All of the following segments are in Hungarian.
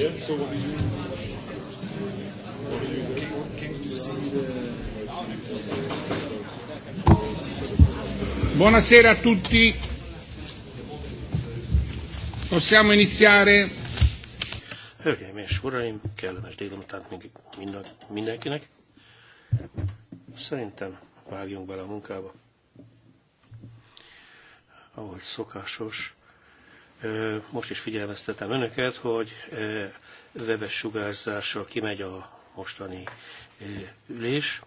Yeah, so what did you what did you came, came to see the Buonasera a tutti. Possiamo iniziare? Hölgyeim és uraim, kellemes délután minden, mindenkinek. Szerintem vágjunk bele a munkába. Ahogy szokásos, most is figyelmeztetem önöket, hogy webes sugárzással kimegy a mostani ülés.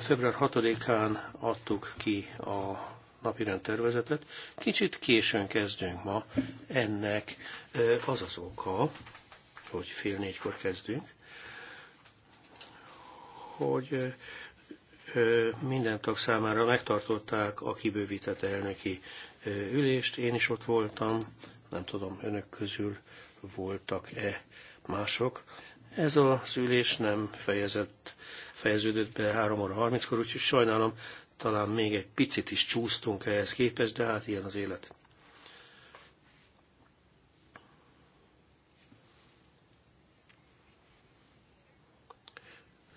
Február 6-án adtuk ki a napirend tervezetet. Kicsit későn kezdünk ma. Ennek az az oka, hogy fél négykor kezdünk, hogy minden tag számára megtartották a kibővített elnöki ülést, én is ott voltam, nem tudom, önök közül voltak-e mások. Ez az ülés nem fejezett, fejeződött be 3 óra 30-kor, úgyhogy sajnálom, talán még egy picit is csúsztunk ehhez képest, de hát ilyen az élet.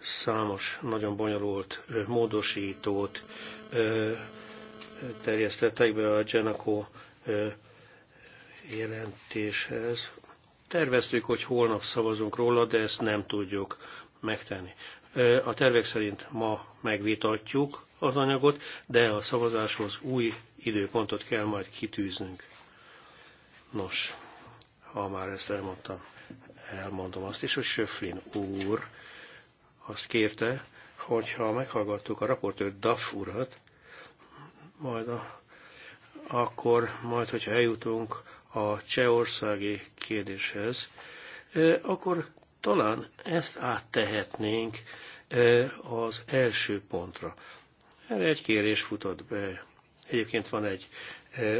Számos, nagyon bonyolult módosítót terjesztettek be a Genaco jelentéshez. Terveztük, hogy holnap szavazunk róla, de ezt nem tudjuk megtenni. A tervek szerint ma megvitatjuk az anyagot, de a szavazáshoz új időpontot kell majd kitűznünk. Nos, ha már ezt elmondtam, elmondom azt is, hogy Söflin úr azt kérte, hogyha meghallgattuk a raportőr Duff urat, majd a, akkor majd, hogyha eljutunk a csehországi kérdéshez, akkor talán ezt áttehetnénk az első pontra. Erre egy kérés futott be. Egyébként van egy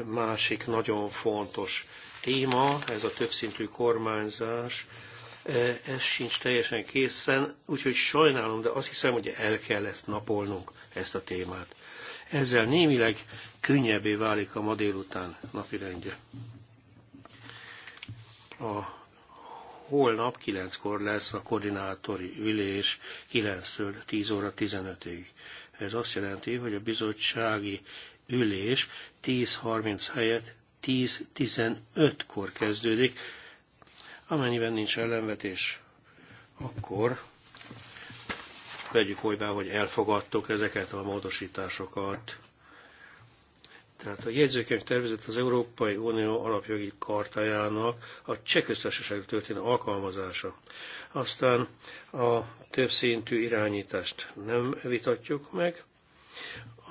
másik nagyon fontos téma, ez a többszintű kormányzás. Ez sincs teljesen készen, úgyhogy sajnálom, de azt hiszem, hogy el kell ezt napolnunk, ezt a témát. Ezzel némileg könnyebbé válik a ma délután napi rendje. A holnap 9-kor lesz a koordinátori ülés 9-től 10 óra 15-ig. Ez azt jelenti, hogy a bizottsági ülés 10.30 helyett 10.15-kor kezdődik, amennyiben nincs ellenvetés, akkor vegyük olybá, hogy elfogadtuk ezeket a módosításokat. Tehát a jegyzőkönyv tervezett az Európai Unió alapjogi kartájának a csekköztársaság történő alkalmazása. Aztán a többszintű irányítást nem vitatjuk meg.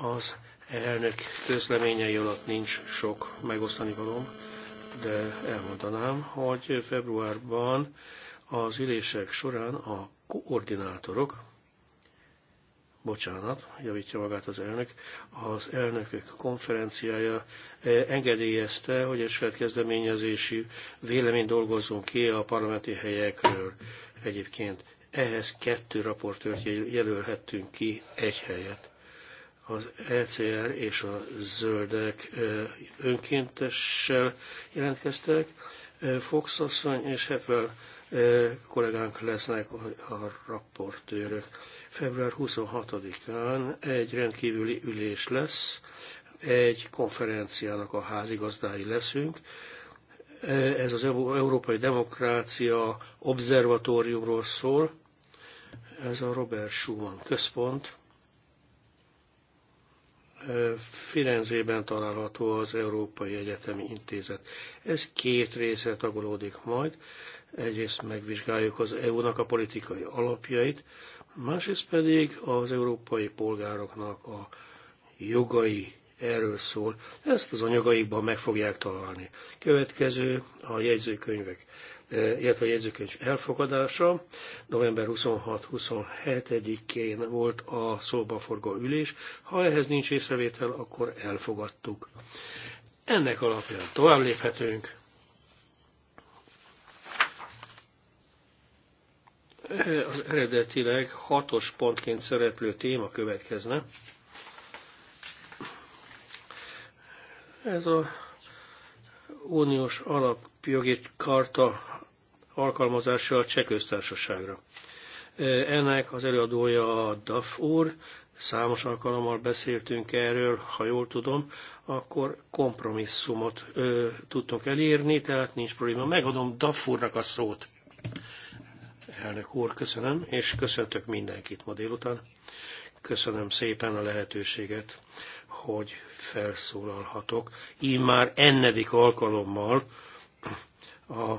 Az elnök közleményei alatt nincs sok megosztani való, de elmondanám, hogy februárban az ülések során a koordinátorok bocsánat, javítja magát az elnök, az elnökök konferenciája eh, engedélyezte, hogy egy saját kezdeményezési vélemény dolgozzon ki a parlamenti helyekről. Egyébként ehhez kettő raportőrt jelölhettünk ki egy helyet. Az ECR és a zöldek eh, önkéntessel jelentkeztek, eh, Fox asszony és Heffel kollégánk lesznek a raportőrök. Február 26-án egy rendkívüli ülés lesz, egy konferenciának a házigazdái leszünk. Ez az Európai Demokrácia Obszervatóriumról szól. Ez a Robert Schumann központ. Firenzében található az Európai Egyetemi Intézet. Ez két része tagolódik majd. Egyrészt megvizsgáljuk az EU-nak a politikai alapjait, másrészt pedig az európai polgároknak a jogai erről szól. Ezt az anyagaikban meg fogják találni. Következő a jegyzőkönyvek, eh, illetve a jegyzőkönyv elfogadása. November 26-27-én volt a szóbaforgó ülés. Ha ehhez nincs észrevétel, akkor elfogadtuk. Ennek alapján tovább léphetünk az eredetileg hatos pontként szereplő téma következne. Ez a uniós alapjogi karta alkalmazása a cseh köztársaságra. Ennek az előadója a DAF úr, számos alkalommal beszéltünk erről, ha jól tudom, akkor kompromisszumot ö, tudtunk elérni, tehát nincs probléma. Megadom DAF úrnak a szót. Elnök úr, köszönöm, és köszöntök mindenkit ma délután. Köszönöm szépen a lehetőséget, hogy felszólalhatok. Így már ennedik alkalommal a,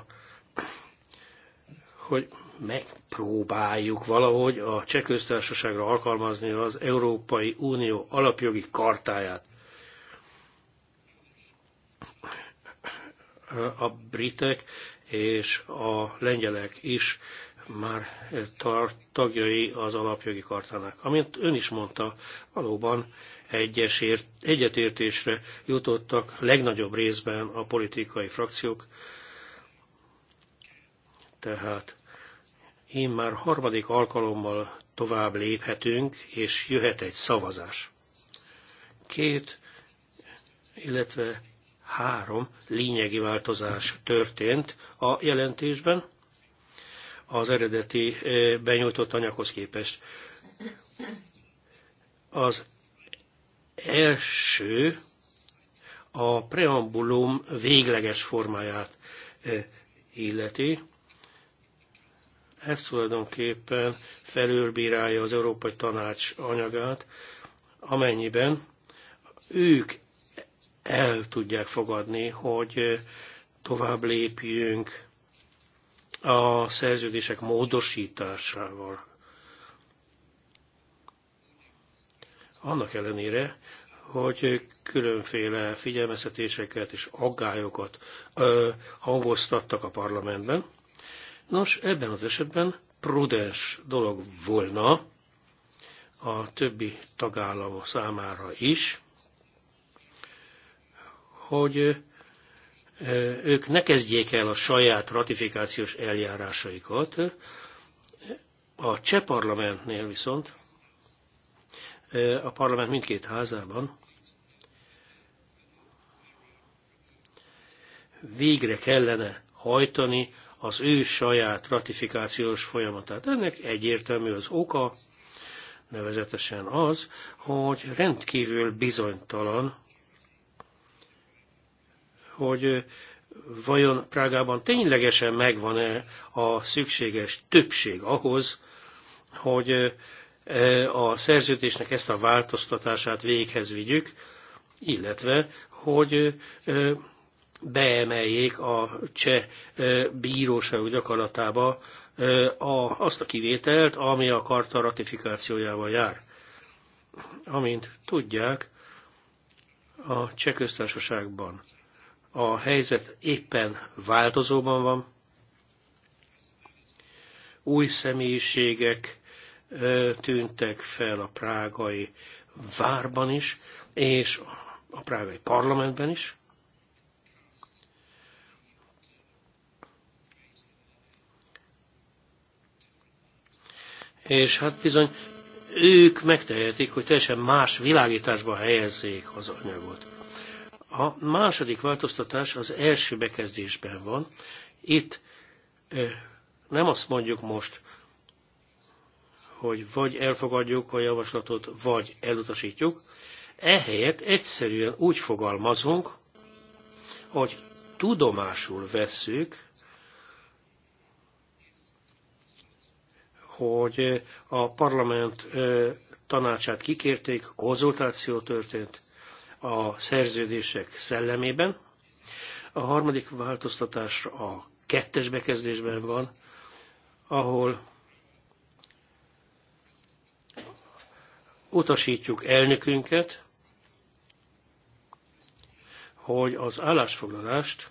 hogy megpróbáljuk valahogy a cseh köztársaságra alkalmazni az Európai Unió alapjogi kartáját. A britek és a lengyelek is már eh, tar- tagjai az alapjogi kartának. Amint ön is mondta, valóban egyesért, egyetértésre jutottak legnagyobb részben a politikai frakciók. Tehát én már harmadik alkalommal tovább léphetünk, és jöhet egy szavazás. Két, illetve három lényegi változás történt a jelentésben az eredeti benyújtott anyaghoz képest. Az első a preambulum végleges formáját illeti. Ez tulajdonképpen felülbírálja az Európai Tanács anyagát, amennyiben ők el tudják fogadni, hogy tovább lépjünk a szerződések módosításával. Annak ellenére, hogy különféle figyelmeztetéseket és aggályokat ö, hangoztattak a parlamentben. Nos, ebben az esetben prudens dolog volna a többi tagállam számára is, hogy ők ne kezdjék el a saját ratifikációs eljárásaikat. A cseh parlamentnél viszont, a parlament mindkét házában végre kellene hajtani az ő saját ratifikációs folyamatát. Ennek egyértelmű az oka, nevezetesen az, hogy rendkívül bizonytalan hogy vajon Prágában ténylegesen megvan-e a szükséges többség ahhoz, hogy e, a szerződésnek ezt a változtatását véghez vigyük, illetve, hogy beemeljék a cseh bíróság gyakorlatába azt a kivételt, ami a karta ratifikációjával jár. Amint tudják, a cseh köztársaságban a helyzet éppen változóban van, új személyiségek tűntek fel a prágai várban is, és a prágai parlamentben is. És hát bizony ők megtehetik, hogy teljesen más világításba helyezzék az anyagot. A második változtatás az első bekezdésben van. Itt nem azt mondjuk most, hogy vagy elfogadjuk a javaslatot, vagy elutasítjuk. Ehelyett egyszerűen úgy fogalmazunk, hogy tudomásul vesszük, hogy a parlament tanácsát kikérték, konzultáció történt, a szerződések szellemében. A harmadik változtatás a kettes bekezdésben van, ahol utasítjuk elnökünket, hogy az állásfoglalást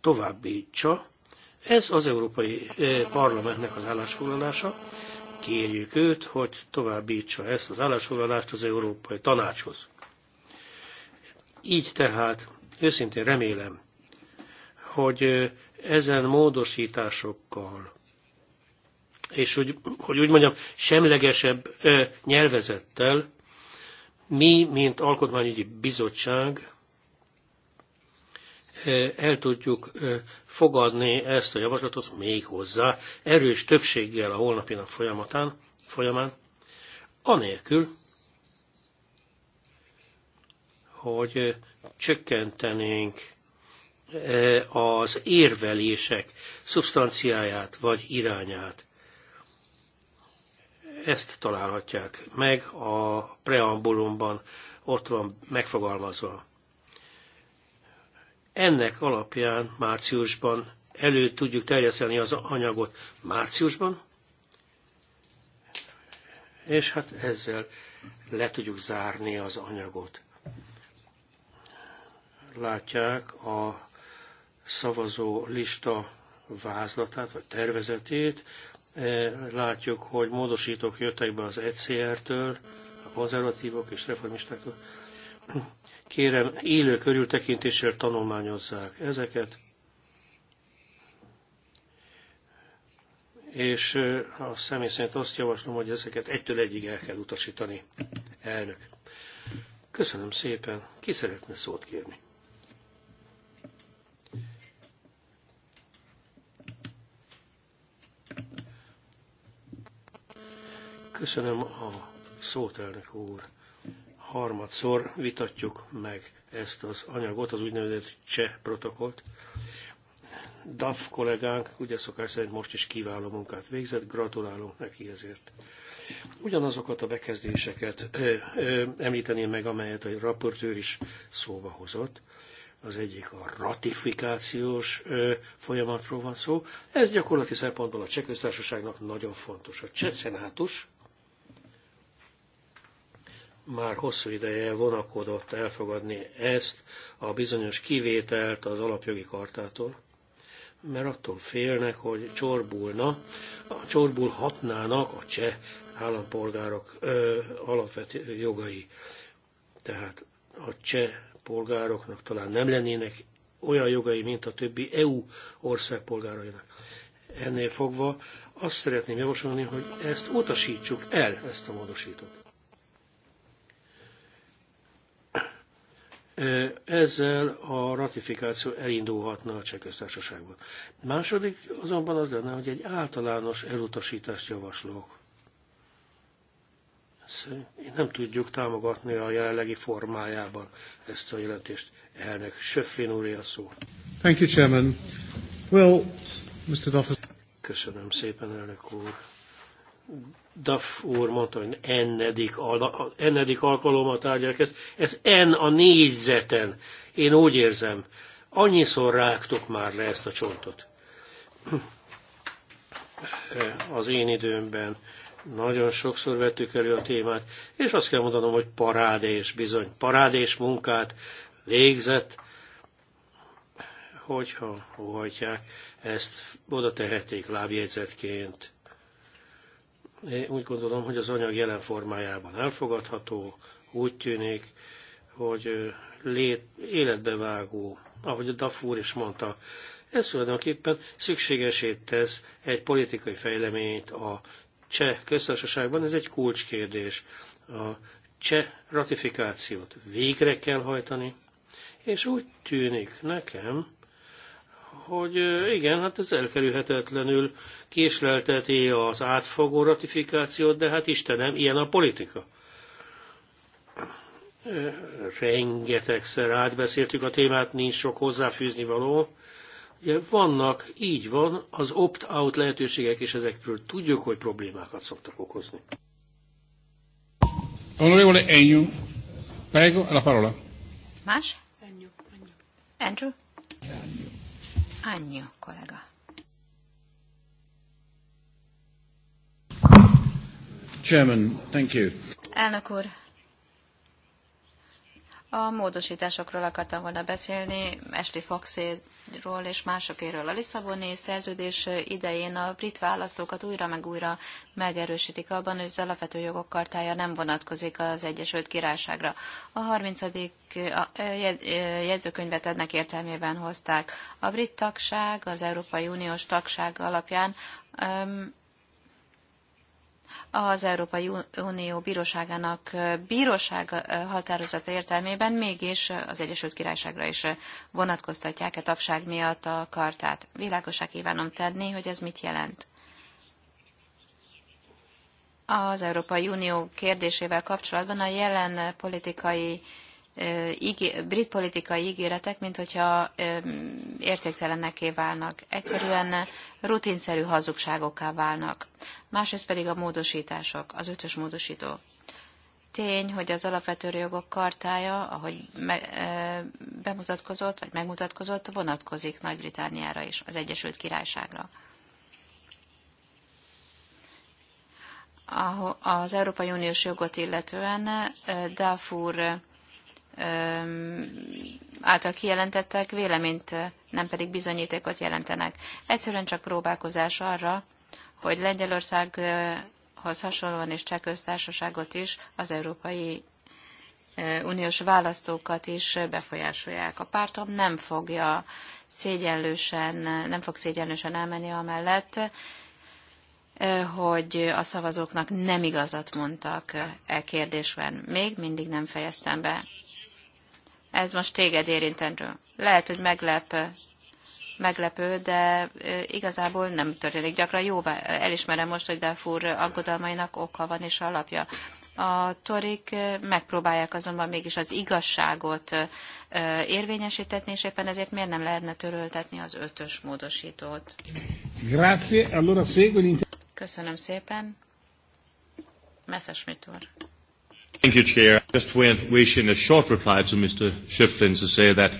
továbbítsa. Ez az Európai eh, Parlamentnek az állásfoglalása kérjük őt, hogy továbbítsa ezt az állásfoglalást az Európai Tanácshoz. Így tehát őszintén remélem, hogy ezen módosításokkal, és hogy hogy úgy mondjam, semlegesebb nyelvezettel mi, mint Alkotmányügyi Bizottság Eh, el tudjuk eh, fogadni ezt a javaslatot még hozzá erős többséggel a holnapi nap folyamatán, folyamán, anélkül, hogy eh, csökkentenénk az érvelések szubstanciáját vagy irányát. Ezt találhatják meg a preambulumban, ott van megfogalmazva. Ennek alapján márciusban elő tudjuk terjeszteni az anyagot márciusban, és hát ezzel le tudjuk zárni az anyagot. Látják a szavazó lista vázlatát, vagy tervezetét. E, látjuk, hogy módosítók jöttek be az ECR-től, a konzervatívok és reformistáktól. Kérem, élő körültekintéssel tanulmányozzák ezeket. És a személy szerint azt javaslom, hogy ezeket egytől egyig el kell utasítani. Elnök. Köszönöm szépen. Ki szeretne szót kérni? Köszönöm a szót, elnök úr harmadszor vitatjuk meg ezt az anyagot, az úgynevezett cseh protokolt. DAF kollégánk ugye szokás szerint most is kiváló munkát végzett, gratulálunk neki ezért. Ugyanazokat a bekezdéseket ö, ö, említeném meg, amelyet a raportőr is szóba hozott. Az egyik a ratifikációs ö, folyamatról van szó. Ez gyakorlati szempontból a cseh köztársaságnak nagyon fontos. A cseh szenátus már hosszú ideje vonakodott elfogadni ezt a bizonyos kivételt az alapjogi kartától, mert attól félnek, hogy csorbulna, csorbulhatnának a cseh állampolgárok ö, alapvető jogai. Tehát a cseh polgároknak talán nem lennének olyan jogai, mint a többi EU ország polgárainak. Ennél fogva azt szeretném javasolni, hogy ezt utasítsuk el, ezt a módosítót. Ezzel a ratifikáció elindulhatna a cseh köztársaságban. Második azonban az lenne, hogy egy általános elutasítást javaslok. Nem tudjuk támogatni a jelenlegi formájában ezt a jelentést. Elnök Söflin úr a szó. Thank you, Chairman. Well, Mr. Köszönöm szépen, elnök úr. Duff úr mondta, hogy ennedik, al- ennedik alkalommal tárgyalják ezt. Ez en a négyzeten. Én úgy érzem, annyiszor rágtuk már le ezt a csontot. Az én időmben nagyon sokszor vettük elő a témát, és azt kell mondanom, hogy parádés, bizony, parádés munkát végzett, hogyha hagyják, ezt oda tehették lábjegyzetként úgy gondolom, hogy az anyag jelen formájában elfogadható, úgy tűnik, hogy lét, életbevágó, ahogy a Dafúr is mondta, ez tulajdonképpen szükségesét tesz egy politikai fejleményt a cseh köztársaságban, ez egy kulcskérdés. A cseh ratifikációt végre kell hajtani, és úgy tűnik nekem, hogy igen, hát ez elkerülhetetlenül késlelteti az átfogó ratifikációt, de hát Istenem, ilyen a politika. Rengetegszer átbeszéltük a témát, nincs sok hozzáfűzni való. Ugye vannak, így van, az opt-out lehetőségek, és ezekről tudjuk, hogy problémákat szoktak okozni. Onorevole Enyu, prego la parola. Más? Enyu. Andrew? Anyu kollega. Chairman, thank you. Elnök úr, a módosításokról akartam volna beszélni, Ashley Foxéról és másokéről. A Lisszaboni szerződés idején a brit választókat újra meg újra megerősítik abban, hogy az alapvető jogok kartája nem vonatkozik az Egyesült Királyságra. A 30. jegyzőkönyvet ennek értelmében hozták. A brit tagság az Európai Uniós tagság alapján az Európai Unió bíróságának bíróság határozata értelmében mégis az Egyesült Királyságra is vonatkoztatják e tagság miatt a kartát. Világosá kívánom tenni, hogy ez mit jelent. Az Európai Unió kérdésével kapcsolatban a jelen politikai ígé, brit politikai ígéretek, mint hogyha értéktelenneké válnak. Egyszerűen rutinszerű hazugságokká válnak. Másrészt pedig a módosítások, az ötös módosító. Tény, hogy az alapvető jogok kartája, ahogy me, bemutatkozott, vagy megmutatkozott, vonatkozik Nagy-Britániára is, az Egyesült Királyságra. Az Európai Uniós jogot illetően Dáfúr által kijelentettek véleményt, nem pedig bizonyítékot jelentenek. Egyszerűen csak próbálkozás arra, hogy Lengyelországhoz hasonlóan és Csehköztársaságot is az Európai Uniós választókat is befolyásolják. A pártom nem fogja szégyenlősen, nem fog szégyenlősen elmenni amellett, hogy a szavazóknak nem igazat mondtak e kérdésben. Még mindig nem fejeztem be. Ez most téged érintenről. Lehet, hogy meglep, meglepő, de igazából nem történik gyakran. Jó, elismerem most, hogy Darfur aggodalmainak oka van és alapja. A torik megpróbálják azonban mégis az igazságot érvényesítetni, és éppen ezért miért nem lehetne töröltetni az ötös módosítót? Grazie, allora Köszönöm szépen. Messzes úr. Thank you, Chair. Just wishing a short reply to Mr. Schöpflin to say that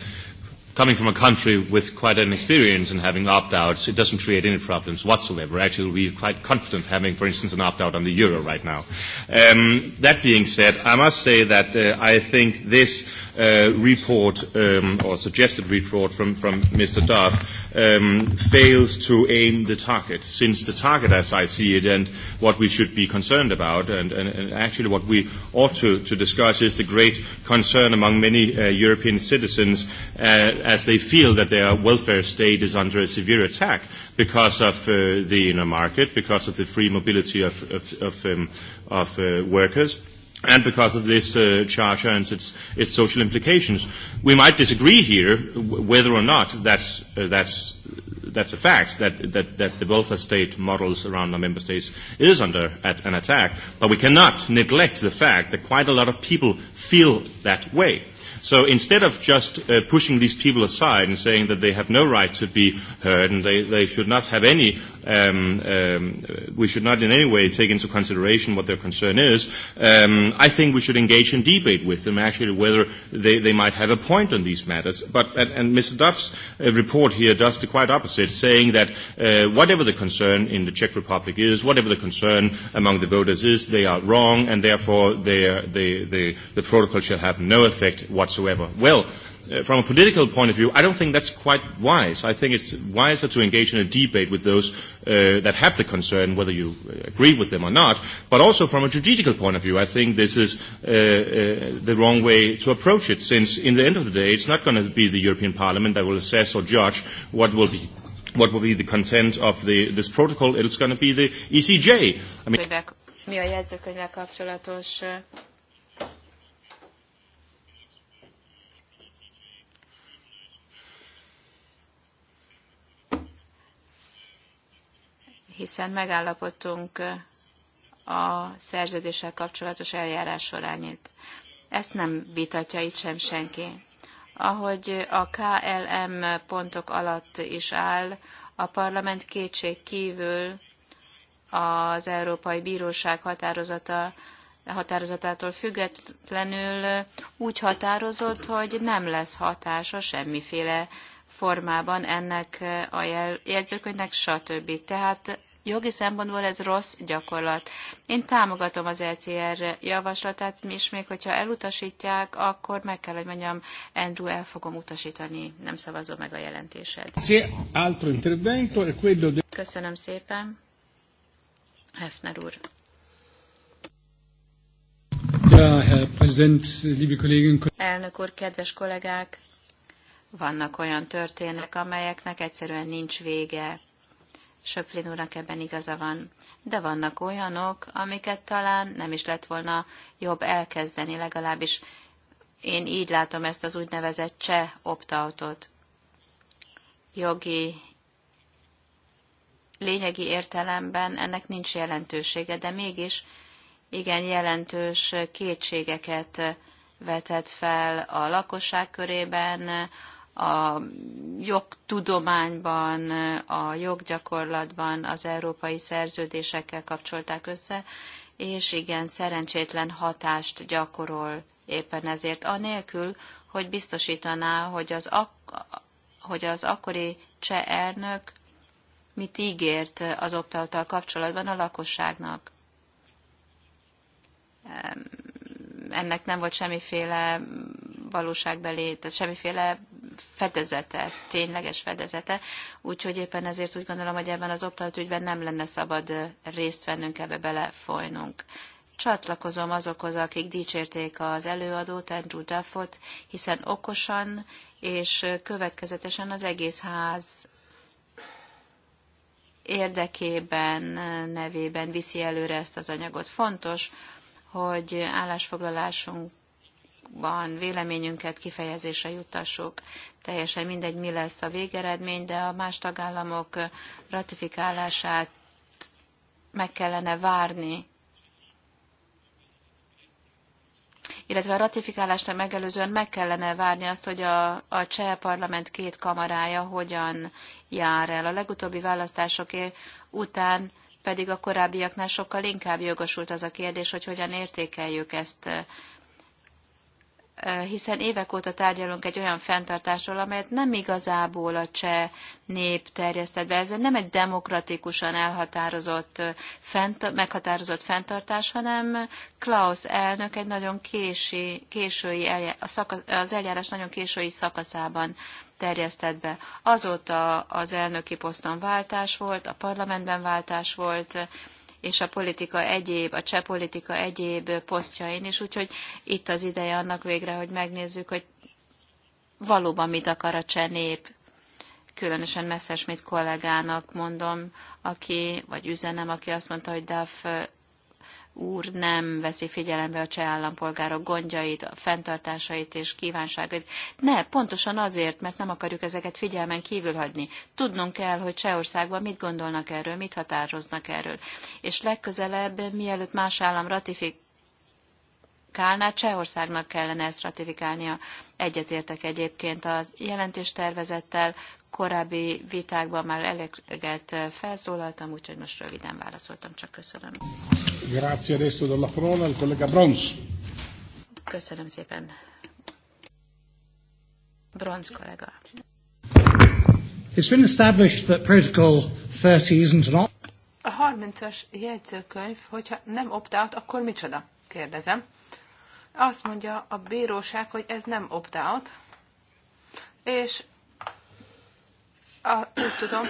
coming from a country with quite an experience in having opt-outs, it doesn't create any problems whatsoever. Actually, we're quite confident having, for instance, an opt-out on the euro right now. Um, that being said, I must say that uh, I think this uh, report, um, or suggested report from, from Mr. Duff, um, fails to aim the target, since the target, as I see it, and what we should be concerned about, and, and, and actually what we ought to, to discuss is the great concern among many uh, European citizens uh, as they feel that their welfare state is under a severe attack because of uh, the inner market, because of the free mobility of, of, of, um, of uh, workers and because of this uh, charter and its, its social implications. We might disagree here w- whether or not that's, uh, that's, that's a fact, that, that, that the welfare state models around the member states is under at an attack, but we cannot neglect the fact that quite a lot of people feel that way. So instead of just uh, pushing these people aside and saying that they have no right to be heard and they, they should not have any, um, um, we should not in any way take into consideration what their concern is, um, I think we should engage in debate with them actually whether they, they might have a point on these matters. But, and, and Mr. Duff's uh, report here does the quite opposite, saying that uh, whatever the concern in the Czech Republic is, whatever the concern among the voters is, they are wrong and therefore they are, they, they, the protocol shall have no effect whatsoever whatsoever. Well, uh, from a political point of view, I don't think that's quite wise. I think it's wiser to engage in a debate with those uh, that have the concern, whether you uh, agree with them or not. But also from a judicial point of view, I think this is uh, uh, the wrong way to approach it, since in the end of the day, it's not going to be the European Parliament that will assess or judge what will be what will be the content of the, this protocol. It's going to be the ECJ. I mean, mi a jegyzőkönyvvel kapcsolatos uh, hiszen megállapodtunk a szerződéssel kapcsolatos eljárás sorányit. Ezt nem vitatja itt sem senki. Ahogy a KLM pontok alatt is áll, a parlament kétség kívül az Európai Bíróság határozata határozatától függetlenül úgy határozott, hogy nem lesz hatása semmiféle formában ennek a jegyzőkönyvnek, stb. Tehát Jogi szempontból ez rossz gyakorlat. Én támogatom az LCR e javaslatát, és még hogyha elutasítják, akkor meg kell, hogy mondjam, Andrew, el fogom utasítani, nem szavazom meg a jelentésed. Köszönöm szépen. Hefner úr. Elnök úr, kedves kollégák! Vannak olyan történek, amelyeknek egyszerűen nincs vége Söplin úrnak ebben igaza van. De vannak olyanok, amiket talán nem is lett volna jobb elkezdeni, legalábbis én így látom ezt az úgynevezett cseh optautot. Jogi lényegi értelemben ennek nincs jelentősége, de mégis igen jelentős kétségeket vetett fel a lakosság körében, a jogtudományban, a joggyakorlatban az európai szerződésekkel kapcsolták össze, és igen, szerencsétlen hatást gyakorol éppen ezért, anélkül, hogy biztosítaná, hogy az, ak- hogy az akkori cseh elnök mit ígért az optautal kapcsolatban a lakosságnak. Ennek nem volt semmiféle valóságbeli, tehát semmiféle fedezete, tényleges fedezete, úgyhogy éppen ezért úgy gondolom, hogy ebben az optált ügyben nem lenne szabad részt vennünk, ebbe belefolynunk. Csatlakozom azokhoz, akik dicsérték az előadót, Andrew Duffot, hiszen okosan és következetesen az egész ház érdekében, nevében viszi előre ezt az anyagot. Fontos, hogy állásfoglalásunk dologban véleményünket kifejezésre juttassuk. Teljesen mindegy, mi lesz a végeredmény, de a más tagállamok ratifikálását meg kellene várni. Illetve a ratifikálást megelőzően meg kellene várni azt, hogy a, a cseh parlament két kamarája hogyan jár el. A legutóbbi választások után pedig a korábbiaknál sokkal inkább jogosult az a kérdés, hogy hogyan értékeljük ezt hiszen évek óta tárgyalunk egy olyan fenntartásról, amelyet nem igazából a cseh nép terjesztett be. Ez nem egy demokratikusan elhatározott, fent, meghatározott fenntartás, hanem Klaus elnök egy nagyon késői, késői a szakasz, az eljárás nagyon késői szakaszában terjesztett be. Azóta az elnöki poszton váltás volt, a parlamentben váltás volt, és a politika egyéb, a cseh politika egyéb posztjain is, úgyhogy itt az ideje annak végre, hogy megnézzük, hogy valóban mit akar a cseh nép, különösen Messerschmidt kollégának mondom, aki, vagy üzenem, aki azt mondta, hogy DAF úr nem veszi figyelembe a cseh állampolgárok gondjait, a fenntartásait és kívánságait. Ne, pontosan azért, mert nem akarjuk ezeket figyelmen kívül hagyni. Tudnunk kell, hogy Csehországban mit gondolnak erről, mit határoznak erről. És legközelebb, mielőtt más állam ratifik, Kálnál Csehországnak kellene ezt ratifikálnia. Egyetértek egyébként az jelentéstervezettel, korábbi vitákban már eleget felszólaltam, úgyhogy most röviden válaszoltam, csak köszönöm. Grazie adesso collega Köszönöm szépen. Bronz kollega. It's been established that Protocol 30 isn't an A 30-as jegyzőkönyv, hogyha nem opt-out, akkor micsoda? Kérdezem. Azt mondja a bíróság, hogy ez nem opt-out, és a, úgy tudom,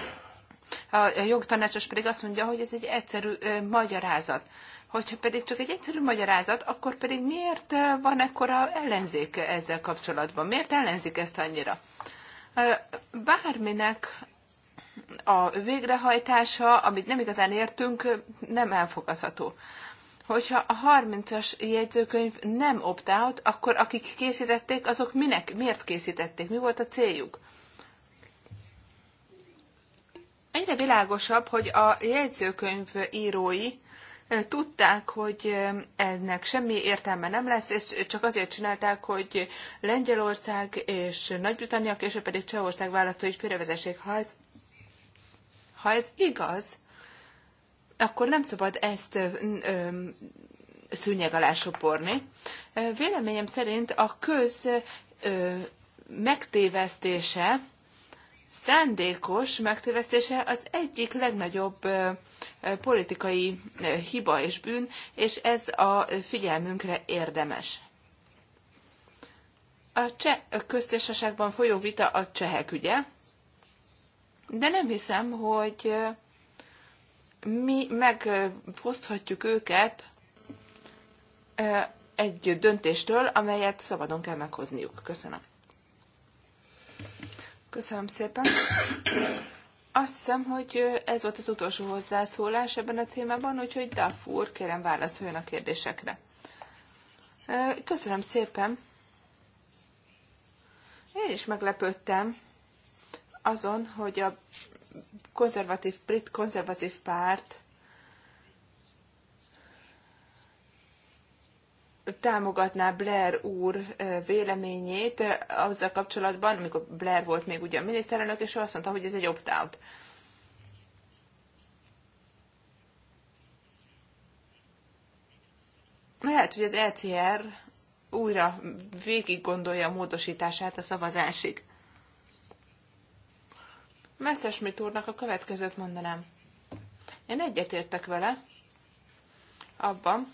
a jogtanácsos pedig azt mondja, hogy ez egy egyszerű ö, magyarázat. Hogyha pedig csak egy egyszerű magyarázat, akkor pedig miért van ekkora ellenzék ezzel kapcsolatban? Miért ellenzik ezt annyira? Bárminek a végrehajtása, amit nem igazán értünk, nem elfogadható hogyha a 30-as jegyzőkönyv nem opt-out, akkor akik készítették, azok minek, miért készítették, mi volt a céljuk? Egyre világosabb, hogy a jegyzőkönyv írói eh, tudták, hogy eh, ennek semmi értelme nem lesz, és csak azért csinálták, hogy Lengyelország és Nagy-Britannia, később pedig Csehország választói félrevezessék. Ha ez, ha ez igaz, akkor nem szabad ezt szűnyeg alá soporni. Véleményem szerint a köz megtévesztése, szándékos megtévesztése az egyik legnagyobb politikai hiba és bűn, és ez a figyelmünkre érdemes. A cseh köztársaságban folyó vita a csehek ügye, de nem hiszem, hogy mi megfoszthatjuk őket egy döntéstől, amelyet szabadon kell meghozniuk. Köszönöm. Köszönöm szépen. Azt hiszem, hogy ez volt az utolsó hozzászólás ebben a témában, úgyhogy Dafur, kérem válaszoljon a kérdésekre. Köszönöm szépen. Én is meglepődtem azon, hogy a konzervatív, brit konzervatív párt támogatná Blair úr véleményét azzal kapcsolatban, amikor Blair volt még ugye a miniszterelnök, és ő azt mondta, hogy ez egy opt-out. Lehet, hogy az ECR újra végig gondolja a módosítását a szavazásig. Messerschmitt úrnak a következőt mondanám. Én egyetértek vele abban,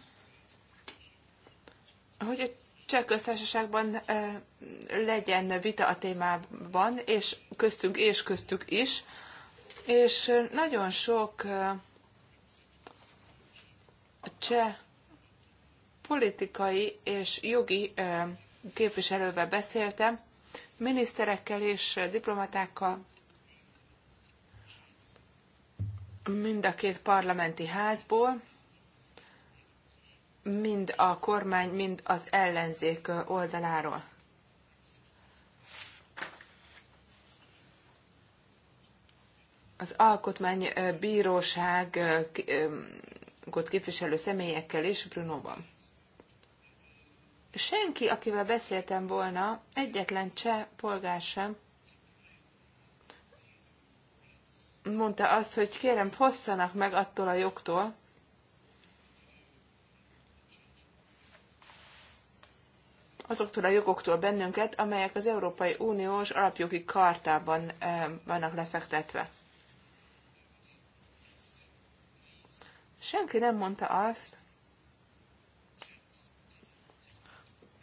hogy a cseh köztársaságban e, legyen vita a témában, és köztünk és köztük is, és nagyon sok e, cseh politikai és jogi e, képviselővel beszéltem, miniszterekkel és diplomatákkal, mind a két parlamenti házból, mind a kormány, mind az ellenzék oldaláról. Az alkotmánybíróságot képviselő személyekkel is Brunóban. Senki, akivel beszéltem volna, egyetlen cseh polgár sem, mondta azt, hogy kérem, fosszanak meg attól a jogtól, azoktól a jogoktól bennünket, amelyek az Európai Uniós alapjogi kartában eh, vannak lefektetve. Senki nem mondta azt,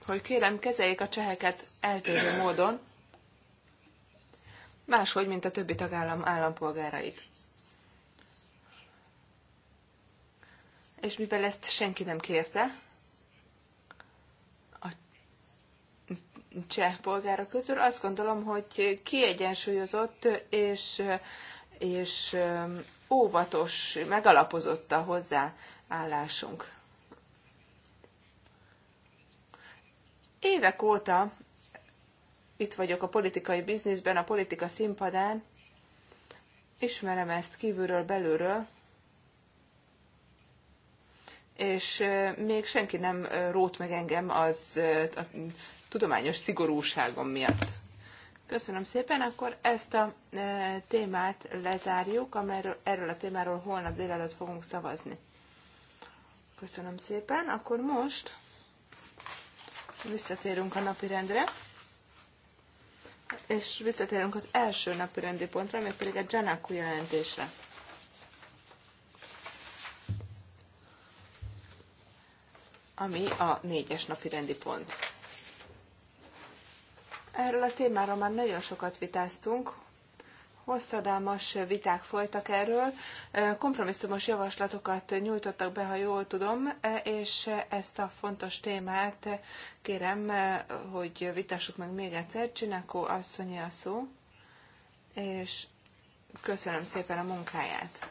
hogy kérem, kezeljék a cseheket eltérő módon, máshogy, mint a többi tagállam állampolgárait. És mivel ezt senki nem kérte, a cseh polgárok közül azt gondolom, hogy kiegyensúlyozott és, és um, óvatos, megalapozott a hozzáállásunk. Évek óta itt vagyok a politikai bizniszben, a politika színpadán, ismerem ezt kívülről, belülről, és még senki nem rót meg engem az a tudományos szigorúságom miatt. Köszönöm szépen, akkor ezt a témát lezárjuk, amelyről erről a témáról holnap délelőtt fogunk szavazni. Köszönöm szépen, akkor most visszatérünk a napirendre és visszatérünk az első napi rendi pontra, még pedig a Janaku jelentésre. ami a négyes napi rendi pont. Erről a témáról már nagyon sokat vitáztunk, hosszadalmas viták folytak erről, kompromisszumos javaslatokat nyújtottak be, ha jól tudom, és ezt a fontos témát kérem, hogy vitassuk meg még egyszer. Csinákó asszonyi a szó, és köszönöm szépen a munkáját.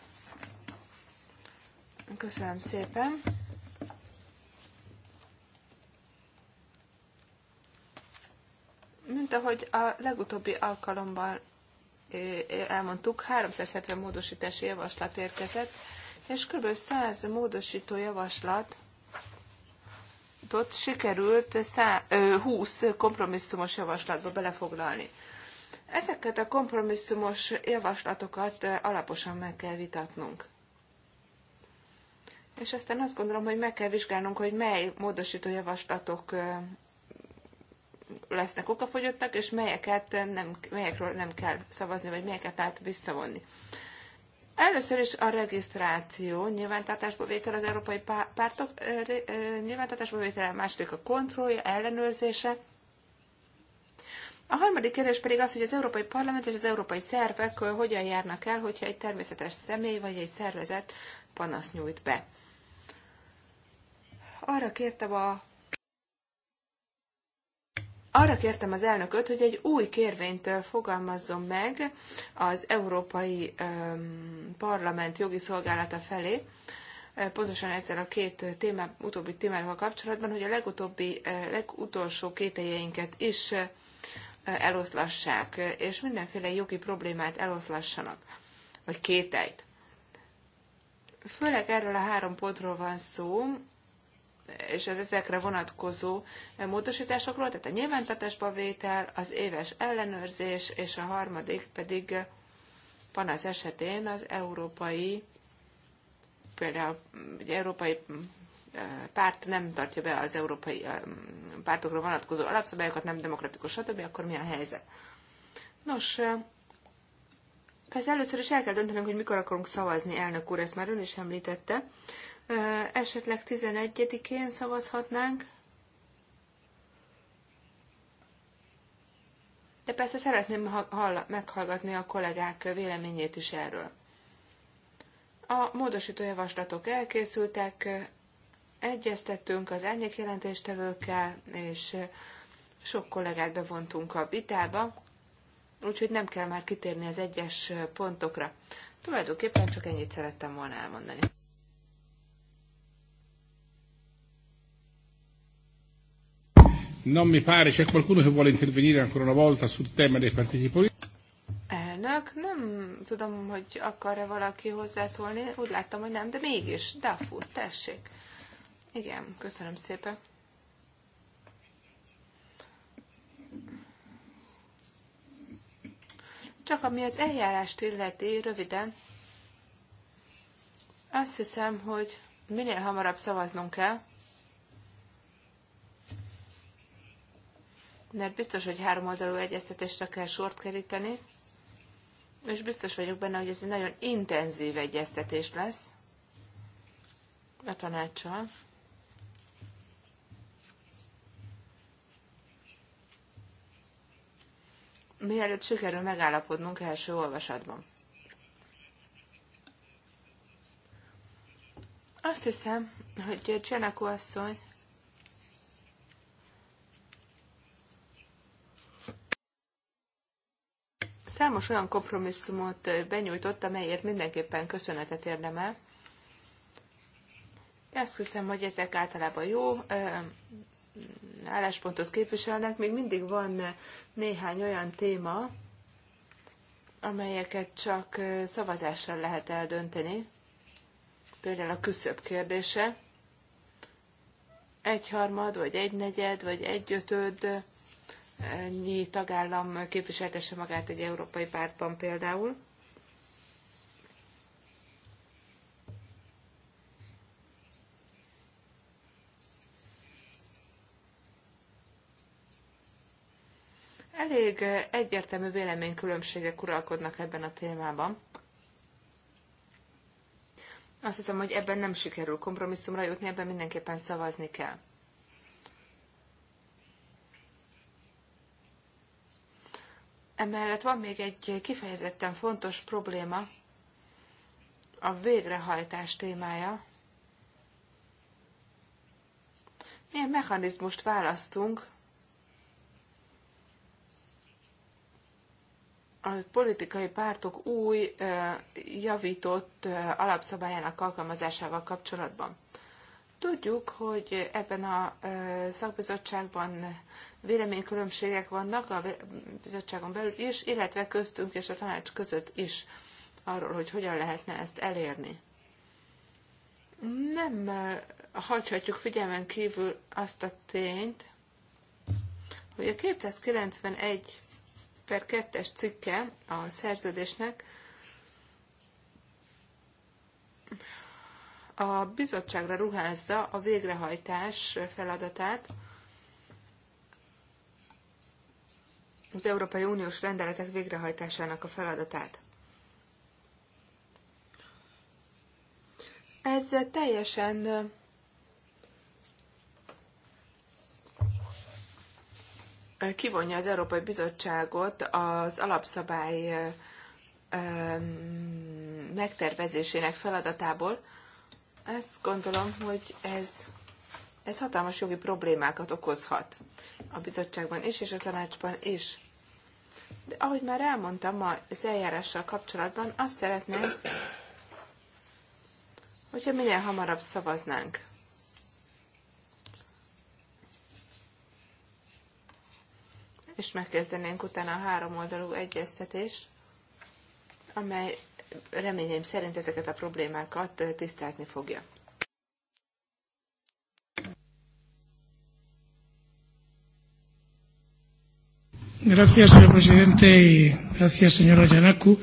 Köszönöm szépen. Mint ahogy a legutóbbi alkalommal elmondtuk, 370 módosítási javaslat érkezett, és kb. 100 módosító javaslat sikerült 20 kompromisszumos javaslatba belefoglalni. Ezeket a kompromisszumos javaslatokat alaposan meg kell vitatnunk. És aztán azt gondolom, hogy meg kell vizsgálnunk, hogy mely módosító javaslatok lesznek okafogyottak, és melyeket nem, melyekről nem kell szavazni, vagy melyeket lehet visszavonni. Először is a regisztráció, nyilvántartásba vétel az európai pártok, nyilvántartásba vétel, a második a kontrollja, ellenőrzése. A harmadik kérdés pedig az, hogy az Európai Parlament és az európai szervek hogyan járnak el, hogyha egy természetes személy vagy egy szervezet panaszt nyújt be. Arra kértem a arra kértem az elnököt, hogy egy új kérvényt fogalmazzon meg az Európai Parlament jogi szolgálata felé, pontosan ezzel a két témá, utóbbi témával kapcsolatban, hogy a legutóbbi, legutolsó kételjeinket is eloszlassák, és mindenféle jogi problémát eloszlassanak, vagy kételyt. Főleg erről a három pontról van szó, és az ezekre vonatkozó módosításokról, tehát a nyilvántartásba vétel, az éves ellenőrzés, és a harmadik pedig panasz esetén az európai, például egy európai párt nem tartja be az európai pártokra vonatkozó alapszabályokat, nem demokratikus, stb., akkor mi a helyzet? Nos, persze először is el kell döntenünk, hogy mikor akarunk szavazni, elnök úr, ezt már ön is említette esetleg 11-én szavazhatnánk. De persze szeretném meghallgatni a kollégák véleményét is erről. A módosító javaslatok elkészültek, egyeztettünk az elnyékjelentéstevőkkel, és sok kollégát bevontunk a vitába, úgyhogy nem kell már kitérni az egyes pontokra. Tulajdonképpen csak ennyit szerettem volna elmondani. Non mi pare, c'è qualcuno che vuole intervenire ancora una volta sul tema dei partiti politici? Elnök, nem tudom, hogy akar-e valaki hozzászólni, úgy láttam, hogy nem, de mégis, Dafur, tessék. Igen, köszönöm szépen. Csak ami az eljárást illeti, röviden, azt hiszem, hogy minél hamarabb szavaznunk kell, mert biztos, hogy háromoldalú egyeztetésre kell sort keríteni, és biztos vagyok benne, hogy ez egy nagyon intenzív egyeztetés lesz a tanácssal. mielőtt sikerül megállapodnunk első olvasatban. Azt hiszem, hogy Csenakó asszony Számos olyan kompromisszumot benyújtott, amelyért mindenképpen köszönetet érdemel. Azt hiszem, hogy ezek általában jó álláspontot képviselnek. Még mindig van néhány olyan téma, amelyeket csak szavazással lehet eldönteni. Például a küszöbb kérdése. Egyharmad, vagy egynegyed, vagy egyötöd nyi tagállam képviseltesse magát egy európai pártban például. Elég egyértelmű véleménykülönbségek uralkodnak ebben a témában. Azt hiszem, hogy ebben nem sikerül kompromisszumra jutni, ebben mindenképpen szavazni kell. Emellett van még egy kifejezetten fontos probléma, a végrehajtás témája. Milyen mechanizmust választunk a politikai pártok új, javított alapszabályának alkalmazásával kapcsolatban? Tudjuk, hogy ebben a szakbizottságban véleménykülönbségek vannak a bizottságon belül is, illetve köztünk és a tanács között is arról, hogy hogyan lehetne ezt elérni. Nem eh, hagyhatjuk figyelmen kívül azt a tényt, hogy a 291 per 2-es cikke a szerződésnek a bizottságra ruházza a végrehajtás feladatát, az Európai Uniós rendeletek végrehajtásának a feladatát. Ez teljesen kivonja az Európai Bizottságot az alapszabály megtervezésének feladatából. Ezt gondolom, hogy ez, ez hatalmas jogi problémákat okozhat a bizottságban is, és a tanácsban is. De ahogy már elmondtam az eljárással kapcsolatban, azt szeretném, hogyha minél hamarabb szavaznánk. És megkezdenénk utána a három oldalú egyeztetést, amely reményeim szerint ezeket a problémákat tisztázni fogja. Gracias, señor presidente, y gracias, señora Janaku.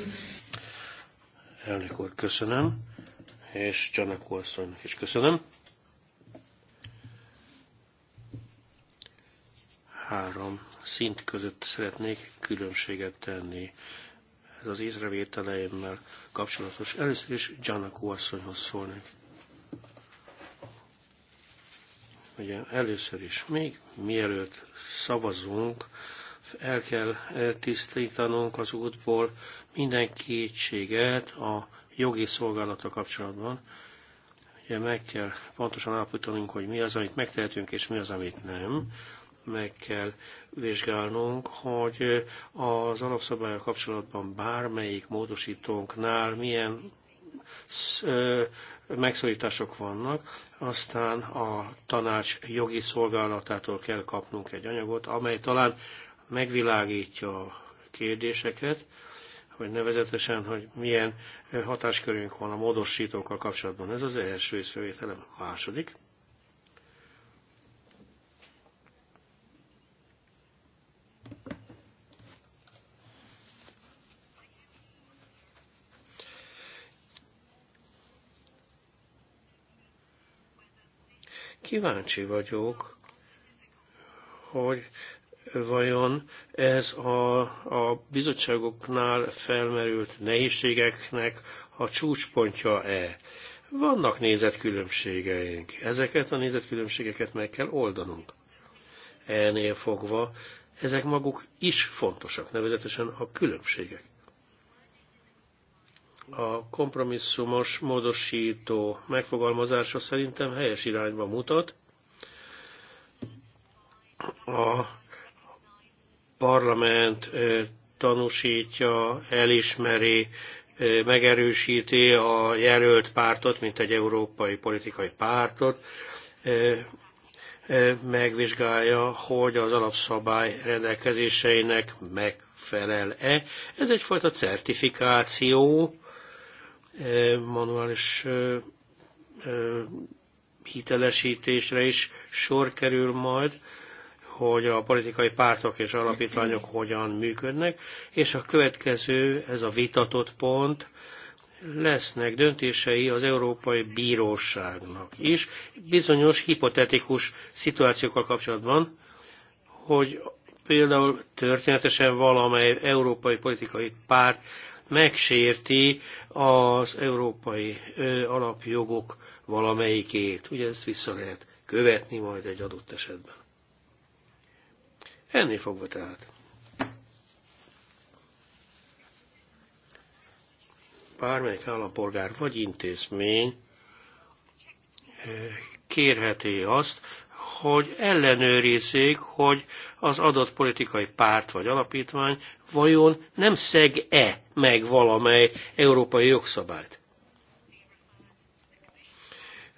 Elnök úr, köszönöm, és Janaku asszonynak is köszönöm. Három szint között szeretnék különbséget tenni ez az észrevételeimmel kapcsolatos. Először is Janaku asszonyhoz szólnék. Ugye először is, még mielőtt szavazunk, el kell eh, tisztítanunk az útból minden kétséget a jogi szolgálata kapcsolatban. Ugye meg kell pontosan állapítanunk, hogy mi az, amit megtehetünk, és mi az, amit nem. Meg kell vizsgálnunk, hogy eh, az alapszabályok kapcsolatban bármelyik módosítónknál milyen eh, megszorítások vannak, aztán a tanács jogi szolgálatától kell kapnunk egy anyagot, amely talán megvilágítja a kérdéseket, hogy nevezetesen, hogy milyen hatáskörünk van a módosítókkal kapcsolatban. Ez az első észrevételem. A második. Kíváncsi vagyok, hogy vajon ez a, a bizottságoknál felmerült nehézségeknek a csúcspontja-e? Vannak nézetkülönbségeink. Ezeket a nézetkülönbségeket meg kell oldanunk. Ennél fogva ezek maguk is fontosak, nevezetesen a különbségek. A kompromisszumos módosító megfogalmazása szerintem helyes irányba mutat. A parlament tanúsítja, elismeri, megerősíti a jelölt pártot, mint egy európai politikai pártot, megvizsgálja, hogy az alapszabály rendelkezéseinek megfelel-e. Ez egyfajta certifikáció, manuális hitelesítésre is sor kerül majd hogy a politikai pártok és alapítványok hogyan működnek, és a következő, ez a vitatott pont, lesznek döntései az Európai Bíróságnak is, bizonyos hipotetikus szituációkkal kapcsolatban, hogy például történetesen valamely európai politikai párt megsérti az európai alapjogok valamelyikét. Ugye ezt vissza lehet követni majd egy adott esetben. Ennél fogva tehát. Bármelyik állampolgár vagy intézmény eh, kérheti azt, hogy ellenőrizzék, hogy az adott politikai párt vagy alapítvány vajon nem szeg-e meg valamely európai jogszabályt.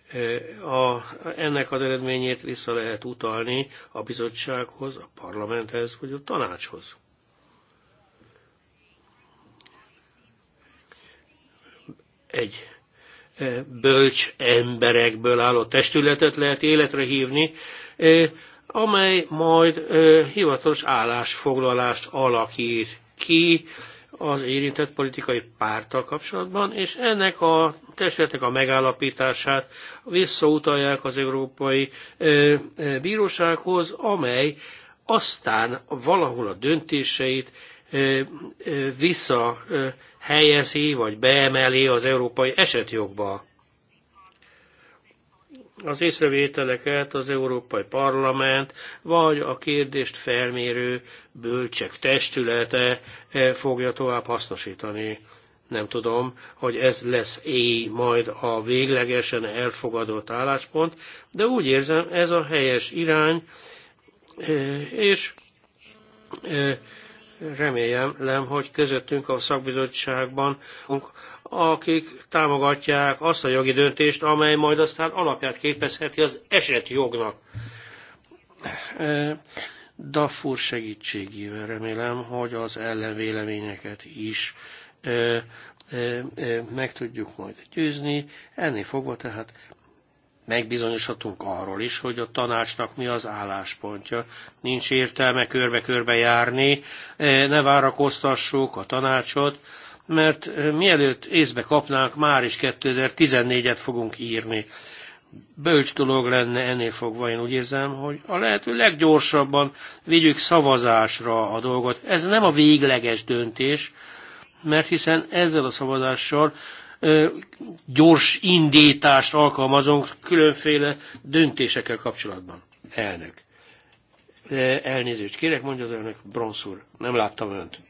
Eh, a, ennek az eredményét vissza lehet utalni a bizottsághoz, a parlamenthez vagy a tanácshoz. Egy eh, bölcs emberekből álló testületet lehet életre hívni, eh, amely majd hivatalos állásfoglalást alakít ki az érintett politikai párttal kapcsolatban, és ennek a testületnek a megállapítását visszautalják az Európai Bírósághoz, amely aztán valahol a döntéseit visszahelyezi, vagy beemeli az európai esetjogba. Az észrevételeket az Európai Parlament, vagy a kérdést felmérő bölcsek testülete E, fogja tovább hasznosítani. Nem tudom, hogy ez lesz éj majd a véglegesen elfogadott álláspont, de úgy érzem, ez a helyes irány, e, és e, remélem, hogy közöttünk a szakbizottságban, akik támogatják azt a jogi döntést, amely majd aztán alapját képezheti az esetjognak. DAFUR segítségével remélem, hogy az ellenvéleményeket is ö, ö, ö, meg tudjuk majd győzni. Ennél fogva tehát megbizonyosodtunk arról is, hogy a tanácsnak mi az álláspontja. Nincs értelme körbe-körbe járni, ne várakoztassuk a tanácsot, mert mielőtt észbe kapnánk, már is 2014-et fogunk írni bölcs dolog lenne ennél fogva, én úgy érzem, hogy a lehető leggyorsabban vigyük szavazásra a dolgot. Ez nem a végleges döntés, mert hiszen ezzel a szavazással ö, gyors indítást alkalmazunk különféle döntésekkel kapcsolatban. Elnök. Elnézést kérek, mondja az elnök, bronzúr, nem láttam önt.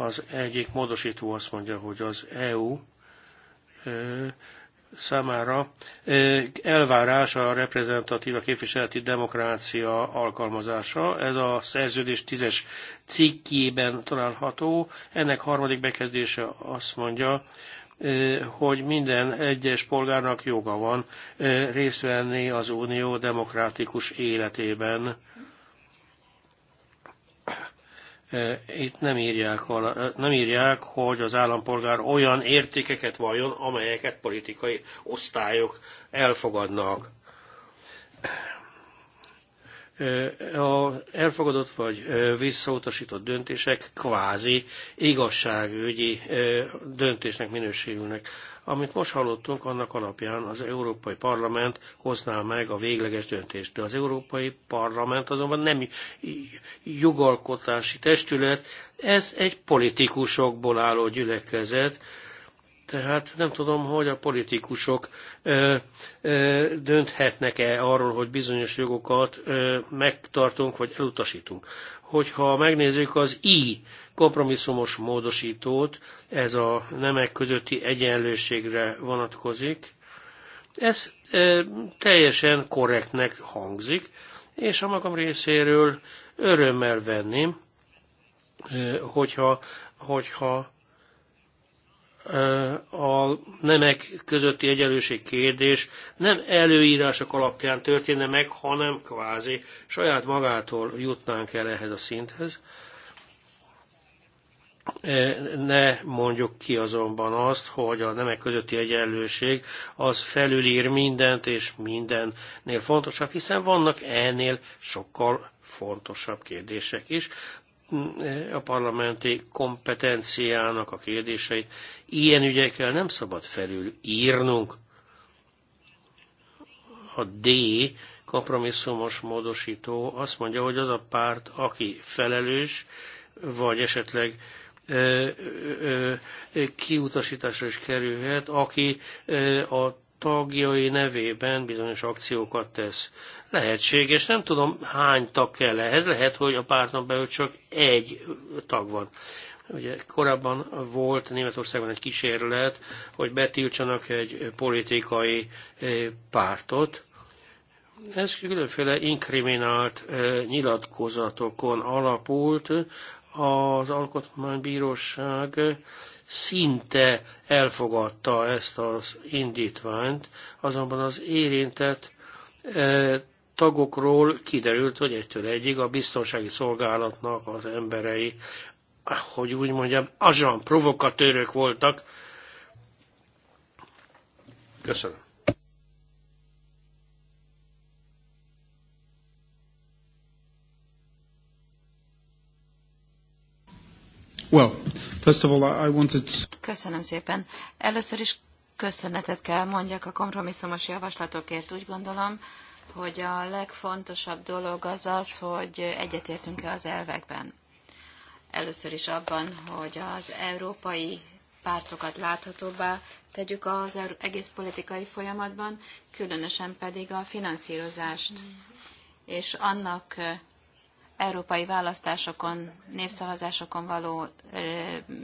Az egyik módosító azt mondja, hogy az EU számára elvárás a reprezentatív a képviseleti demokrácia alkalmazása. Ez a szerződés tízes cikkében található. Ennek harmadik bekezdése azt mondja, hogy minden egyes polgárnak joga van részt venni az unió demokratikus életében. Itt nem írják, nem írják, hogy az állampolgár olyan értékeket valljon, amelyeket politikai osztályok elfogadnak a elfogadott vagy visszautasított döntések kvázi igazságügyi döntésnek minősülnek. Amit most hallottunk, annak alapján az Európai Parlament hozná meg a végleges döntést. De az Európai Parlament azonban nem jogalkotási testület, ez egy politikusokból álló gyülekezet, tehát nem tudom, hogy a politikusok ö, ö, dönthetnek-e arról, hogy bizonyos jogokat ö, megtartunk vagy elutasítunk. Hogyha megnézzük az I kompromisszumos módosítót, ez a nemek közötti egyenlőségre vonatkozik. Ez e, teljesen korrektnek hangzik, és a magam részéről örömmel venném, e, hogyha, hogyha a nemek közötti egyenlőség kérdés nem előírások alapján történne meg, hanem kvázi saját magától jutnánk el ehhez a szinthez. E, ne mondjuk ki azonban azt, hogy a nemek közötti egyenlőség az felülír mindent, és mindennél fontosabb, hiszen vannak ennél sokkal fontosabb kérdések is. A parlamenti kompetenciának a kérdéseit ilyen ügyekkel nem szabad felülírnunk. A D kompromisszumos módosító azt mondja, hogy az a párt, aki felelős, vagy esetleg kiutasításra is kerülhet, aki a tagjai nevében bizonyos akciókat tesz. Lehetséges, nem tudom hány tag kell ehhez, lehet, hogy a pártnak belül csak egy tag van. Ugye korábban volt Németországban egy kísérlet, hogy betiltsanak egy politikai pártot. Ez különféle inkriminált nyilatkozatokon alapult, az Alkotmánybíróság szinte elfogadta ezt az indítványt, azonban az érintett e, tagokról kiderült, hogy egytől egyig a biztonsági szolgálatnak az emberei, hogy úgy mondjam, azon provokatőrök voltak. Köszönöm. Well, first of all, I wanted... Köszönöm szépen. Először is köszönetet kell mondjak a kompromisszumos javaslatokért. Úgy gondolom, hogy a legfontosabb dolog az az, hogy egyetértünk-e az elvekben. Először is abban, hogy az európai pártokat láthatóbbá tegyük az egész politikai folyamatban, különösen pedig a finanszírozást mm. és annak európai választásokon, népszavazásokon való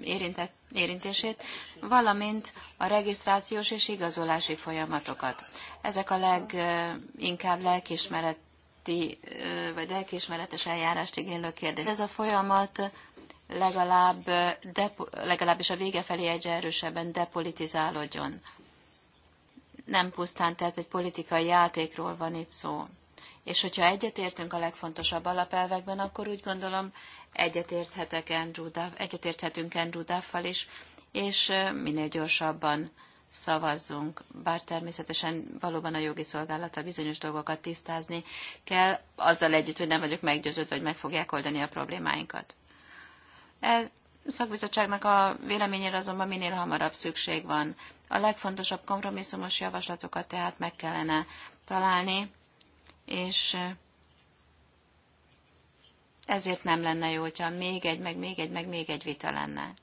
érintett, érintését, valamint a regisztrációs és igazolási folyamatokat. Ezek a leginkább lelkismereti vagy lelkismeretes eljárást igénylő kérdés. Ez a folyamat legalább, depo, legalábbis a vége felé egyre erősebben depolitizálódjon. Nem pusztán tehát egy politikai játékról van itt szó és hogyha egyetértünk a legfontosabb alapelvekben, akkor úgy gondolom egyetérthetek Andrew Duff, egyetérthetünk Andrew duff is, és minél gyorsabban szavazzunk, bár természetesen valóban a jogi szolgálata bizonyos dolgokat tisztázni kell, azzal együtt, hogy nem vagyok meggyőződve, hogy meg fogják oldani a problémáinkat. Ez szakbizottságnak a véleményére azonban minél hamarabb szükség van. A legfontosabb kompromisszumos javaslatokat tehát meg kellene találni, és ezért nem lenne jó, hogyha még egy, meg még egy, meg még egy vita lenne.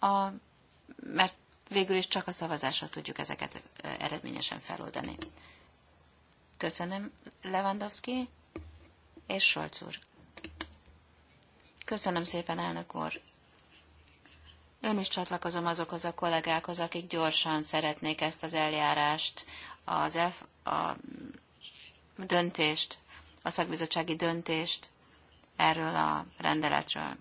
A, mert végül is csak a szavazásra tudjuk ezeket eredményesen feloldani. Köszönöm, Lewandowski és Solc úr. Köszönöm szépen, elnök úr. Ön is csatlakozom azokhoz a kollégákhoz, akik gyorsan szeretnék ezt az eljárást az a döntést, a szakbizottsági döntést erről a rendeletről.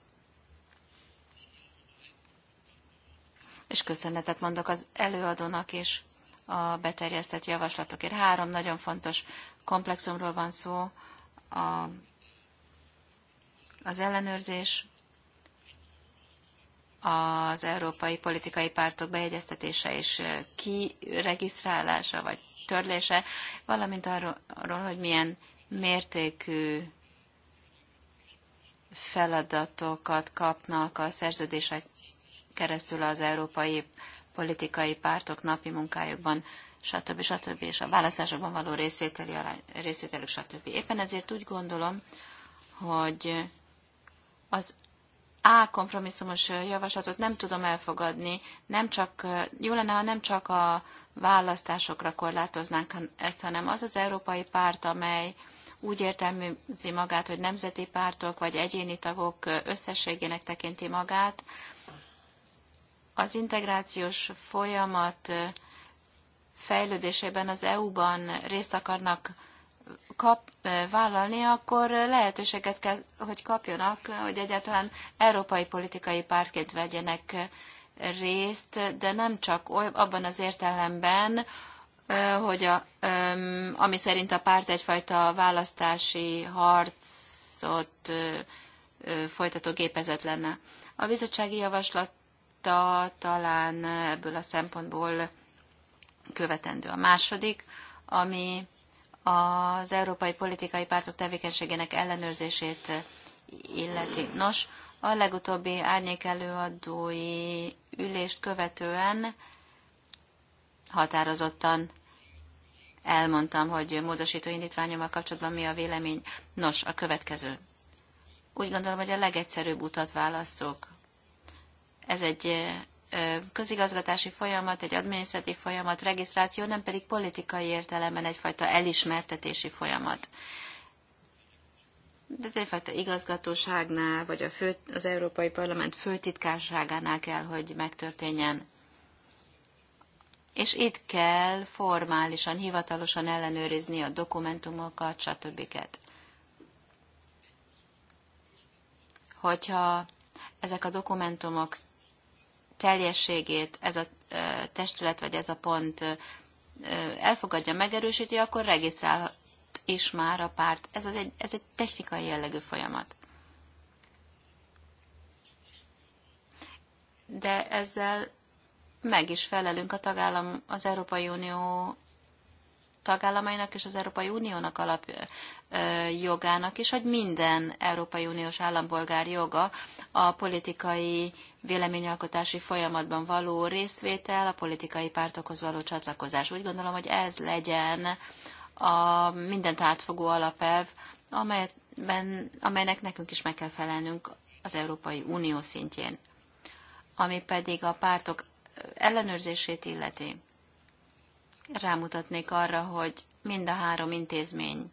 És köszönetet mondok az előadónak is a beterjesztett javaslatokért. Három nagyon fontos komplexumról van szó, a, az ellenőrzés, az európai politikai pártok bejegyeztetése és kiregisztrálása, vagy törlése, valamint arról, arról hogy milyen mértékű feladatokat kapnak a szerződések keresztül az európai politikai pártok napi munkájukban, stb. stb. és a választásokban való részvételi, részvételük, stb. Éppen ezért úgy gondolom, hogy az A kompromisszumos javaslatot nem tudom elfogadni, nem csak, jó lenne, ha nem csak a, választásokra korlátoznánk ezt, hanem az az európai párt, amely úgy értelmezi magát, hogy nemzeti pártok vagy egyéni tagok összességének tekinti magát, az integrációs folyamat fejlődésében az EU-ban részt akarnak kap, vállalni, akkor lehetőséget kell, hogy kapjanak, hogy egyáltalán európai politikai pártként vegyenek részt, de nem csak oly, abban az értelemben, hogy a, ami szerint a párt egyfajta választási harcot folytató gépezet lenne. A bizottsági javaslata talán ebből a szempontból követendő. A második, ami az európai politikai pártok tevékenységének ellenőrzését illeti. Nos, a legutóbbi árnyékelőadói ülést követően határozottan elmondtam, hogy módosító indítványommal kapcsolatban mi a vélemény. Nos, a következő. Úgy gondolom, hogy a legegyszerűbb utat válaszok. Ez egy közigazgatási folyamat, egy adminisztratív folyamat, regisztráció, nem pedig politikai értelemben egyfajta elismertetési folyamat de a igazgatóságnál, vagy a fő, az Európai Parlament főtitkárságánál kell, hogy megtörténjen. És itt kell formálisan, hivatalosan ellenőrizni a dokumentumokat, stb. Hogyha ezek a dokumentumok teljességét ez a testület vagy ez a pont elfogadja, megerősíti, akkor regisztrál, ott és már a párt. Ez, az egy, ez egy technikai jellegű folyamat. De ezzel meg is felelünk a tagállam, az Európai Unió tagállamainak és az Európai Uniónak alap jogának is, hogy minden Európai Uniós állampolgár joga a politikai véleményalkotási folyamatban való részvétel, a politikai pártokhoz való csatlakozás. Úgy gondolom, hogy ez legyen a mindent átfogó alapelv, amelyben, amelynek nekünk is meg kell felelnünk az Európai Unió szintjén, ami pedig a pártok ellenőrzését illeti. Rámutatnék arra, hogy mind a három intézmény,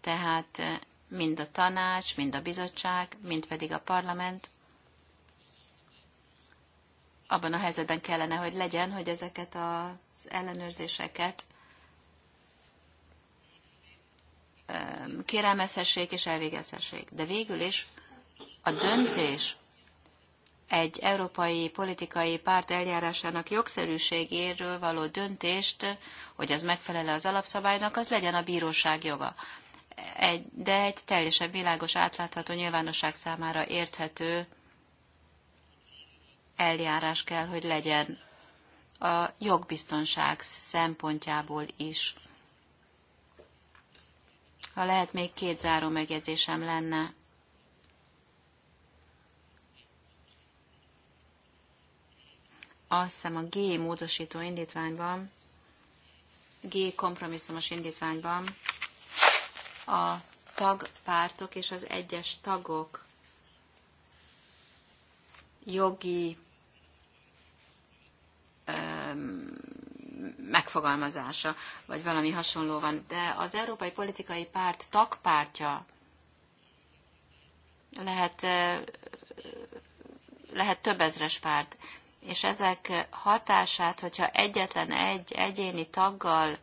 tehát mind a tanács, mind a bizottság, mind pedig a parlament, abban a helyzetben kellene, hogy legyen, hogy ezeket az ellenőrzéseket kérelmezhessék és elvégezhessék. De végül is a döntés egy európai politikai párt eljárásának jogszerűségéről való döntést, hogy az megfelele az alapszabálynak, az legyen a bíróság joga. Egy, de egy teljesen világos, átlátható nyilvánosság számára érthető eljárás kell, hogy legyen a jogbiztonság szempontjából is. Ha lehet, még két záró megjegyzésem lenne. Azt hiszem a G módosító indítványban, G kompromisszumos indítványban a tagpártok és az egyes tagok jogi öm, megfogalmazása, vagy valami hasonló van. De az Európai Politikai Párt tagpártja lehet, lehet több ezres párt, és ezek hatását, hogyha egyetlen egy egyéni taggal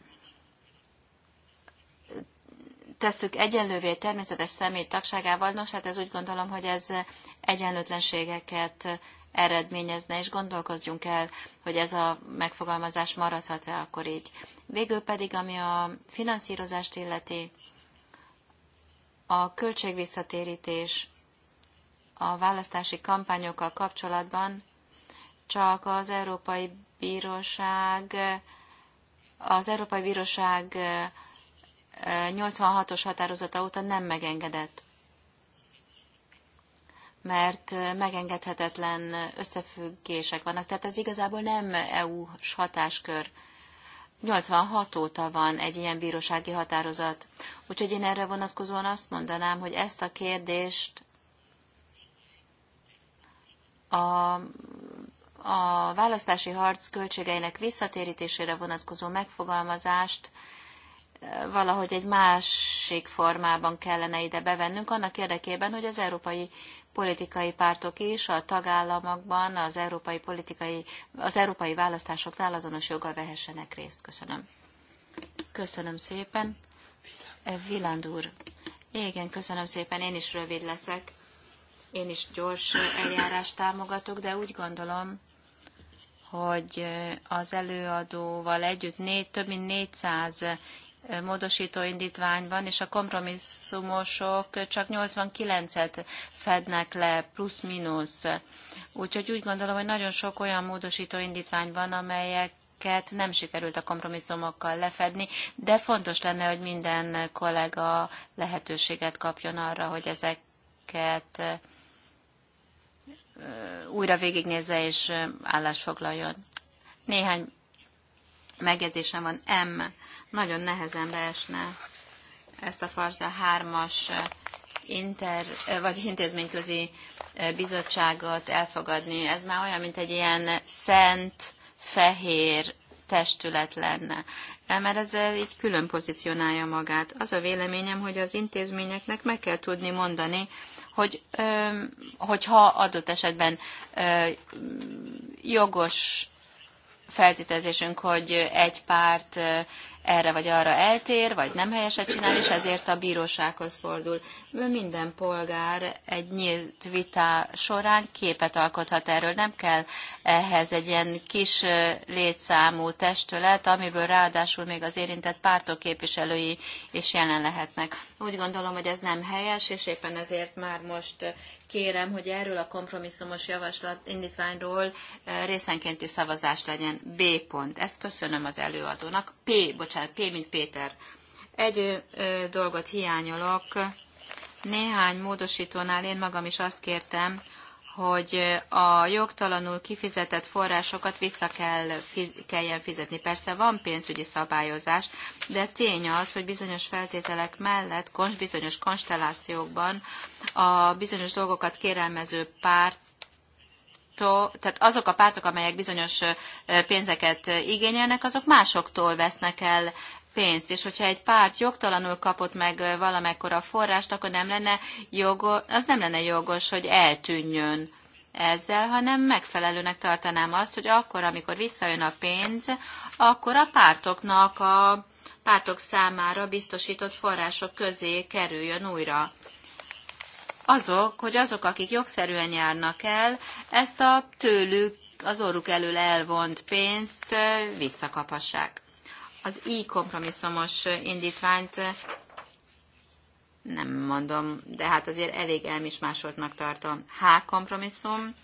tesszük egyenlővé természetes személy tagságával, nos hát ez úgy gondolom, hogy ez egyenlőtlenségeket eredményezne, és gondolkozzunk el, hogy ez a megfogalmazás maradhat-e akkor így. Végül pedig, ami a finanszírozást illeti, a költségvisszatérítés a választási kampányokkal kapcsolatban csak az Európai Bíróság az Európai Bíróság 86-os eh, határozata óta nem megengedett mert megengedhetetlen összefüggések vannak. Tehát ez igazából nem EU-s hatáskör. 86 óta van egy ilyen bírósági határozat. Úgyhogy én erre vonatkozóan azt mondanám, hogy ezt a kérdést a, a választási harc költségeinek visszatérítésére vonatkozó megfogalmazást valahogy egy másik formában kellene ide bevennünk, annak érdekében, hogy az európai politikai pártok is a tagállamokban az európai politikai, az európai választásoknál azonos joggal vehessenek részt. Köszönöm. Köszönöm szépen. Viland e, úr. Igen, köszönöm szépen. Én is rövid leszek. Én is gyors eljárást támogatok, de úgy gondolom, hogy az előadóval együtt négy, több mint 400 módosító indítvány van, és a kompromisszumosok csak 89-et fednek le, plusz-minusz. Úgyhogy úgy gondolom, hogy nagyon sok olyan módosító indítvány van, amelyek nem sikerült a kompromisszumokkal lefedni, de fontos lenne, hogy minden kollega lehetőséget kapjon arra, hogy ezeket újra végignézze és állásfoglaljon. Néhány megjegyzésem van M. Nagyon nehezen beesne ezt a fajta hármas eh, inter, eh, vagy intézményközi eh, bizottságot elfogadni. Ez már olyan, mint egy ilyen szent, fehér testület lenne. Mert ezzel így külön pozícionálja magát. Az a véleményem, hogy az intézményeknek meg kell tudni mondani, hogy hogyha adott esetben jogos feltételezésünk, hogy egy párt erre vagy arra eltér, vagy nem helyeset csinál, és ezért a bírósághoz fordul. Minden polgár egy nyílt vita során képet alkothat erről. Nem kell ehhez egy ilyen kis létszámú testület, amiből ráadásul még az érintett pártok képviselői is jelen lehetnek. Úgy gondolom, hogy ez nem helyes, és éppen ezért már most kérem, hogy erről a kompromisszumos javaslat indítványról eh, részenkénti szavazás legyen. B pont. Ezt köszönöm az előadónak. P, bocsánat, P, mint Péter. Egy ö, dolgot hiányolok. Néhány módosítónál én magam is azt kértem, hogy a jogtalanul kifizetett forrásokat vissza kell, fiz, kelljen fizetni. Persze van pénzügyi szabályozás, de tény az, hogy bizonyos feltételek mellett, bizonyos konstellációkban a bizonyos dolgokat kérelmező párt tehát azok a pártok, amelyek bizonyos pénzeket igényelnek, azok másoktól vesznek el pénzt, és hogyha egy párt jogtalanul kapott meg valamekkora forrást, akkor nem lenne jogos, az nem lenne jogos, hogy eltűnjön ezzel, hanem megfelelőnek tartanám azt, hogy akkor, amikor visszajön a pénz, akkor a pártoknak a pártok számára biztosított források közé kerüljön újra. Azok, hogy azok, akik jogszerűen járnak el, ezt a tőlük az orruk elől elvont pénzt visszakapassák. Az I kompromisszumos indítványt nem mondom, de hát azért elég elmismásoltnak tartom. H kompromisszum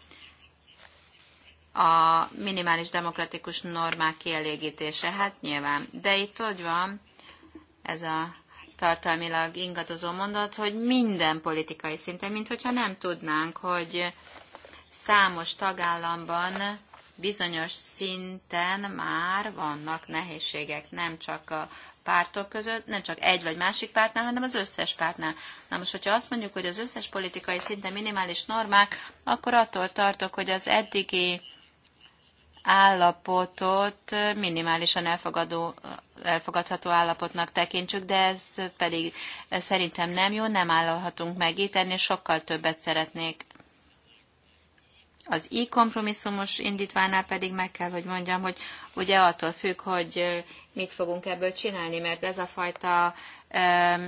a minimális demokratikus normák kielégítése, hát nyilván. De itt hogy van ez a tartalmilag ingadozó mondat, hogy minden politikai szinten, mint hogyha nem tudnánk, hogy számos tagállamban bizonyos szinten már vannak nehézségek, nem csak a pártok között, nem csak egy vagy másik pártnál, hanem az összes pártnál. Na most, hogyha azt mondjuk, hogy az összes politikai szinten minimális normák, akkor attól tartok, hogy az eddigi állapotot minimálisan elfogadó, elfogadható állapotnak tekintsük, de ez pedig szerintem nem jó, nem állhatunk meg itt, ennél sokkal többet szeretnék az i kompromisszumos indítványnál pedig meg kell, hogy mondjam, hogy ugye attól függ, hogy mit fogunk ebből csinálni, mert ez a fajta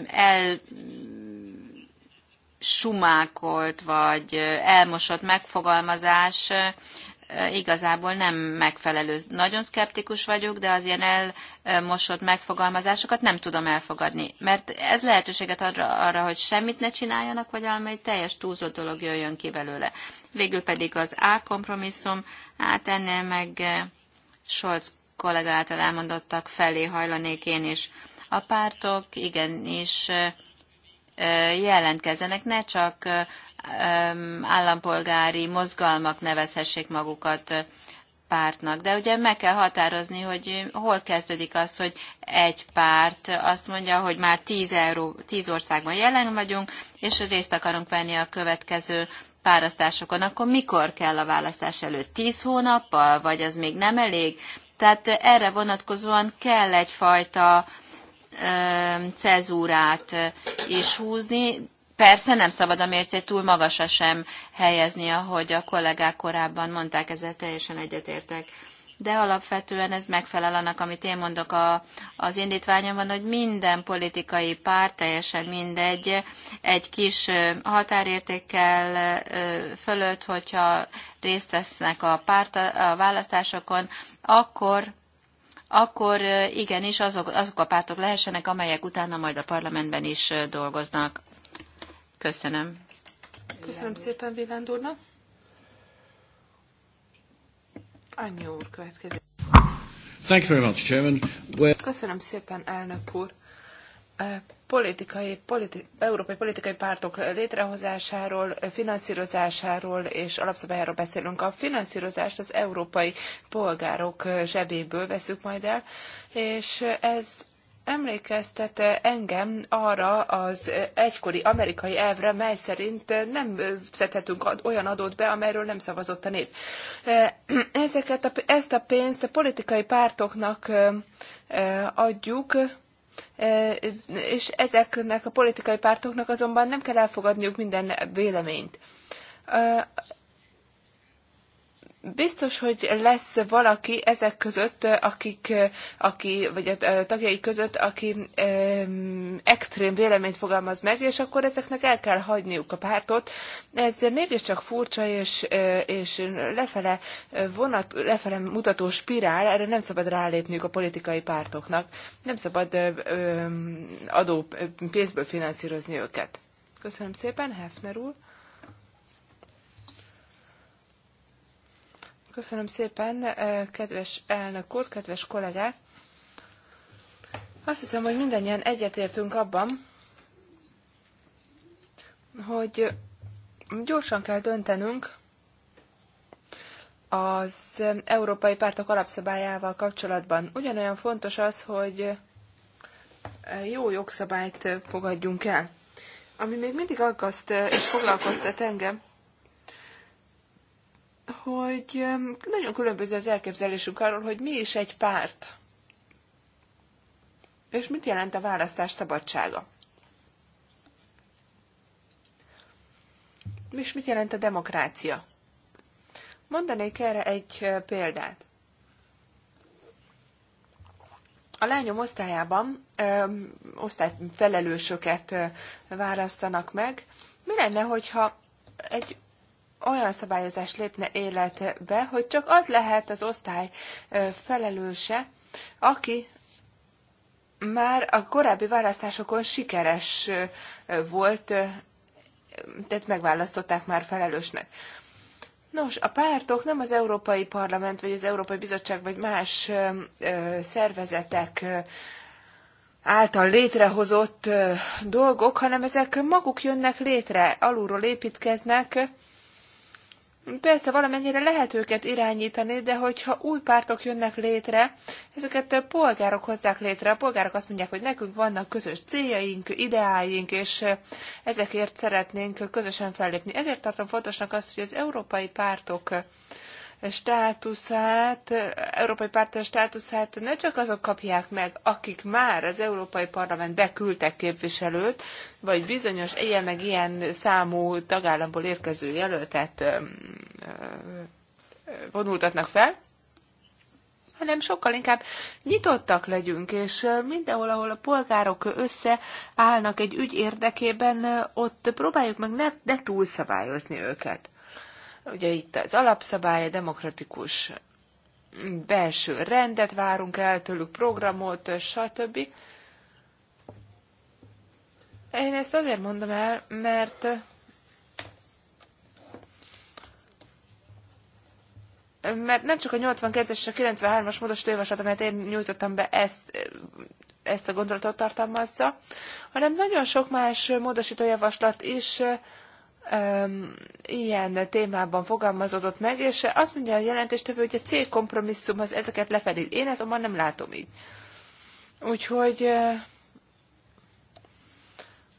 el sumákolt vagy elmosott megfogalmazás igazából nem megfelelő. Nagyon szkeptikus vagyok, de az ilyen elmosott megfogalmazásokat nem tudom elfogadni, mert ez lehetőséget arra, arra hogy semmit ne csináljanak, vagy valami teljes túlzott dolog jöjjön ki belőle. Végül pedig az A kompromisszum, hát ennél meg Scholz kollega által elmondottak felé hajlanék én is. A pártok igenis jelentkezzenek, ne csak Um, állampolgári mozgalmak nevezhessék magukat pártnak. De ugye meg kell határozni, hogy hol kezdődik az, hogy egy párt azt mondja, hogy már tíz euró, tíz országban jelen vagyunk, és részt akarunk venni a következő párasztásokon, akkor mikor kell a választás előtt? Tíz hónappal, vagy az még nem elég? Tehát erre vonatkozóan kell egyfajta um, cezúrát is húzni, Persze nem szabad a mércét túl magasra sem helyezni, ahogy a kollégák korábban mondták, ezzel teljesen egyetértek. De alapvetően ez megfelel annak, amit én mondok a, az indítványomban, hogy minden politikai párt, teljesen mindegy, egy kis határértékkel fölött, hogyha részt vesznek a, párt, a választásokon, akkor akkor igenis azok, azok a pártok lehessenek, amelyek utána majd a parlamentben is dolgoznak. Köszönöm. Köszönöm szépen Véland úrnak. Annyi úr következik. Thank you very much, Chairman. Köszönöm szépen, elnök úr. E, politikai, politi- európai politikai pártok létrehozásáról, finanszírozásáról és alapszabályáról beszélünk. A finanszírozást az európai polgárok zsebéből veszük majd el, és ez emlékeztet engem arra az egykori amerikai elvre, mely szerint nem szedhetünk olyan adót be, amelyről nem szavazott a nép. E, ezeket a, ezt a pénzt a politikai pártoknak e, e, adjuk, és ezeknek a politikai pártoknak azonban nem kell elfogadniuk minden véleményt Biztos, hogy lesz valaki ezek között, akik, aki, vagy a tagjai között, aki um, extrém véleményt fogalmaz meg, és akkor ezeknek el kell hagyniuk a pártot. Ez mégiscsak furcsa, és, és lefele, vonat, lefele mutató spirál, erre nem szabad rálépniük a politikai pártoknak. Nem szabad adó pénzből finanszírozni őket. Köszönöm szépen, Hefner úr. Köszönöm szépen, eh, kedves elnök úr, kedves kollégák! Azt hiszem, hogy mindannyian egyetértünk abban, hogy gyorsan kell döntenünk az európai pártok alapszabályával kapcsolatban. Ugyanolyan fontos az, hogy jó jogszabályt fogadjunk el. Ami még mindig aggaszt eh, és foglalkoztat engem, hogy nagyon különböző az elképzelésünk arról, hogy mi is egy párt. És mit jelent a választás szabadsága? És mit jelent a demokrácia? Mondanék erre egy példát. A lányom osztályában ö, osztályfelelősöket ö, választanak meg. Mi lenne, hogyha egy olyan szabályozás lépne életbe, hogy csak az lehet az osztály felelőse, aki már a korábbi választásokon sikeres volt, tehát megválasztották már felelősnek. Nos, a pártok nem az Európai Parlament, vagy az Európai Bizottság, vagy más szervezetek által létrehozott dolgok, hanem ezek maguk jönnek létre, alulról építkeznek, Persze valamennyire lehet őket irányítani, de hogyha új pártok jönnek létre, ezeket a polgárok hozzák létre. A polgárok azt mondják, hogy nekünk vannak közös céljaink, ideáink, és eh, ezekért szeretnénk közösen fellépni. Ezért tartom fontosnak azt, hogy az európai pártok eh, státuszát, európai párt státuszát ne csak azok kapják meg, akik már az Európai Parlament beküldtek képviselőt, vagy bizonyos ilyen meg ilyen számú tagállamból érkező jelöltet vonultatnak fel, hanem sokkal inkább nyitottak legyünk, és mindenhol, ahol a polgárok összeállnak egy ügy érdekében, ott próbáljuk meg ne, ne túlszabályozni őket. Ugye itt az alapszabály, a demokratikus belső rendet várunk el tőlük, programot, stb. Én ezt azért mondom el, mert mert nem csak a 82-es és a 93-as módos javaslat, amelyet én nyújtottam be, ezt, ezt a gondolatot tartalmazza, hanem nagyon sok más módosítójavaslat is ilyen témában fogalmazódott meg, és azt mondja a jelentéstevő, hogy a célkompromisszum az ezeket lefedi. Én azonban nem látom így. Úgyhogy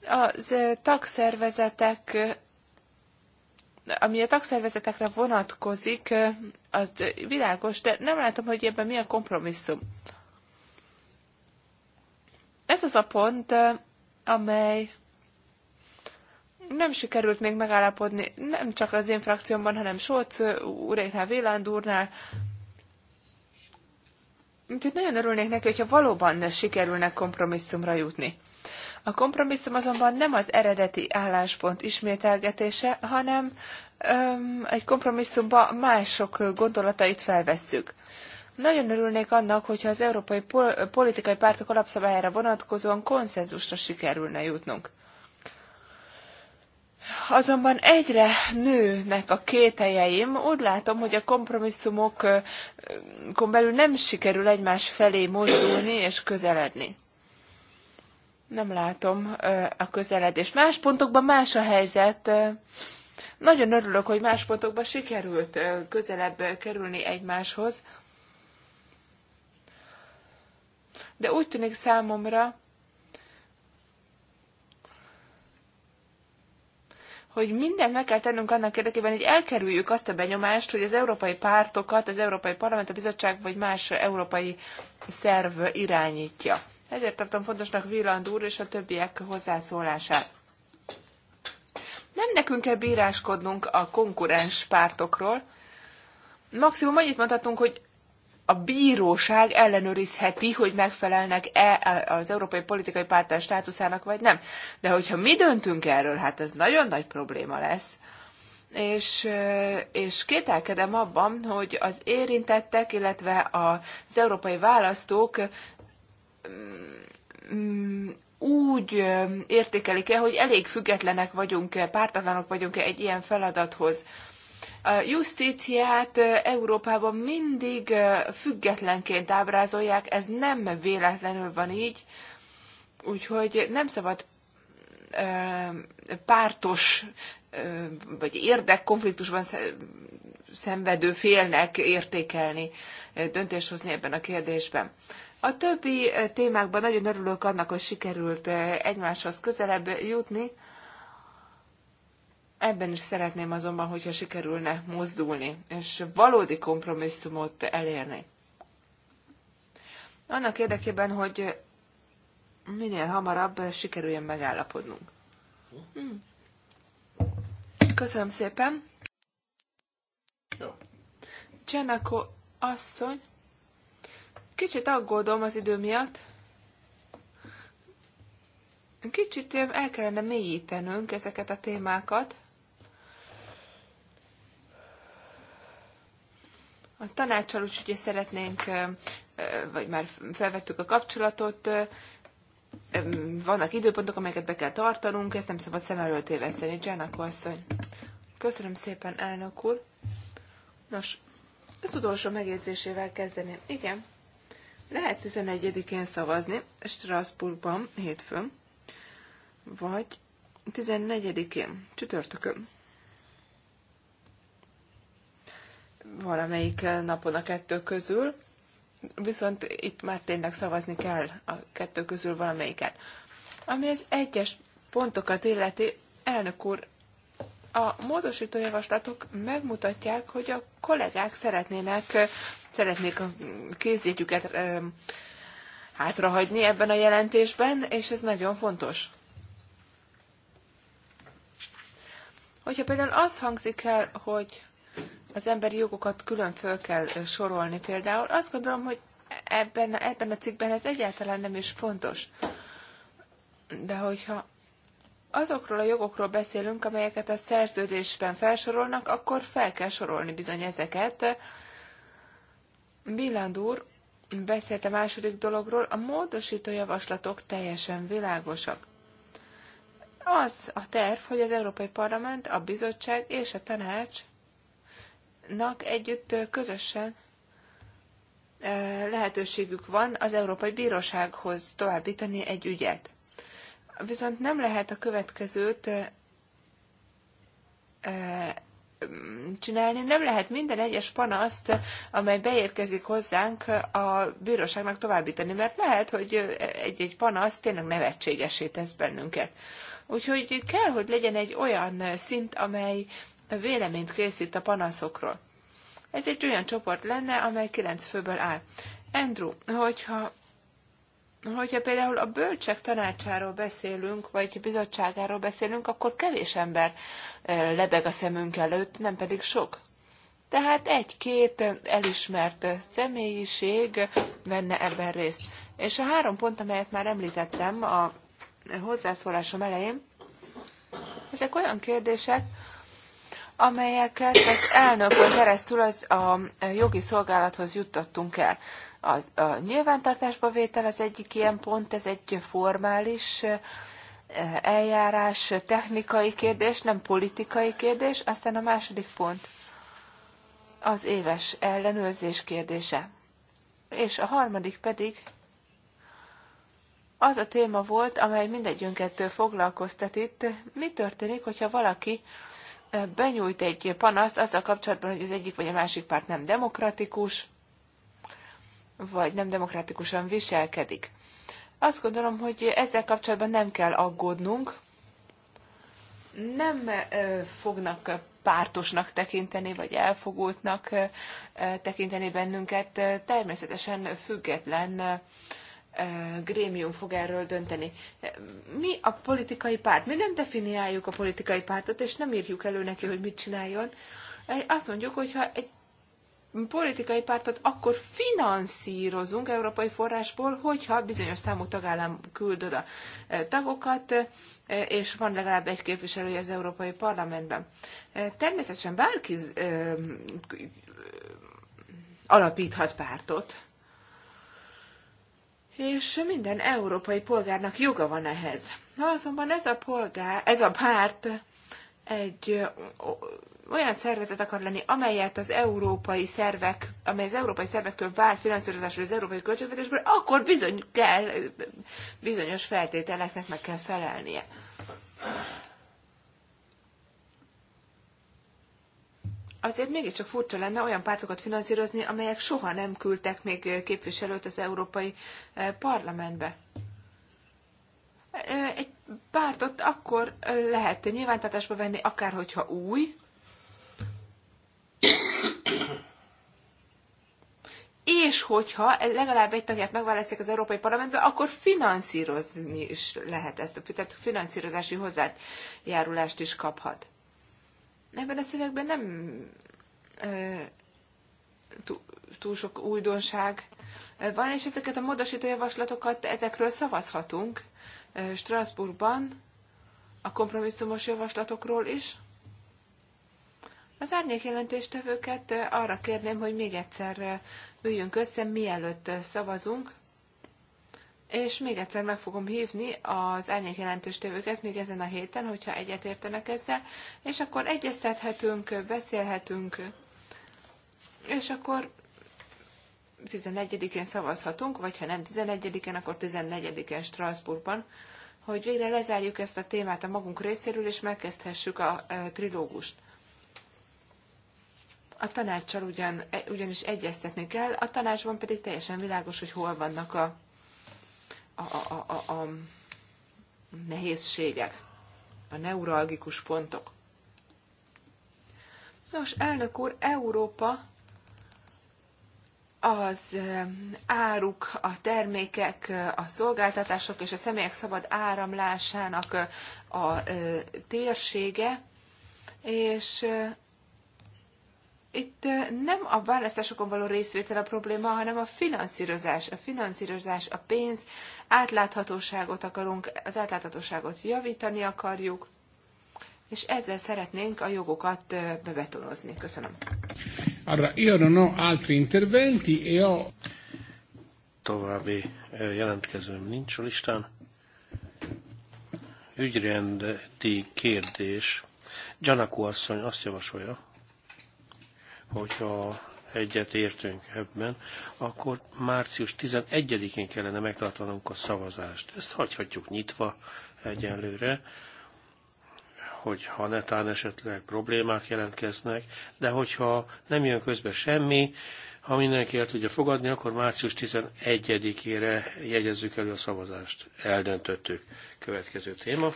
az tagszervezetek, ami a tagszervezetekre vonatkozik, az világos, de nem látom, hogy ebben mi a kompromisszum. Ez az a pont, amely nem sikerült még megállapodni, nem csak az én frakciómban, hanem Solc úréknál, Véland úrnál. Úgyhogy nagyon örülnék neki, hogyha valóban sikerülne kompromisszumra jutni. A kompromisszum azonban nem az eredeti álláspont ismételgetése, hanem öm, egy kompromisszumba mások gondolatait felvesszük. Nagyon örülnék annak, hogyha az európai politikai pártok alapszabályára vonatkozóan konszenzusra sikerülne jutnunk. Azonban egyre nőnek a kételjeim. Úgy látom, hogy a kompromisszumokon belül nem sikerül egymás felé mozdulni és közeledni. Nem látom a közeledést. Más pontokban más a helyzet. Nagyon örülök, hogy más pontokban sikerült közelebb kerülni egymáshoz. De úgy tűnik számomra, hogy mindent meg kell tennünk annak érdekében, hogy elkerüljük azt a benyomást, hogy az európai pártokat, az Európai Parlament, a Bizottság vagy más európai szerv irányítja. Ezért tartom fontosnak Villand úr és a többiek hozzászólását. Nem nekünk kell bíráskodnunk a konkurens pártokról. Maximum annyit mondhatunk, hogy a bíróság ellenőrizheti, hogy megfelelnek-e az európai politikai pártás státuszának, vagy nem. De hogyha mi döntünk erről, hát ez nagyon nagy probléma lesz. És, és kételkedem abban, hogy az érintettek, illetve az európai választók mm, mm, úgy értékelik-e, hogy elég függetlenek vagyunk-e, pártatlanok vagyunk-e egy ilyen feladathoz a justíciát Európában mindig függetlenként ábrázolják, ez nem véletlenül van így, úgyhogy nem szabad pártos vagy érdekkonfliktusban szenvedő félnek értékelni, döntést hozni ebben a kérdésben. A többi témákban nagyon örülök annak, hogy sikerült egymáshoz közelebb jutni. Ebben is szeretném azonban, hogyha sikerülne mozdulni, és valódi kompromisszumot elérni. Annak érdekében, hogy minél hamarabb sikerüljön megállapodnunk. Hmm. Köszönöm szépen. Csenako asszony, kicsit aggódom az idő miatt. Kicsit el kellene mélyítenünk ezeket a témákat. A tanácsal úgy, ugye szeretnénk, vagy már felvettük a kapcsolatot, vannak időpontok, amelyeket be kell tartanunk, ezt nem szabad szem előtt éveszteni, Csának asszony. Köszönöm szépen, elnök úr. Nos, az utolsó megjegyzésével kezdeném. Igen, lehet 11-én szavazni, Strasbourgban, hétfőn, vagy 14-én, csütörtökön. valamelyik napon a kettő közül, viszont itt már tényleg szavazni kell a kettő közül valamelyiket. Ami az egyes pontokat illeti, elnök úr, a módosító javaslatok megmutatják, hogy a kollégák szeretnének, szeretnék a kézdjegyüket hátrahagyni ebben a jelentésben, és ez nagyon fontos. Hogyha például az hangzik el, hogy az emberi jogokat külön föl kell sorolni például. Azt gondolom, hogy ebben, ebben a cikkben ez egyáltalán nem is fontos. De hogyha azokról a jogokról beszélünk, amelyeket a szerződésben felsorolnak, akkor fel kell sorolni bizony ezeket. Billand úr beszélt a második dologról, a módosító javaslatok teljesen világosak. Az a terv, hogy az Európai Parlament, a bizottság és a tanács nak együtt közösen lehetőségük van az Európai Bírósághoz továbbítani egy ügyet. Viszont nem lehet a következőt csinálni, nem lehet minden egyes panaszt, amely beérkezik hozzánk, a bíróságnak továbbítani, mert lehet, hogy egy-egy panasz tényleg nevetségesé tesz bennünket. Úgyhogy kell, hogy legyen egy olyan szint, amely véleményt készít a panaszokról. Ez egy olyan csoport lenne, amely kilenc főből áll. Andrew, hogyha, hogyha például a bölcsek tanácsáról beszélünk, vagy bizottságáról beszélünk, akkor kevés ember lebeg a szemünk előtt, nem pedig sok. Tehát egy-két elismert személyiség venne ebben részt. És a három pont, amelyet már említettem a hozzászólásom elején, ezek olyan kérdések, amelyeket az elnökön keresztül az, a jogi szolgálathoz juttattunk el. A, a nyilvántartásba vétel az egyik ilyen pont, ez egy formális eljárás, technikai kérdés, nem politikai kérdés, aztán a második pont az éves ellenőrzés kérdése. És a harmadik pedig az a téma volt, amely mindegyünket foglalkoztat itt, mi történik, hogyha valaki benyújt egy panaszt azzal kapcsolatban, hogy az egyik vagy a másik párt nem demokratikus, vagy nem demokratikusan viselkedik. Azt gondolom, hogy ezzel kapcsolatban nem kell aggódnunk, nem fognak pártosnak tekinteni, vagy elfogultnak tekinteni bennünket. Természetesen független grémium fog erről dönteni. Mi a politikai párt? Mi nem definiáljuk a politikai pártot, és nem írjuk elő neki, hogy mit csináljon. Azt mondjuk, hogyha egy politikai pártot akkor finanszírozunk európai forrásból, hogyha bizonyos számú tagállam küld oda tagokat, és van legalább egy képviselője az Európai Parlamentben. Természetesen bárki alapíthat pártot, és minden európai polgárnak joga van ehhez. Na azonban ez a polgár, ez a párt egy olyan szervezet akar lenni, amelyet az európai szervek, amely az európai szervektől vár finanszírozásról az európai költségvetésből, akkor bizony kell, bizonyos feltételeknek meg kell felelnie. azért mégiscsak furcsa lenne olyan pártokat finanszírozni, amelyek soha nem küldtek még képviselőt az Európai eh, Parlamentbe. Eh, egy pártot akkor eh, lehet nyilvántartásba venni, akár hogyha új, és hogyha legalább egy tagját megválasztják az Európai Parlamentbe, akkor finanszírozni is lehet ezt, tehát finanszírozási hozzájárulást is kaphat. Ebben a szövegben nem túl sok újdonság van, és ezeket a módosító javaslatokat, ezekről szavazhatunk Strasbourgban, a kompromisszumos javaslatokról is. Az árnyék jelentéstevőket arra kérném, hogy még egyszer üljünk össze, mielőtt szavazunk, és még egyszer meg fogom hívni az elnyék jelentős tévőket még ezen a héten, hogyha egyetértenek ezzel, és akkor egyeztethetünk, beszélhetünk, és akkor 11-én szavazhatunk, vagy ha nem 11-én, akkor 14-én Strasbourgban, hogy végre lezárjuk ezt a témát a magunk részéről, és megkezdhessük a e, trilógust. A tanácssal ugyan, e, ugyanis egyeztetni kell, a tanácsban pedig teljesen világos, hogy hol vannak a a, a, a, a nehézségek, a neuralgikus pontok. Nos, elnök úr, Európa az eh, áruk, a termékek, eh, a szolgáltatások és a személyek szabad áramlásának eh, a térsége, és itt nem a választásokon való részvétel a probléma, hanem a finanszírozás. A finanszírozás, a pénz, átláthatóságot akarunk, az átláthatóságot javítani akarjuk, és ezzel szeretnénk a jogokat bebetonozni. Köszönöm. Arra, io non ho altri interventi e ho... További jelentkezőm nincs a listán. Ügyrendi kérdés. Gianaku asszony azt javasolja, hogyha egyet értünk ebben, akkor március 11-én kellene megtartanunk a szavazást. Ezt hagyhatjuk nyitva egyenlőre, hogy ha netán esetleg problémák jelentkeznek, de hogyha nem jön közbe semmi, ha mindenki el tudja fogadni, akkor március 11-ére jegyezzük elő a szavazást. Eldöntöttük. Következő téma.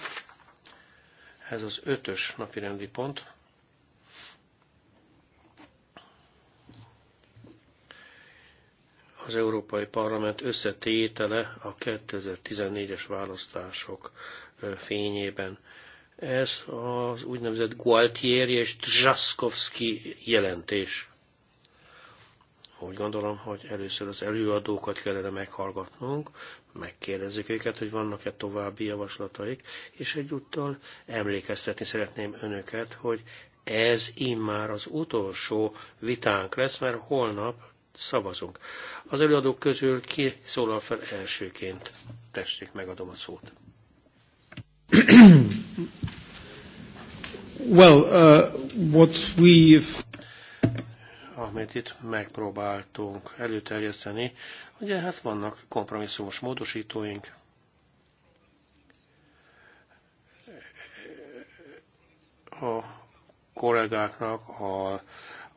Ez az ötös napi rendi pont. az Európai Parlament összetétele a 2014-es választások fényében. Ez az úgynevezett Gualtieri és Trzaskowski jelentés. Úgy gondolom, hogy először az előadókat kellene meghallgatnunk, megkérdezzük őket, hogy vannak-e további javaslataik, és egyúttal emlékeztetni szeretném önöket, hogy ez immár az utolsó vitánk lesz, mert holnap szavazunk. Az előadók közül ki szólal fel elsőként? Tessék, megadom a szót. well, uh, what we amit itt megpróbáltunk előterjeszteni, ugye hát vannak kompromisszumos módosítóink, a kollégáknak a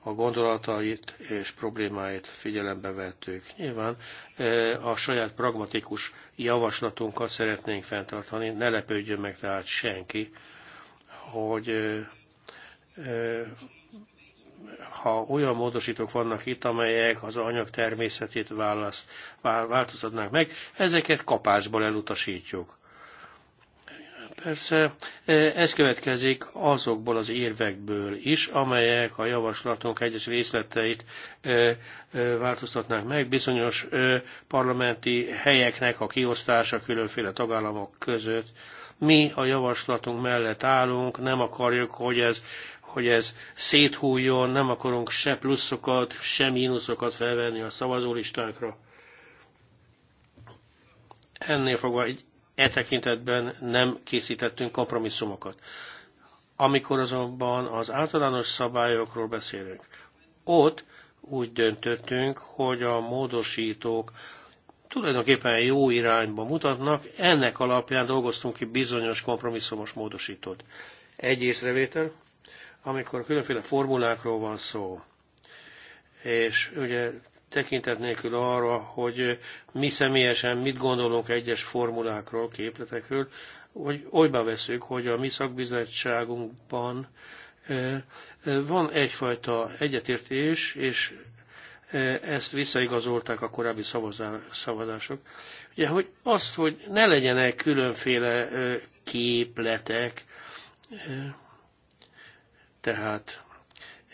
a gondolatait és problémáit figyelembe vettük. Nyilván e, a saját pragmatikus javaslatunkat szeretnénk fenntartani, ne lepődjön meg tehát senki, hogy e, e, ha olyan módosítók vannak itt, amelyek az anyag természetét választ, változtatnák meg, ezeket kapásból elutasítjuk. Persze e, ez következik azokból az érvekből is, amelyek a javaslatunk egyes részleteit e, e, változtatnák meg. Bizonyos parlamenti helyeknek a kiosztása különféle tagállamok között. Mi a javaslatunk mellett állunk, nem akarjuk, hogy ez hogy ez széthújjon, nem akarunk se pluszokat, se mínuszokat felvenni a szavazólistánkra. Ennél fogva egy E tekintetben nem készítettünk kompromisszumokat. Amikor azonban az általános szabályokról beszélünk, ott úgy döntöttünk, hogy a módosítók tulajdonképpen jó irányba mutatnak, ennek alapján dolgoztunk ki bizonyos kompromisszumos módosítót. Egy észrevétel, amikor különféle formulákról van szó, és ugye tekintet nélkül arra, hogy mi személyesen mit gondolunk egyes formulákról, képletekről, hogy olyba veszük, hogy a mi szakbizottságunkban van egyfajta egyetértés, és ezt visszaigazolták a korábbi szavazások. Ugye, hogy azt, hogy ne legyenek különféle képletek, tehát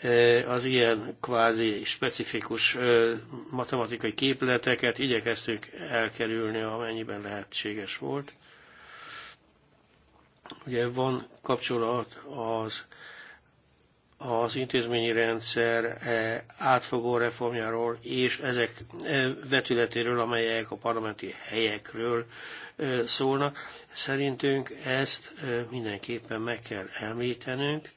Eh, az ilyen kvázi specifikus eh, matematikai képleteket igyekeztünk elkerülni, amennyiben lehetséges volt. Ugye van kapcsolat az, az intézményi rendszer eh, átfogó reformjáról és ezek vetületéről, amelyek a parlamenti helyekről szólnak. Szerintünk ezt mindenképpen meg kell említenünk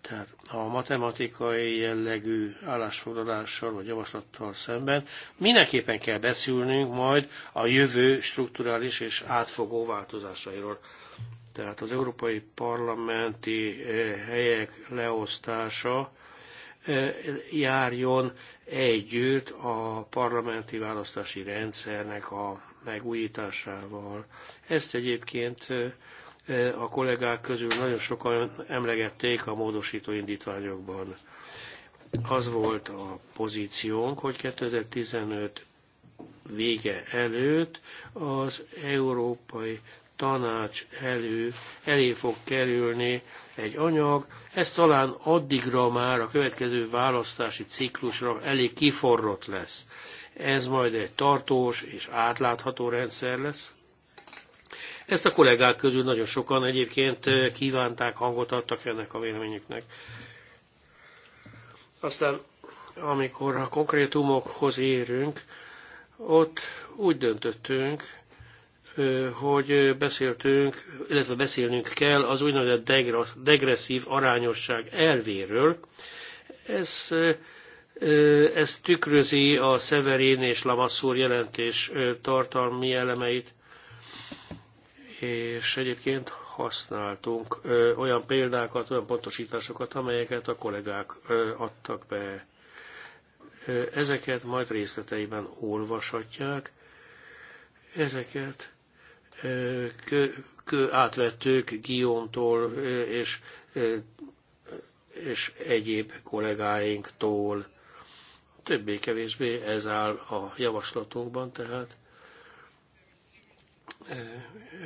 tehát a matematikai jellegű állásfoglalással vagy javaslattal szemben mindenképpen kell beszélnünk majd a jövő strukturális és átfogó változásairól. Tehát az európai parlamenti eh, helyek leosztása eh, járjon együtt a parlamenti választási rendszernek a megújításával. Ezt egyébként eh, a kollégák közül nagyon sokan emlegették a módosító indítványokban. Az volt a pozíciónk, hogy 2015 vége előtt az Európai Tanács elő, elé fog kerülni egy anyag. Ez talán addigra már a következő választási ciklusra elég kiforrott lesz. Ez majd egy tartós és átlátható rendszer lesz ezt a kollégák közül nagyon sokan egyébként kívánták, hangot adtak ennek a véleményüknek. Aztán, amikor a konkrétumokhoz érünk, ott úgy döntöttünk, hogy beszéltünk, illetve beszélnünk kell az úgynevezett degresszív arányosság elvéről. Ez, ez tükrözi a Severin és Lamassur jelentés tartalmi elemeit és egyébként használtunk ö, olyan példákat, olyan pontosításokat, amelyeket a kollégák ö, adtak be. Ö, ezeket majd részleteiben olvashatják. Ezeket ö, kö, kö, átvettük Giontól és, és egyéb kollégáinktól. Többé-kevésbé ez áll a javaslatunkban, tehát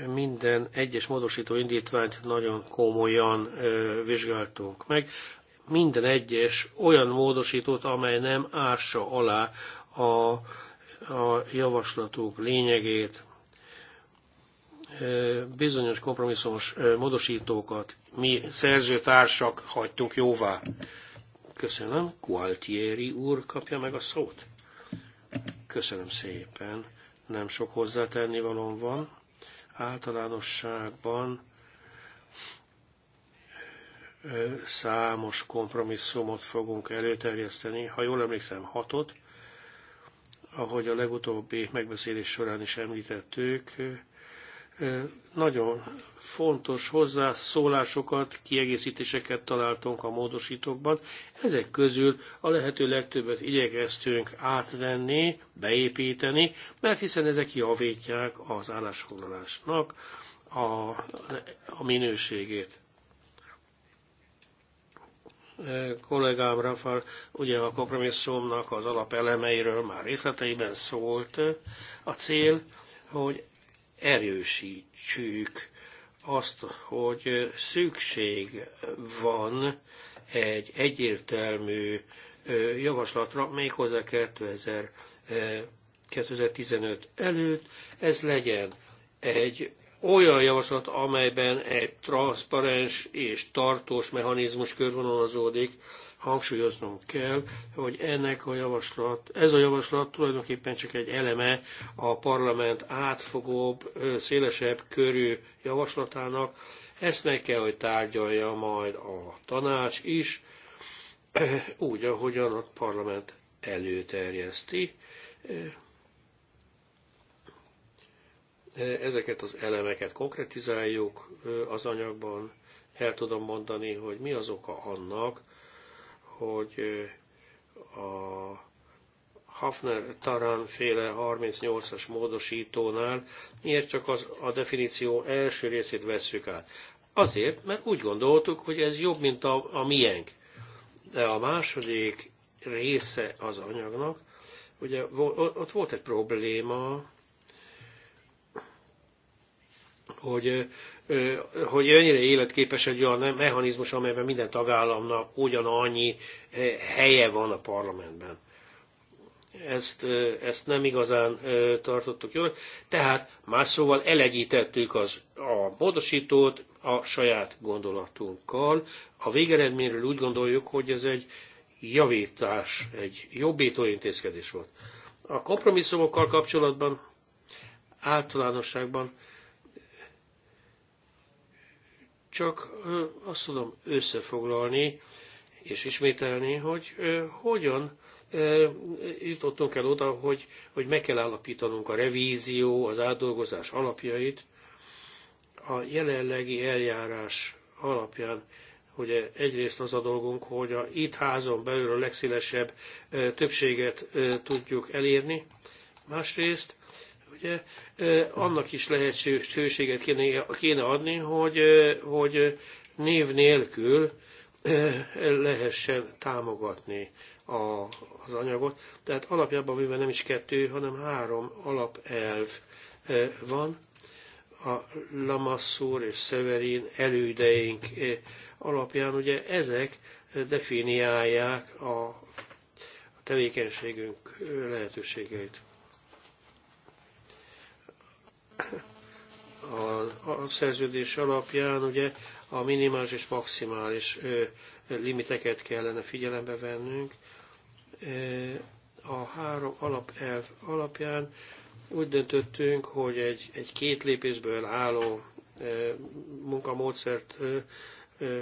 minden egyes módosító indítványt nagyon komolyan vizsgáltunk meg. Minden egyes olyan módosítót, amely nem ássa alá a, a javaslatuk lényegét, bizonyos kompromisszumos módosítókat mi szerzőtársak hagytunk jóvá. Köszönöm. Gualtieri úr kapja meg a szót. Köszönöm szépen nem sok hozzátenni valon van. Általánosságban számos kompromisszumot fogunk előterjeszteni, ha jól emlékszem, hatot, ahogy a legutóbbi megbeszélés során is említettük, nagyon fontos hozzászólásokat, kiegészítéseket találtunk a módosítókban. Ezek közül a lehető legtöbbet igyekeztünk átvenni, beépíteni, mert hiszen ezek javítják az állásfoglalásnak a, a minőségét kollégám Rafal ugye a kompromisszumnak az alapelemeiről már részleteiben szólt. A cél, hogy erősítsük azt, hogy szükség van egy egyértelmű javaslatra, méghozzá 2000, 2015 előtt, ez legyen egy olyan javaslat, amelyben egy transzparens és tartós mechanizmus körvonalazódik, hangsúlyoznunk kell, hogy ennek a javaslat, ez a javaslat tulajdonképpen csak egy eleme a parlament átfogóbb, szélesebb körű javaslatának. Ezt meg kell, hogy tárgyalja majd a tanács is, úgy, ahogyan a parlament előterjeszti. Ezeket az elemeket konkretizáljuk az anyagban, el tudom mondani, hogy mi az oka annak, hogy a Hafner Taran féle 38-as módosítónál miért csak az, a definíció első részét vesszük át. Azért, mert úgy gondoltuk, hogy ez jobb, mint a, a miénk. De a második része az anyagnak, ugye ott volt egy probléma, hogy, hogy ennyire életképes egy olyan mechanizmus, amelyben minden tagállamnak ugyanannyi helye van a parlamentben. Ezt, ezt nem igazán tartottuk jól. Tehát más szóval elegyítettük az, a módosítót a saját gondolatunkkal. A végeredményről úgy gondoljuk, hogy ez egy javítás, egy jobbító intézkedés volt. A kompromisszumokkal kapcsolatban általánosságban csak azt tudom összefoglalni és ismételni, hogy hogyan jutottunk el oda, hogy, hogy meg kell állapítanunk a revízió, az átdolgozás alapjait, a jelenlegi eljárás alapján ugye egyrészt az a dolgunk, hogy a itt házon belül a legszélesebb többséget tudjuk elérni, másrészt ugye annak is lehetőséget kéne, kéne adni, hogy, hogy név nélkül lehessen támogatni a, az anyagot. Tehát alapjában véve nem is kettő, hanem három alapelv van. A Lamassur és Severin elődeink alapján ugye ezek definiálják a tevékenységünk lehetőségeit a, a szerződés alapján ugye a minimális és maximális limiteket kellene figyelembe vennünk. A három alapelv alapján úgy döntöttünk, hogy egy, egy két lépésből álló munkamódszert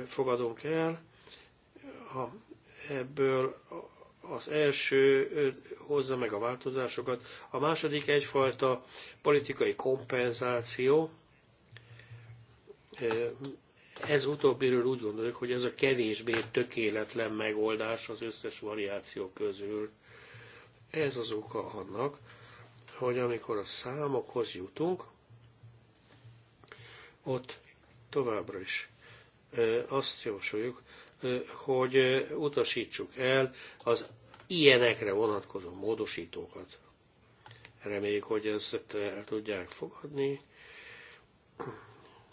fogadunk el. A, ebből az első hozza meg a változásokat, a második egyfajta politikai kompenzáció. Ez utóbbiről úgy gondoljuk, hogy ez a kevésbé tökéletlen megoldás az összes variáció közül. Ez az oka annak, hogy amikor a számokhoz jutunk, ott továbbra is azt javasoljuk, hogy utasítsuk el az ilyenekre vonatkozó módosítókat. Reméljük, hogy ezt el tudják fogadni.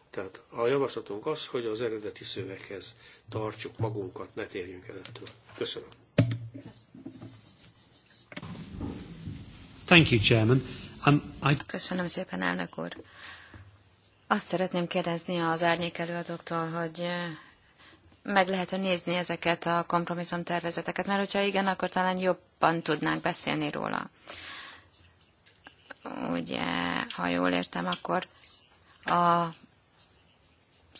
Tehát a javaslatunk az, hogy az eredeti szöveghez tartsuk magunkat, ne térjünk el ettől. Köszönöm. Thank you, Chairman. Um, I... Köszönöm szépen, elnök úr. Azt szeretném kérdezni az árnyék előadóktól, hogy meg lehet -e nézni ezeket a kompromisszumtervezeteket, mert hogyha igen, akkor talán jobban tudnánk beszélni róla. Ugye, ha jól értem, akkor a, az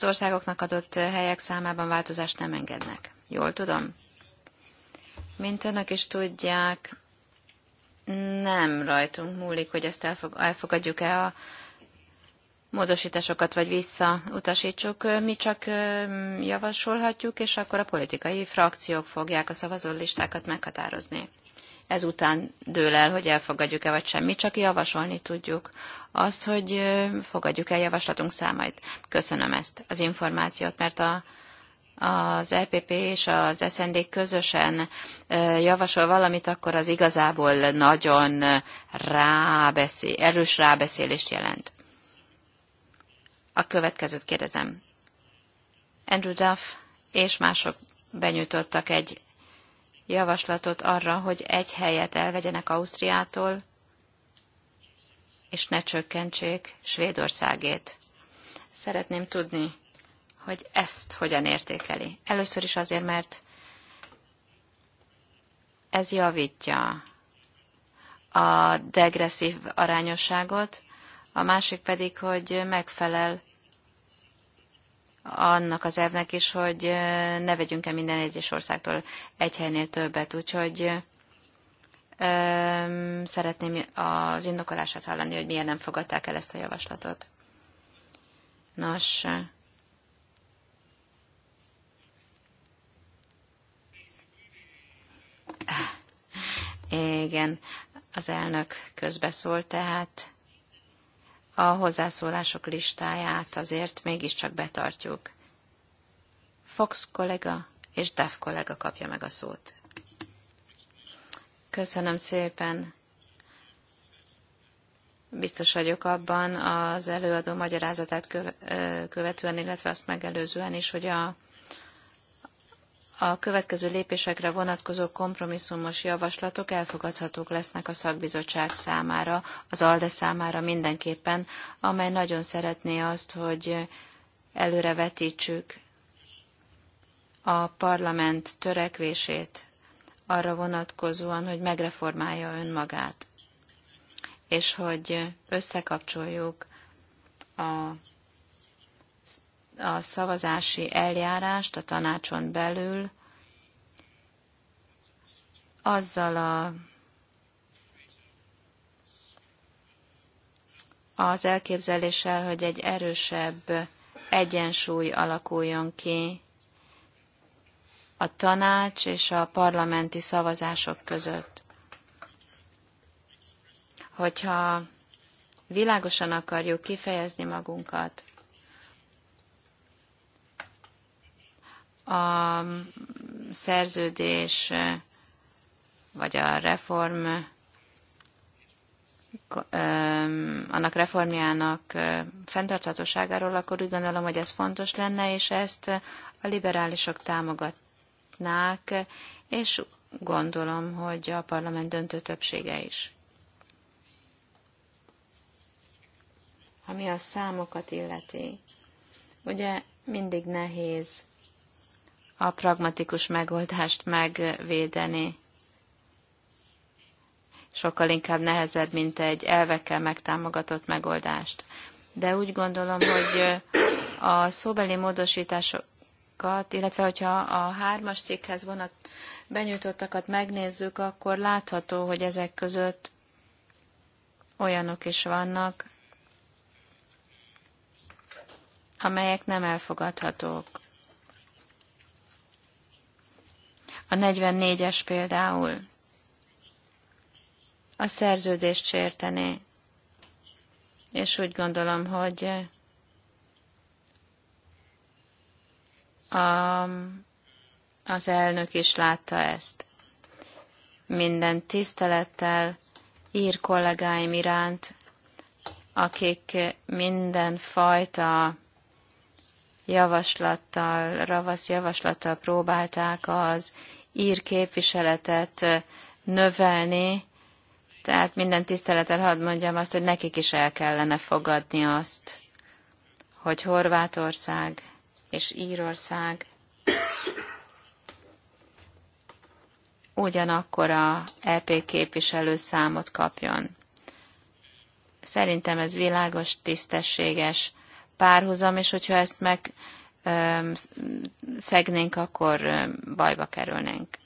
országoknak adott helyek számában változást nem engednek. Jól tudom? Mint önök is tudják, nem rajtunk múlik, hogy ezt elfogadjuk-e a módosításokat vagy visszautasítsuk, mi csak javasolhatjuk, és akkor a politikai frakciók fogják a szavazólistákat meghatározni. Ezután dől el, hogy elfogadjuk-e vagy sem. Mi csak javasolni tudjuk azt, hogy fogadjuk el javaslatunk számait. Köszönöm ezt, az információt, mert a, az LPP e és az SND közösen javasol valamit, akkor az igazából nagyon rábeszél, erős rábeszélést jelent. A következőt kérdezem. Andrew Duff és mások benyújtottak egy javaslatot arra, hogy egy helyet elvegyenek Ausztriától, és ne csökkentsék Svédországét. Szeretném tudni, hogy ezt hogyan értékeli. Először is azért, mert ez javítja a degresszív arányosságot, a másik pedig, hogy megfelel annak az elvnek is, hogy ne vegyünk el minden egyes országtól egy helynél többet. Úgyhogy öm, szeretném az indokolását hallani, hogy miért nem fogadták el ezt a javaslatot. Nos, igen, az elnök közbeszólt, tehát a hozzászólások listáját azért mégiscsak betartjuk. Fox kollega és Dev kollega kapja meg a szót. Köszönöm szépen. Biztos vagyok abban az előadó magyarázatát követően, illetve azt megelőzően is, hogy a a következő lépésekre vonatkozó kompromisszumos javaslatok elfogadhatók lesznek a szakbizottság számára, az ALDE számára mindenképpen, amely nagyon szeretné azt, hogy előrevetítsük a parlament törekvését arra vonatkozóan, hogy megreformálja önmagát, és hogy összekapcsoljuk a a szavazási eljárást a tanácson belül azzal a, az elképzeléssel, hogy egy erősebb egyensúly alakuljon ki a tanács és a parlamenti szavazások között. Hogyha világosan akarjuk kifejezni magunkat, a szerződés vagy a reform annak reformjának fenntarthatóságáról, akkor úgy gondolom, hogy ez fontos lenne, és ezt a liberálisok támogatnák, és gondolom, hogy a parlament döntő többsége is. Ami a számokat illeti, ugye mindig nehéz a pragmatikus megoldást megvédeni. Sokkal inkább nehezebb, mint egy elvekkel megtámogatott megoldást. De úgy gondolom, hogy a szóbeli módosításokat, illetve hogyha a hármas cikkhez vonat benyújtottakat megnézzük, akkor látható, hogy ezek között olyanok is vannak, amelyek nem elfogadhatók. A 44-es például a szerződést sértené, és úgy gondolom, hogy a, az elnök is látta ezt. Minden tisztelettel ír kollégáim iránt, akik minden fajta javaslattal, ravasz javaslattal próbálták az ír képviseletet növelni, tehát minden tisztelettel hadd mondjam azt, hogy nekik is el kellene fogadni azt, hogy Horvátország és Írország ugyanakkor a EP képviselő számot kapjon. Szerintem ez világos, tisztességes párhuzam, és hogyha ezt meg szegnénk, akkor bajba kerülnénk.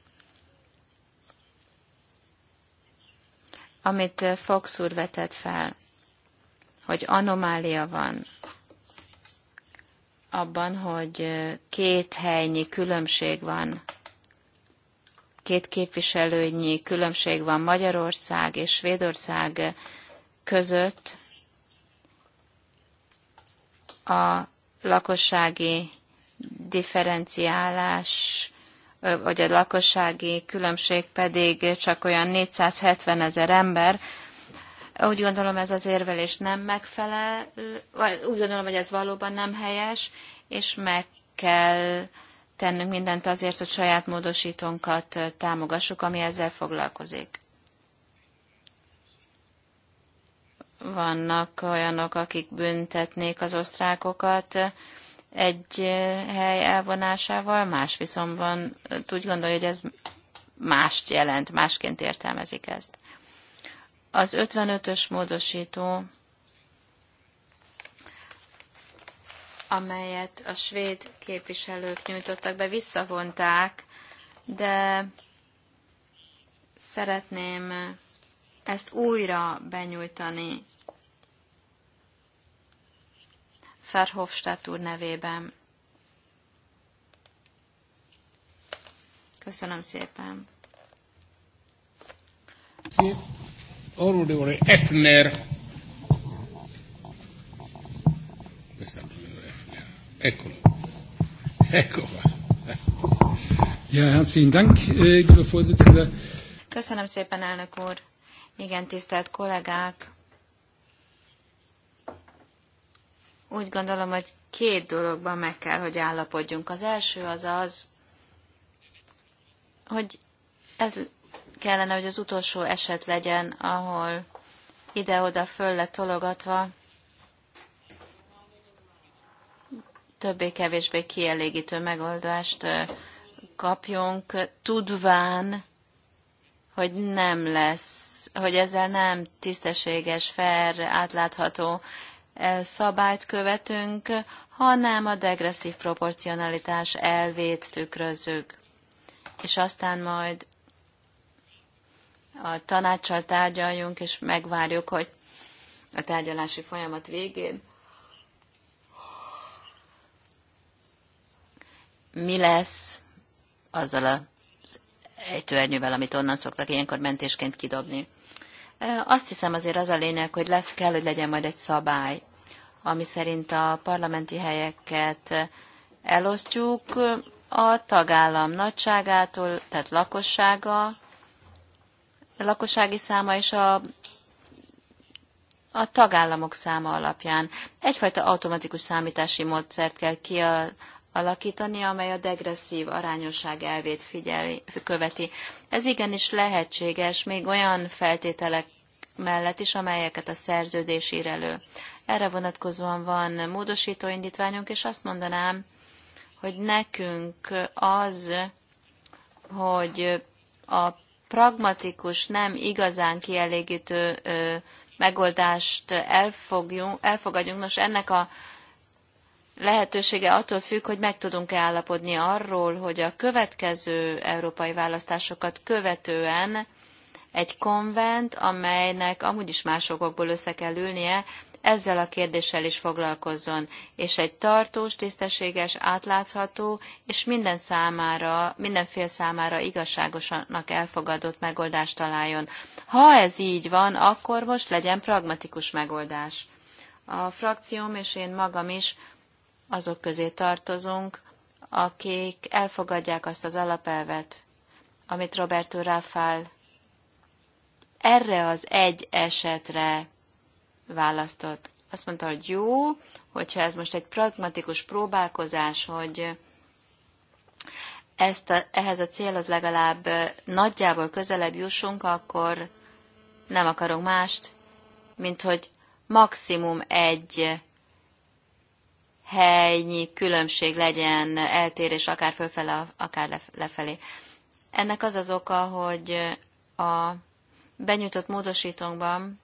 Amit Fox úr vetett fel, hogy anomália van abban, hogy két helynyi különbség van, két képviselőnyi különbség van Magyarország és Svédország között a lakossági differenciálás, vagy a lakossági különbség pedig csak olyan 470 ezer ember, úgy gondolom ez az érvelés nem megfelel, vagy úgy gondolom, hogy ez valóban nem helyes, és meg kell tennünk mindent azért, hogy saját módosítónkat támogassuk, ami ezzel foglalkozik. vannak olyanok, akik büntetnék az osztrákokat egy hely elvonásával, más viszonyban úgy gondolja, hogy ez mást jelent, másként értelmezik ezt. Az 55-ös módosító, amelyet a svéd képviselők nyújtottak be, visszavonták, de szeretném ezt újra benyújtani Ferhofstadt úr nevében. Köszönöm szépen. Onorevole Efner. Eccolo. Eccolo. Ja, herzlichen Dank, äh, lieber Vorsitzender. Köszönöm szépen, elnök úr. Igen, tisztelt kollégák, úgy gondolom, hogy két dologban meg kell, hogy állapodjunk. Az első az az, hogy ez kellene, hogy az utolsó eset legyen, ahol ide-oda föl lett tologatva, többé-kevésbé kielégítő megoldást kapjunk, tudván, hogy nem lesz, hogy ezzel nem tisztességes, fair, átlátható eh, szabályt követünk, hanem a degresszív proporcionalitás elvét tükrözzük. És aztán majd a tanácssal tárgyaljunk, és megvárjuk, hogy a tárgyalási folyamat végén mi lesz azzal a egy törnyűvel, amit onnan szoktak ilyenkor mentésként kidobni. Azt hiszem azért az a lényeg, hogy lesz kell, hogy legyen majd egy szabály, ami szerint a parlamenti helyeket elosztjuk a tagállam nagyságától, tehát lakossága, lakossági száma és a, a tagállamok száma alapján. Egyfajta automatikus számítási módszert kell kialakítani, alakítani, amely a degresszív arányosság elvét figyeli, követi. Ez igenis lehetséges, még olyan feltételek mellett is, amelyeket a szerződés ír elő. Erre vonatkozóan van módosító indítványunk, és azt mondanám, hogy nekünk az, hogy a pragmatikus, nem igazán kielégítő megoldást elfogjunk, elfogadjunk. Nos, ennek a lehetősége attól függ, hogy meg tudunk-e állapodni arról, hogy a következő európai választásokat követően egy konvent, amelynek amúgy is más okokból össze kell ülnie, ezzel a kérdéssel is foglalkozzon, és egy tartós, tisztességes, átlátható és minden számára, minden fél számára igazságosnak elfogadott megoldást találjon. Ha ez így van, akkor most legyen pragmatikus megoldás. A frakcióm és én magam is azok közé tartozunk, akik elfogadják azt az alapelvet, amit Roberto Raffal erre az egy esetre választott. Azt mondta, hogy jó, hogyha ez most egy pragmatikus próbálkozás, hogy ezt a, ehhez a célhoz legalább nagyjából közelebb jussunk, akkor nem akarunk mást, mint hogy maximum egy helynyi különbség legyen, eltérés akár fölfele, akár lefelé. Ennek az az oka, hogy a benyújtott módosítónkban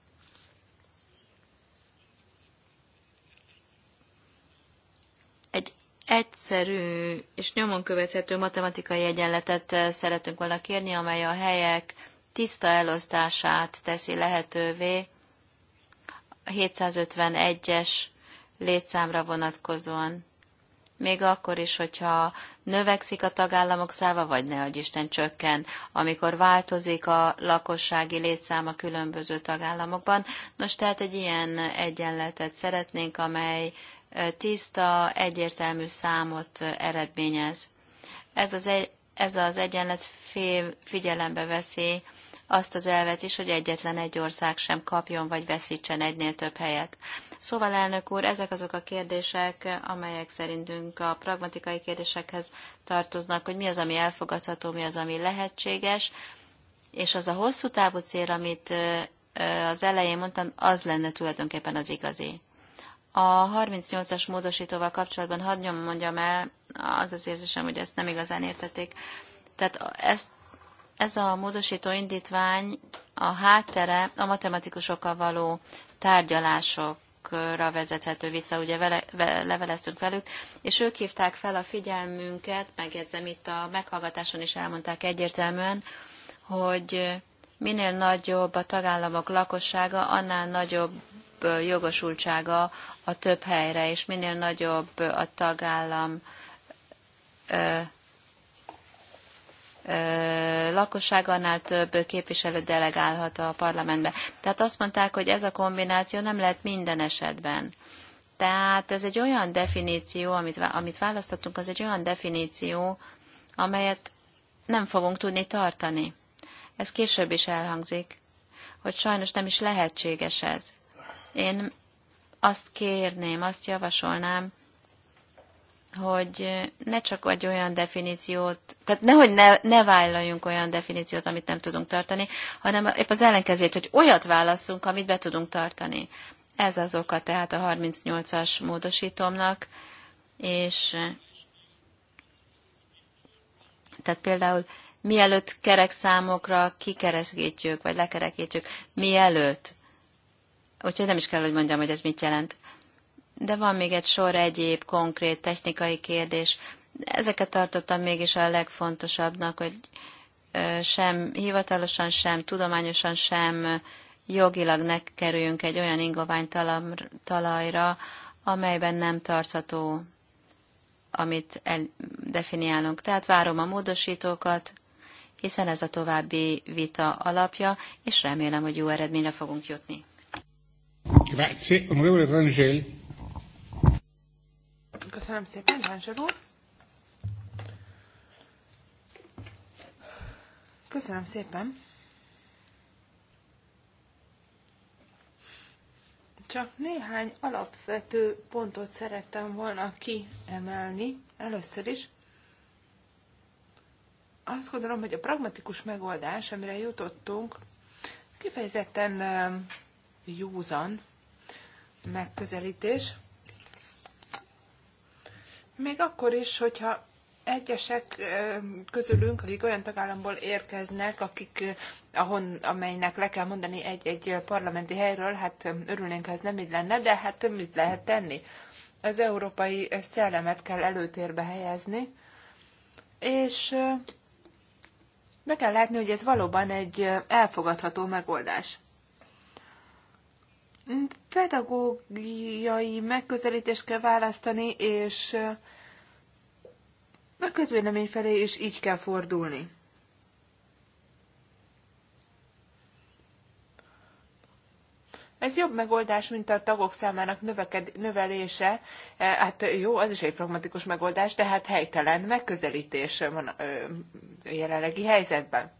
egy egyszerű és nyomon követhető matematikai egyenletet eh, szeretünk volna kérni, amely a helyek tiszta elosztását teszi lehetővé. 751-es létszámra vonatkozóan. Még akkor is, hogyha növekszik a tagállamok száma, vagy ne adj Isten csökken, amikor változik a lakossági létszám a különböző tagállamokban. Nos, tehát egy ilyen egyenletet szeretnénk, amely tiszta, egyértelmű számot eredményez. Ez az, egy, ez az egyenlet figyelembe veszi azt az elvet is, hogy egyetlen egy ország sem kapjon vagy veszítsen egynél több helyet. Szóval, elnök úr, ezek azok a kérdések, amelyek szerintünk a pragmatikai kérdésekhez tartoznak, hogy mi az, ami elfogadható, mi az, ami lehetséges, és az a hosszú távú cél, amit az elején mondtam, az lenne tulajdonképpen az igazi. A 38-as módosítóval kapcsolatban hadd nyom mondjam el, az az érzésem, hogy ezt nem igazán értették. Tehát ez, ez a módosító indítvány a háttere a matematikusokkal való tárgyalások tagállamokra vezethető vissza, ugye vele, leveleztünk velük, és ők hívták fel a figyelmünket, megjegyzem itt a meghallgatáson is elmondták egyértelműen, hogy minél nagyobb a tagállamok lakossága, annál nagyobb jogosultsága a több helyre, és minél nagyobb a tagállam lakossága, annál több képviselő delegálhat a parlamentbe. Tehát azt mondták, hogy ez a kombináció nem lehet minden esetben. Tehát ez egy olyan definíció, amit, amit választottunk, az egy olyan definíció, amelyet nem fogunk tudni tartani. Ez később is elhangzik, hogy sajnos nem is lehetséges ez. Én azt kérném, azt javasolnám, hogy ne csak vagy olyan definíciót, tehát nehogy ne, ne vállaljunk olyan definíciót, amit nem tudunk tartani, hanem épp az ellenkezét, hogy olyat válaszunk, amit be tudunk tartani. Ez az oka tehát a 38-as módosítomnak, és tehát például mielőtt kerekszámokra kikeresgítjük, vagy lekerekítjük, mielőtt. Úgyhogy nem is kell, hogy mondjam, hogy ez mit jelent de van még egy sor egyéb konkrét technikai kérdés. Ezeket tartottam mégis a legfontosabbnak, hogy sem hivatalosan, sem tudományosan, sem jogilag ne kerüljünk egy olyan ingovány talajra, amelyben nem tartható, amit el, definiálunk. Tehát várom a módosítókat, hiszen ez a további vita alapja, és remélem, hogy jó eredményre fogunk jutni. Grazie, onorevole Rangel. Köszönöm szépen, úr. Köszönöm szépen. Csak néhány alapvető pontot szerettem volna kiemelni először is. Azt gondolom, hogy a pragmatikus megoldás, amire jutottunk, kifejezetten um, józan megközelítés. Még akkor is, hogyha egyesek közülünk, akik olyan tagállamból érkeznek, akik, ahon, amelynek le kell mondani egy-egy parlamenti helyről, hát örülnénk, ha ez nem így lenne, de hát mit lehet tenni? Az európai szellemet kell előtérbe helyezni, és be kell látni, hogy ez valóban egy elfogadható megoldás pedagógiai megközelítést kell választani, és a közvélemény felé is így kell fordulni. Ez jobb megoldás, mint a tagok számának növeked, növelése. E, hát jó, az is egy pragmatikus megoldás, de hát helytelen megközelítés van a jelenlegi helyzetben.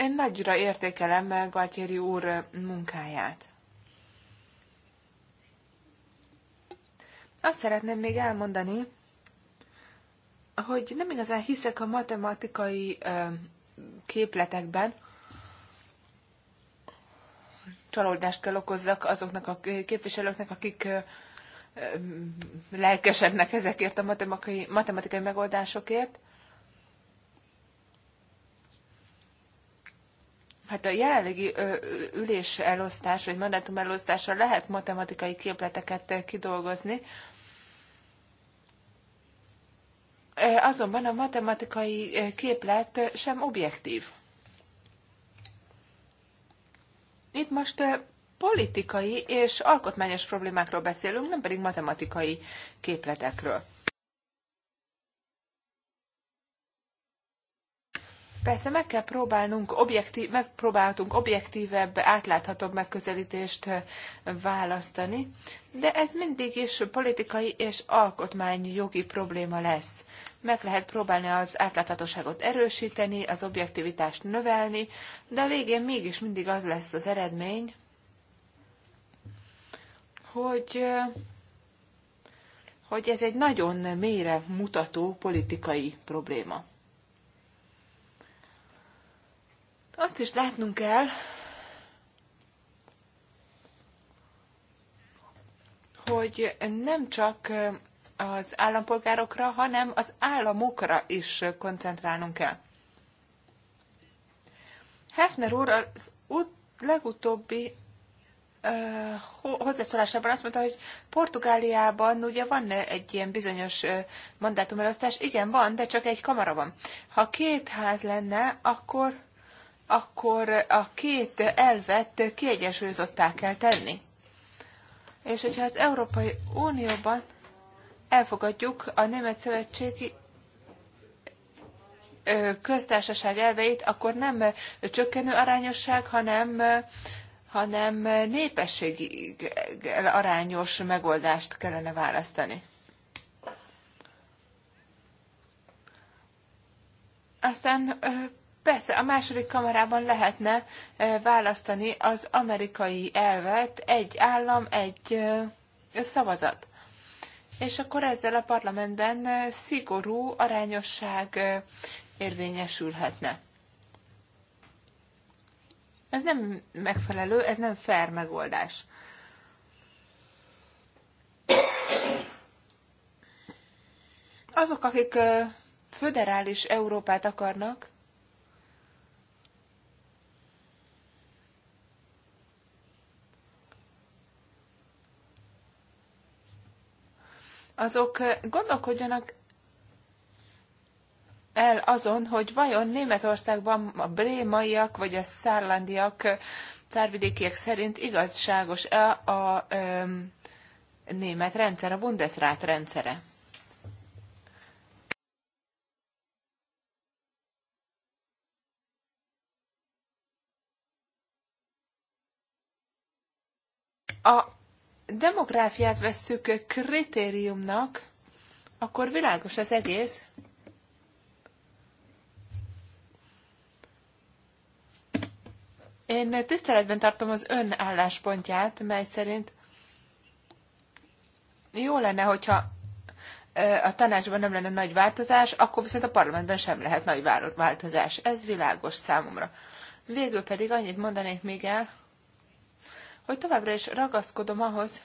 Én nagyra értékelem Galtieri úr munkáját. Azt szeretném még elmondani, hogy nem igazán hiszek a matematikai képletekben, csalódást kell okozzak azoknak a képviselőknek, akik lelkesednek ezekért a matematikai, matematikai megoldásokért. Hát a jelenlegi ülés elosztás, vagy mandátum elosztásra lehet matematikai képleteket kidolgozni, azonban a matematikai képlet sem objektív. Itt most politikai és alkotmányos problémákról beszélünk, nem pedig matematikai képletekről. Persze meg kell próbálnunk, objektív, megpróbáltunk objektívebb, átláthatóbb megközelítést választani, de ez mindig is politikai és alkotmányjogi probléma lesz. Meg lehet próbálni az átláthatóságot erősíteni, az objektivitást növelni, de a végén mégis mindig az lesz az eredmény, hogy, hogy ez egy nagyon mélyre mutató politikai probléma. Azt is látnunk kell, hogy nem csak az állampolgárokra, hanem az államokra is koncentrálnunk kell. Hefner úr az út legutóbbi uh, hozzászólásában azt mondta, hogy Portugáliában ugye van egy ilyen bizonyos uh, mandátumelosztás. Igen, van, de csak egy kamara van. Ha két ház lenne, akkor akkor a két elvet kiegyensúlyozottá kell tenni. És hogyha az Európai Unióban elfogadjuk a Német Szövetségi köztársaság elveit, akkor nem csökkenő arányosság, hanem, hanem népességi arányos megoldást kellene választani. Aztán Persze, a második kamarában lehetne választani az amerikai elvet, egy állam, egy szavazat. És akkor ezzel a parlamentben szigorú arányosság érvényesülhetne. Ez nem megfelelő, ez nem fair megoldás. Azok, akik föderális Európát akarnak, azok eh, gondolkodjanak el azon, hogy vajon Németországban a brémaiak vagy a szárlandiak, eh, szárvidékiek szerint igazságos-e a, a, a német rendszer, a Bundesrat rendszere. A demográfiát vesszük kritériumnak, akkor világos az egész. Én tiszteletben tartom az ön álláspontját, mely szerint jó lenne, hogyha a tanácsban nem lenne nagy változás, akkor viszont a parlamentben sem lehet nagy változás. Ez világos számomra. Végül pedig annyit mondanék még el, hogy továbbra is ragaszkodom ahhoz,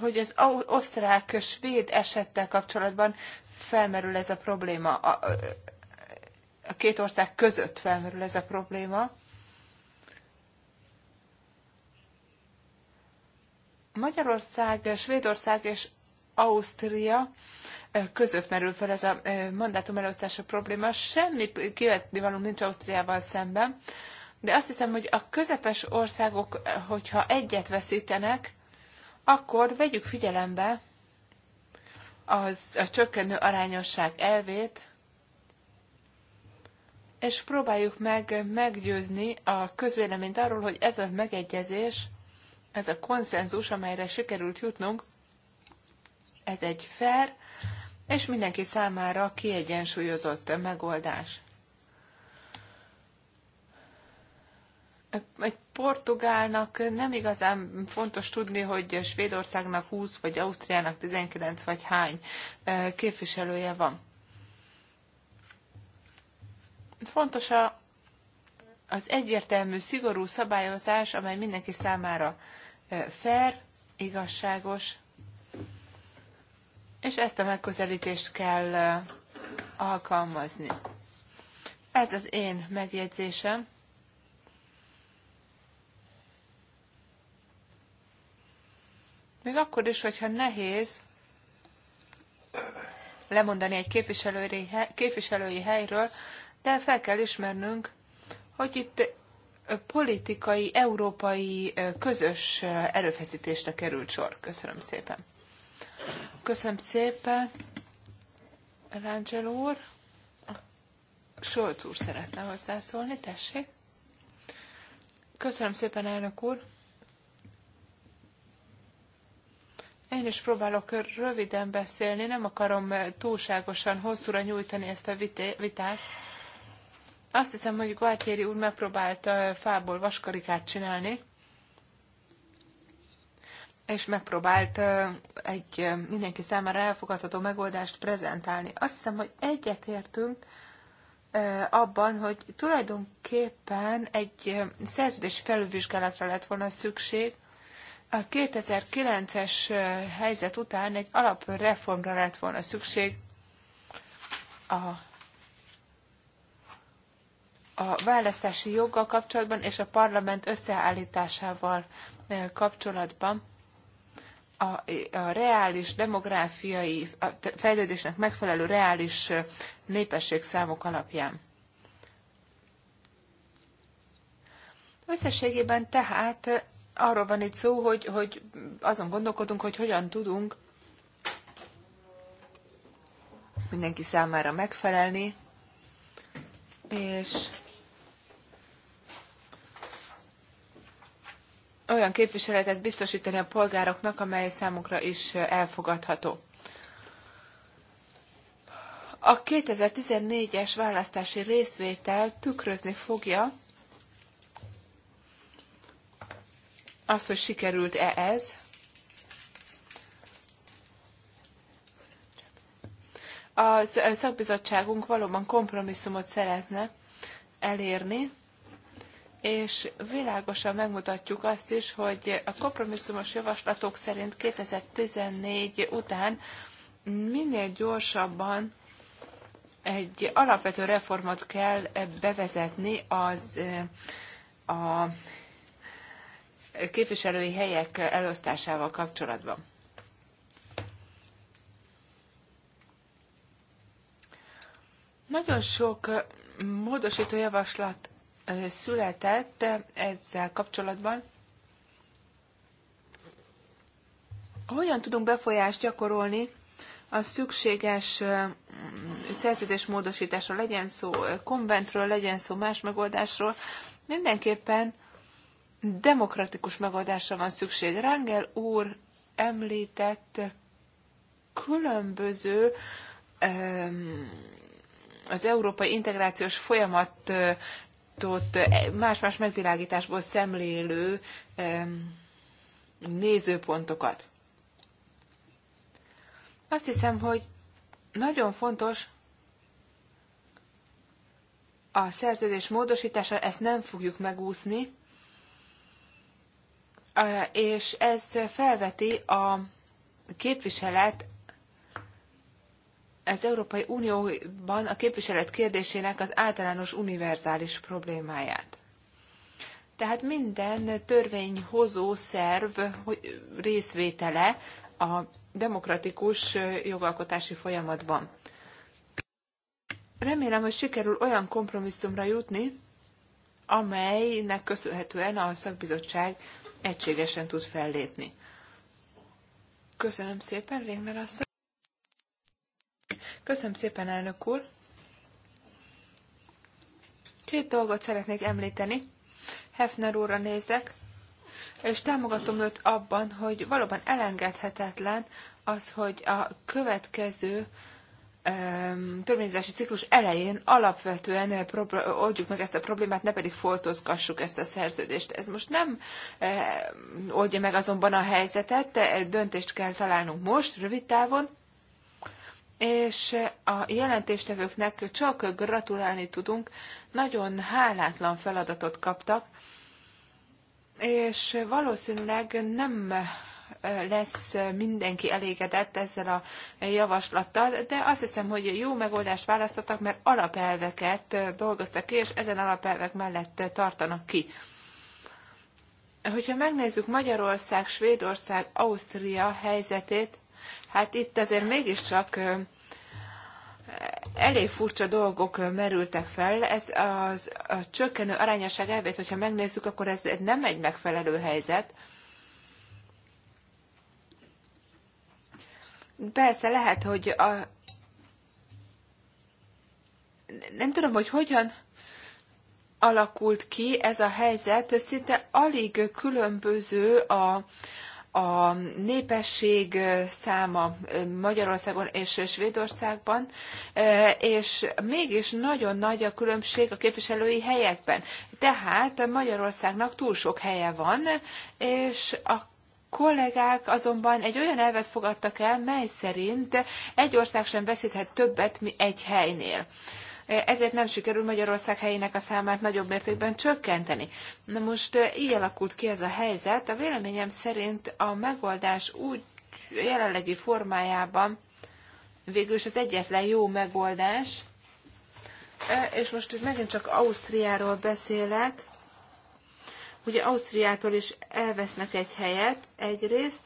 hogy az osztrák-svéd esettel kapcsolatban felmerül ez a probléma. A, a két ország között felmerül ez a probléma. Magyarország, Svédország és Ausztria között merül fel ez a mandátum elosztása probléma. Semmi kivetni valunk nincs Ausztriával szemben, de azt hiszem, hogy a közepes országok, hogyha egyet veszítenek, akkor vegyük figyelembe az a csökkenő arányosság elvét, és próbáljuk meg meggyőzni a közvéleményt arról, hogy ez a megegyezés, ez a konszenzus, amelyre sikerült jutnunk, ez egy fair, és mindenki számára kiegyensúlyozott megoldás. Egy portugálnak nem igazán fontos tudni, hogy Svédországnak 20, vagy Ausztriának 19, vagy hány e, képviselője van. Fontos a, az egyértelmű, szigorú szabályozás, amely mindenki számára e, fair, igazságos, és ezt a megközelítést kell alkalmazni. Ez az én megjegyzésem. Még akkor is, hogyha nehéz lemondani egy képviselői, képviselői helyről, de fel kell ismernünk, hogy itt politikai, európai közös erőfeszítésre került sor. Köszönöm szépen. Köszönöm szépen, Rangel úr. Solc úr szeretne hozzászólni, tessék. Köszönöm szépen, elnök úr. Én is próbálok röviden beszélni, nem akarom túlságosan hosszúra nyújtani ezt a vitát. Azt hiszem, hogy Gualtieri úr megpróbált fából vaskarikát csinálni és megpróbált egy mindenki számára elfogadható megoldást prezentálni. Azt hiszem, hogy egyetértünk abban, hogy tulajdonképpen egy szerződés felülvizsgálatra lett volna szükség, a 2009-es helyzet után egy alapreformra lett volna szükség a, a választási joggal kapcsolatban és a parlament összeállításával kapcsolatban a, a reális demográfiai a fejlődésnek megfelelő reális népességszámok alapján. Összességében tehát arról van itt szó, hogy, hogy azon gondolkodunk, hogy hogyan tudunk mindenki számára megfelelni, és olyan képviseletet biztosítani a polgároknak, amely számukra is elfogadható. A 2014-es választási részvétel tükrözni fogja az, hogy sikerült-e ez. A szakbizottságunk valóban kompromisszumot szeretne elérni, és világosan megmutatjuk azt is, hogy a kompromisszumos javaslatok szerint 2014 után minél gyorsabban egy alapvető reformot kell bevezetni az eh, a képviselői helyek elosztásával kapcsolatban. Nagyon sok eh, módosító javaslat született ezzel kapcsolatban. Hogyan tudunk befolyást gyakorolni a szükséges szerződésmódosításra, módosításra, legyen szó konventről, legyen szó más megoldásról, mindenképpen demokratikus megoldásra van szükség. Rangel úr említett különböző az európai integrációs folyamat világot eh, más-más megvilágításból szemlélő nézőpontokat. Azt hiszem, hogy nagyon fontos a szerződés módosítása, ezt nem fogjuk megúszni, eh, és ez felveti a képviselet az Európai Unióban a képviselet kérdésének az általános univerzális problémáját. Tehát minden törvényhozó szerv részvétele a demokratikus jogalkotási folyamatban. Remélem, hogy sikerül olyan kompromisszumra jutni, amelynek köszönhetően a szakbizottság egységesen tud fellépni. Köszönöm szépen, Régner asszony! Köszönöm szépen, elnök úr! Két dolgot szeretnék említeni. Hefner úrra nézek, és támogatom őt abban, hogy valóban elengedhetetlen az, hogy a következő törvényzési ciklus elején alapvetően eh, oldjuk meg ezt a problémát, ne pedig foltozgassuk ezt a szerződést. Ez most nem eh, oldja meg azonban a helyzetet, de döntést kell találnunk most, rövid távon, és a jelentéstevőknek csak gratulálni tudunk, nagyon hálátlan feladatot kaptak, és valószínűleg nem lesz mindenki elégedett ezzel a javaslattal, de azt hiszem, hogy jó megoldást választottak, mert alapelveket dolgoztak ki, és ezen alapelvek mellett tartanak ki. Hogyha megnézzük Magyarország, Svédország, Ausztria helyzetét, hát itt azért mégiscsak elég furcsa dolgok merültek fel. Ez az, a csökkenő arányosság elvét, hogyha megnézzük, akkor ez nem egy megfelelő helyzet. Persze lehet, hogy a... nem tudom, hogy hogyan alakult ki ez a helyzet, szinte alig különböző a, a népesség száma Magyarországon és Svédországban, és mégis nagyon nagy a különbség a képviselői helyekben. Tehát Magyarországnak túl sok helye van, és a kollégák azonban egy olyan elvet fogadtak el, mely szerint egy ország sem beszélhet többet mi egy helynél ezért nem sikerül Magyarország helyének a számát nagyobb mértékben csökkenteni. Na most eh, így alakult ki ez a helyzet. A véleményem szerint a megoldás úgy jelenlegi formájában végül is az egyetlen jó megoldás, eh, és most itt megint csak Ausztriáról beszélek. Ugye Ausztriától is elvesznek egy helyet egyrészt,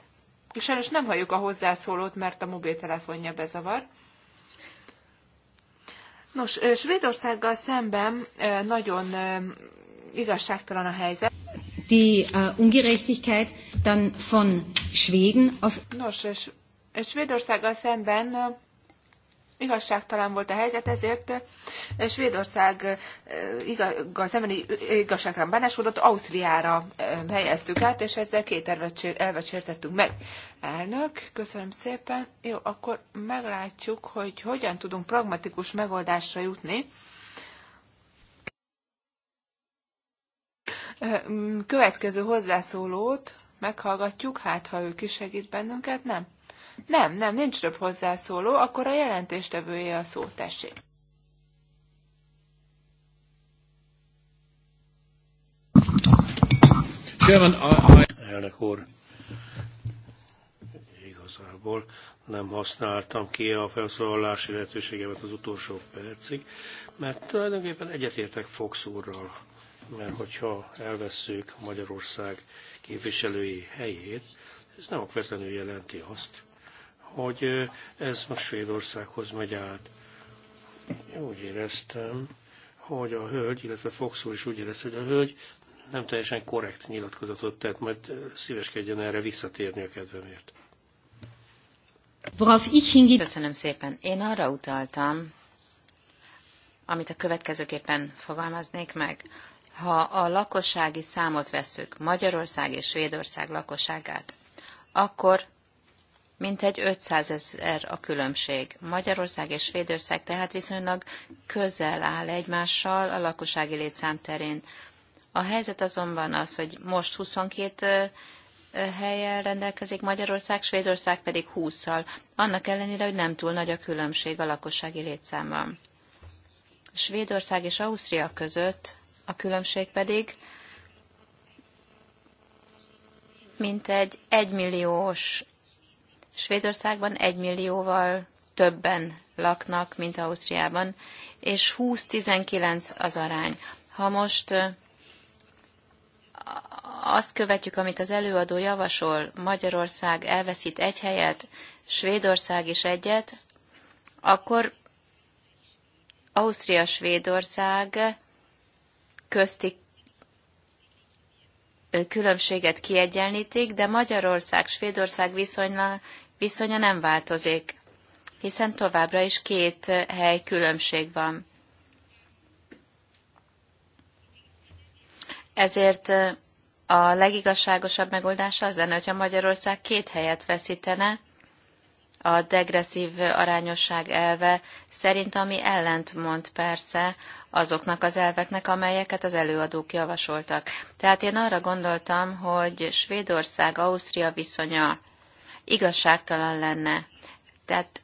és sajnos nem halljuk a hozzászólót, mert a mobiltelefonja bezavar. Nos, Svédországgal szemben nagyon igazságtalan a helyzet. Die uh, Ungerechtigkeit dann von Schweden auf... Nos, Svédországgal szemben igazságtalan volt a helyzet, ezért eh, Svédország eh, igaz, emberi eh, igazságtalan bánásmódot Ausztriára helyeztük át, és ezzel két elvet sértettünk meg. Elnök, köszönöm szépen. Jó, akkor meglátjuk, hogy hogyan tudunk pragmatikus megoldásra jutni. Mm, következő hozzászólót meghallgatjuk, hát ha ő kisegít bennünket, nem? Nem, nem, nincs több hozzászóló, akkor a jelentéstevője a szó, tessék. Chairman, I... Elnök úr, igazából nem használtam ki a felszólalási lehetőségemet az utolsó percig, mert tulajdonképpen egyetértek Fox úrral, mert hogyha elvesszük Magyarország képviselői helyét, ez nem okvetlenül jelenti azt, hogy ez most Svédországhoz megy át. Úgy éreztem, hogy a hölgy, illetve Fox úr is úgy érezte, hogy a hölgy nem teljesen korrekt nyilatkozatot tett, majd szíveskedjen erre visszatérni a kedvemért. Köszönöm szépen. Én arra utaltam, amit a következőképpen fogalmaznék meg. Ha a lakossági számot vesszük, Magyarország és Svédország lakosságát, akkor Mintegy 500 ezer a különbség. Magyarország és Svédország tehát viszonylag közel áll egymással a lakossági létszám terén. A helyzet azonban az, hogy most 22 helyen rendelkezik Magyarország, Svédország pedig 20-szal, annak ellenére, hogy nem túl nagy a különbség a lakossági létszámban. Svédország és Ausztria között a különbség pedig mintegy egymilliós Svédországban egy millióval többen laknak, mint Ausztriában, és 20-19 az arány. Ha most azt követjük, amit az előadó javasol, Magyarország elveszít egy helyet, Svédország is egyet, akkor Ausztria-Svédország közti különbséget kiegyenlítik, de Magyarország-Svédország viszonylag viszonya nem változik, hiszen továbbra is két hely különbség van. Ezért a legigazságosabb megoldás az lenne, hogyha Magyarország két helyet veszítene a degresszív arányosság elve szerint, ami ellentmond persze azoknak az elveknek, amelyeket az előadók javasoltak. Tehát én arra gondoltam, hogy Svédország-Ausztria viszonya igazságtalan lenne. Tehát,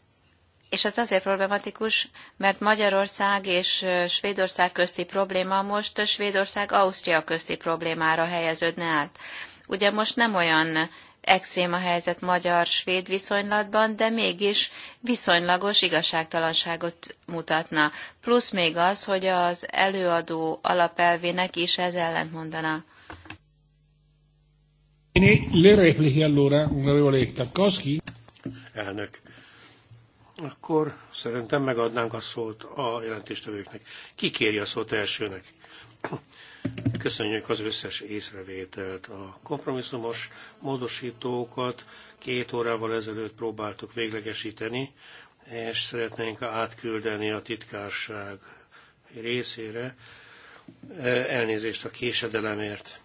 és az azért problematikus, mert Magyarország és Svédország közti probléma most Svédország-Ausztria közti problémára helyeződne át. Ugye most nem olyan exém a helyzet magyar-svéd viszonylatban, de mégis viszonylagos igazságtalanságot mutatna. Plusz még az, hogy az előadó alapelvének is ez mondana. Le repliche allora, onorevole Tarkovsky. Elnök. Akkor szerintem megadnánk a szót a jelentéstevőknek. Ki kéri a szót elsőnek? Köszönjük az összes észrevételt, a kompromisszumos módosítókat két órával ezelőtt próbáltuk véglegesíteni, és szeretnénk átküldeni a titkárság részére. Elnézést a késedelemért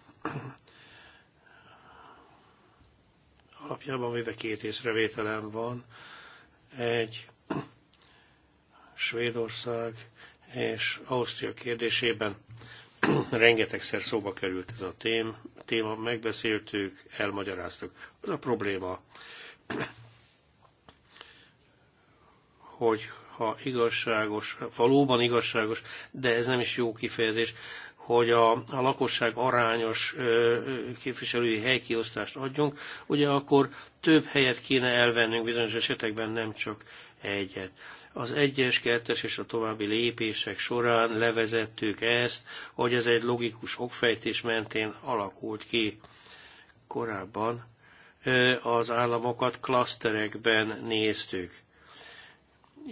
alapjában véve két észrevételem van. Egy Svédország és Ausztria kérdésében rengetegszer szóba került ez a tém, téma, megbeszéltük, elmagyaráztuk. Az a probléma, hogy ha igazságos, valóban igazságos, de ez nem is jó kifejezés, hogy a, a lakosság arányos ö, képviselői helykiosztást adjunk, ugye akkor több helyet kéne elvennünk bizonyos esetekben, nem csak egyet. Az egyes, kettes és a további lépések során levezettük ezt, hogy ez egy logikus okfejtés mentén alakult ki korábban. Az államokat klaszterekben néztük.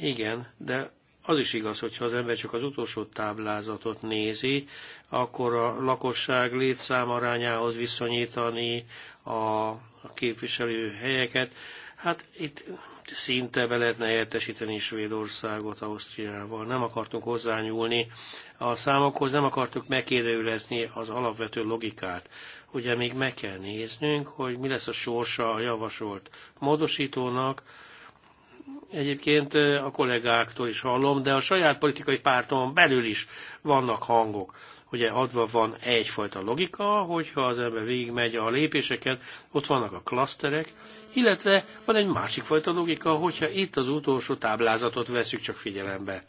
Igen, de az is igaz, hogyha az ember csak az utolsó táblázatot nézi, akkor a lakosság létszámarányához viszonyítani a képviselőhelyeket, hát itt szinte be lehetne értesíteni Svédországot Ausztriával. Nem akartunk hozzányúlni a számokhoz, nem akartuk megkérdőjelezni az alapvető logikát. Ugye még meg kell néznünk, hogy mi lesz a sorsa a javasolt módosítónak, Egyébként a kollégáktól is hallom, de a saját politikai pártom belül is vannak hangok. Ugye adva van egyfajta logika, hogyha az ember végigmegy a lépéseken, ott vannak a klaszterek, illetve van egy másik fajta logika, hogyha itt az utolsó táblázatot veszük csak figyelembe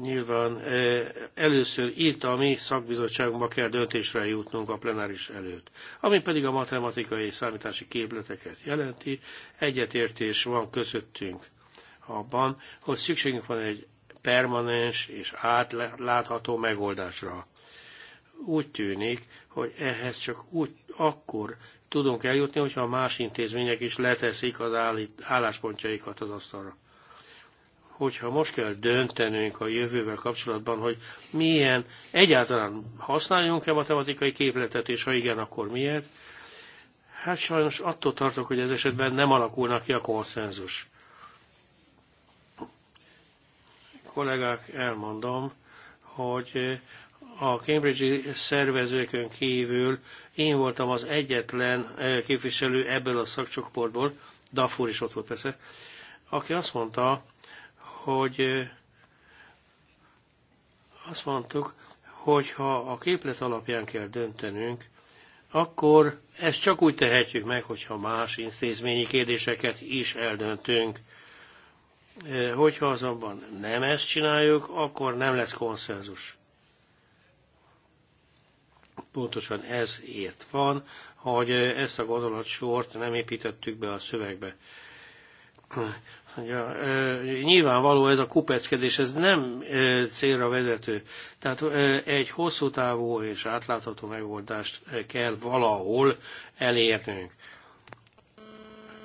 nyilván eh, először itt a mi szakbizottságunkba kell döntésre jutnunk a plenáris előtt. Ami pedig a matematikai számítási képleteket jelenti, egyetértés van közöttünk abban, hogy szükségünk van egy permanens és átlátható megoldásra. Úgy tűnik, hogy ehhez csak úgy akkor tudunk eljutni, hogyha a más intézmények is leteszik az álláspontjaikat az asztalra hogyha most kell döntenünk a jövővel kapcsolatban, hogy milyen, egyáltalán használjunk-e matematikai képletet, és ha igen, akkor miért, hát sajnos attól tartok, hogy ez esetben nem alakulnak ki a konszenzus. Kollégák, elmondom, hogy a Cambridge-i szervezőkön kívül én voltam az egyetlen képviselő ebből a szakcsoportból, Dafur is ott volt persze, aki azt mondta, hogy azt mondtuk, hogy ha a képlet alapján kell döntenünk, akkor ezt csak úgy tehetjük meg, hogyha más intézményi kérdéseket is eldöntünk. Hogyha azonban nem ezt csináljuk, akkor nem lesz konszenzus. Pontosan ezért van, hogy ezt a gondolatsort nem építettük be a szövegbe. Ja, nyilvánvaló ez a kupeckedés, ez nem célra vezető. Tehát egy hosszú távú és átlátható megoldást kell valahol elérnünk.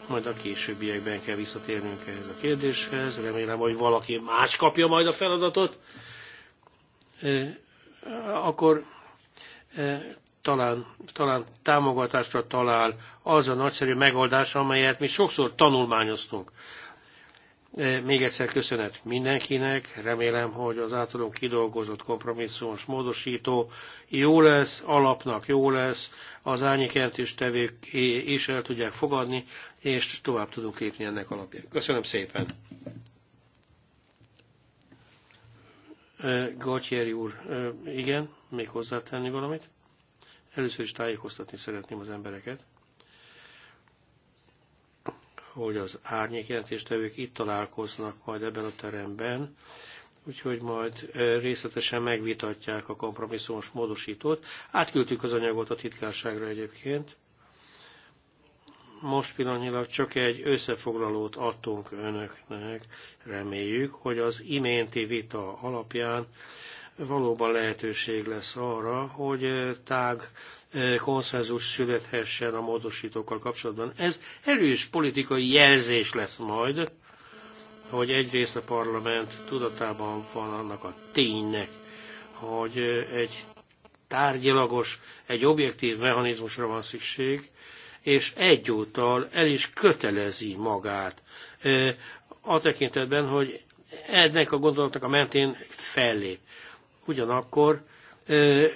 Majd a későbbiekben kell visszatérnünk ehhez a kérdéshez. Remélem, hogy valaki más kapja majd a feladatot. Akkor talán, talán támogatásra talál az a nagyszerű megoldás, amelyet mi sokszor tanulmányoztunk. Még egyszer köszönet mindenkinek, remélem, hogy az általunk kidolgozott kompromisszumos módosító jó lesz, alapnak jó lesz, az árnyékjelentős tevők is el tudják fogadni, és tovább tudunk lépni ennek alapján. Köszönöm szépen! Gatyéri úr, igen, még hozzátenni valamit? Először is tájékoztatni szeretném az embereket hogy az árnyék jelentéstevők itt találkoznak majd ebben a teremben, úgyhogy majd részletesen megvitatják a kompromisszumos módosítót. Átküldtük az anyagot a titkárságra egyébként. Most pillanatnyilag csak egy összefoglalót adtunk önöknek. Reméljük, hogy az iménti vita alapján valóban lehetőség lesz arra, hogy tág Eh, konszenzus születhessen a módosítókkal kapcsolatban. Ez erős politikai jelzés lesz majd, hogy egyrészt a parlament tudatában van annak a ténynek, hogy eh, egy tárgyalagos, egy objektív mechanizmusra van szükség, és egyúttal el is kötelezi magát eh, a tekintetben, hogy ennek a gondolatnak a mentén fellép. Ugyanakkor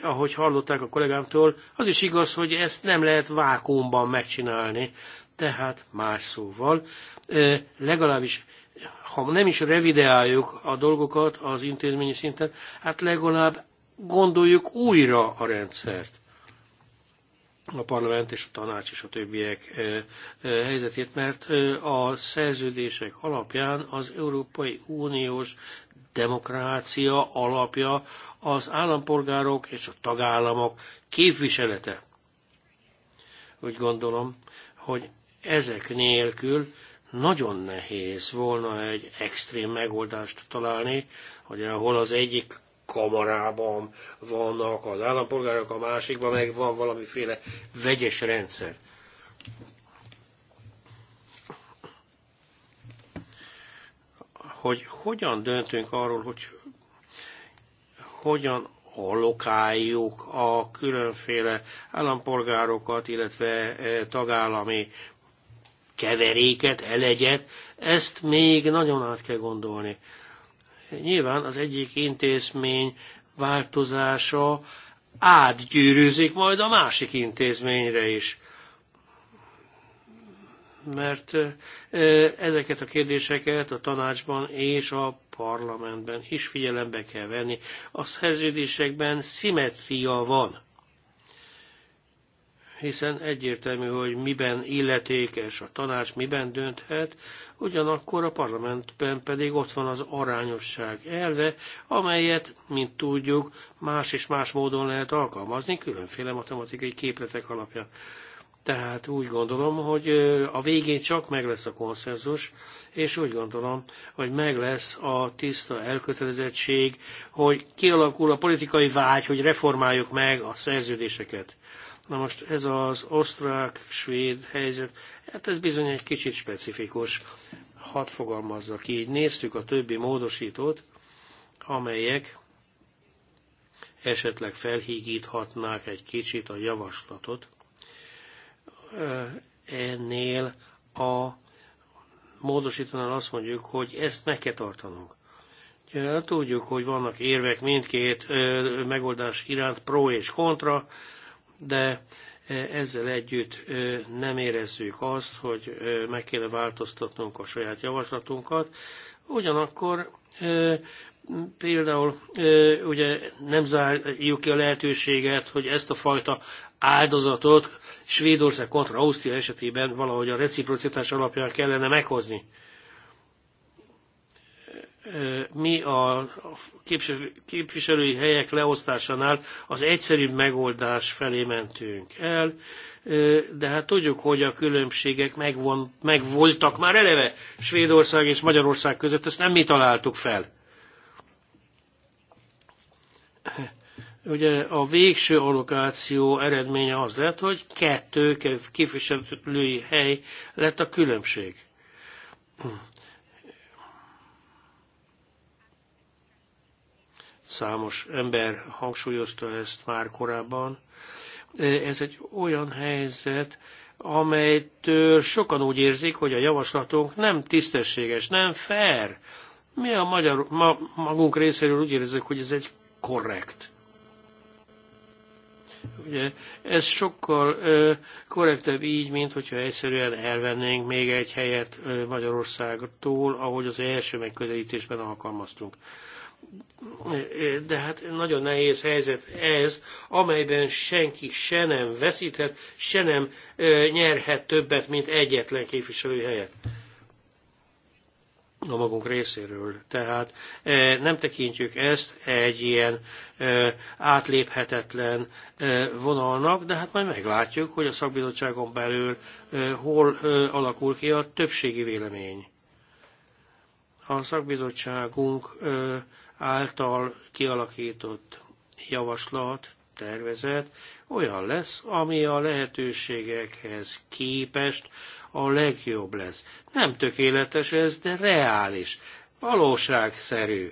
ahogy hallották a kollégámtól, az is igaz, hogy ezt nem lehet vákumban megcsinálni. Tehát más szóval, legalábbis ha nem is revideáljuk a dolgokat az intézményi szinten, hát legalább gondoljuk újra a rendszert. A parlament és a tanács és a többiek helyzetét, mert a szerződések alapján az Európai Uniós demokrácia alapja az állampolgárok és a tagállamok képviselete. Úgy gondolom, hogy ezek nélkül nagyon nehéz volna egy extrém megoldást találni, hogy ahol az egyik kamarában vannak az állampolgárok, a másikban meg van valamiféle vegyes rendszer. hogy hogyan döntünk arról, hogy hogyan allokáljuk a különféle állampolgárokat, illetve e, tagállami keveréket, elegyet, ezt még nagyon át kell gondolni. Nyilván az egyik intézmény változása átgyűrűzik majd a másik intézményre is mert ezeket a kérdéseket a tanácsban és a parlamentben is figyelembe kell venni. A szerződésekben szimetria van, hiszen egyértelmű, hogy miben illetékes a tanács, miben dönthet, ugyanakkor a parlamentben pedig ott van az arányosság elve, amelyet, mint tudjuk, más és más módon lehet alkalmazni, különféle matematikai képletek alapján. Tehát úgy gondolom, hogy a végén csak meg lesz a konszenzus, és úgy gondolom, hogy meg lesz a tiszta elkötelezettség, hogy kialakul a politikai vágy, hogy reformáljuk meg a szerződéseket. Na most ez az osztrák-svéd helyzet, hát ez bizony egy kicsit specifikus. Hadd fogalmazzak így. Néztük a többi módosítót, amelyek esetleg felhígíthatnák egy kicsit a javaslatot ennél a módosítanál azt mondjuk, hogy ezt meg kell tartanunk. Hát tudjuk, hogy vannak érvek mindkét megoldás iránt pro és kontra, de ezzel együtt nem érezzük azt, hogy meg kéne változtatnunk a saját javaslatunkat. Ugyanakkor például ugye nem zárjuk ki a lehetőséget, hogy ezt a fajta áldozatot Svédország kontra Ausztria esetében valahogy a reciprocitás alapján kellene meghozni. Mi a képviselői helyek leosztásánál az egyszerűbb megoldás felé mentünk el, de hát tudjuk, hogy a különbségek megvoltak már eleve Svédország és Magyarország között, ezt nem mi találtuk fel Ugye a végső allokáció eredménye az lett, hogy kettő képviselői hely lett a különbség. Számos ember hangsúlyozta ezt már korábban. Ez egy olyan helyzet, amelytől sokan úgy érzik, hogy a javaslatunk nem tisztességes, nem fair. Mi a magyar, ma, magunk részéről úgy érezzük, hogy ez egy korrekt Ugye, ez sokkal korrektebb így, mint hogyha egyszerűen elvennénk még egy helyet Magyarországtól, ahogy az első megközelítésben alkalmaztunk. De hát nagyon nehéz helyzet ez, amelyben senki se nem veszíthet, se nem nyerhet többet, mint egyetlen képviselő helyet a magunk részéről. Tehát e, nem tekintjük ezt egy ilyen e, átléphetetlen e, vonalnak, de hát majd meglátjuk, hogy a szakbizottságon belül hol alakul ki a többségi vélemény. A szakbizottságunk által kialakított javaslat, tervezet olyan lesz, ami a lehetőségekhez képest a legjobb lesz. Nem tökéletes ez, de reális, valóságszerű.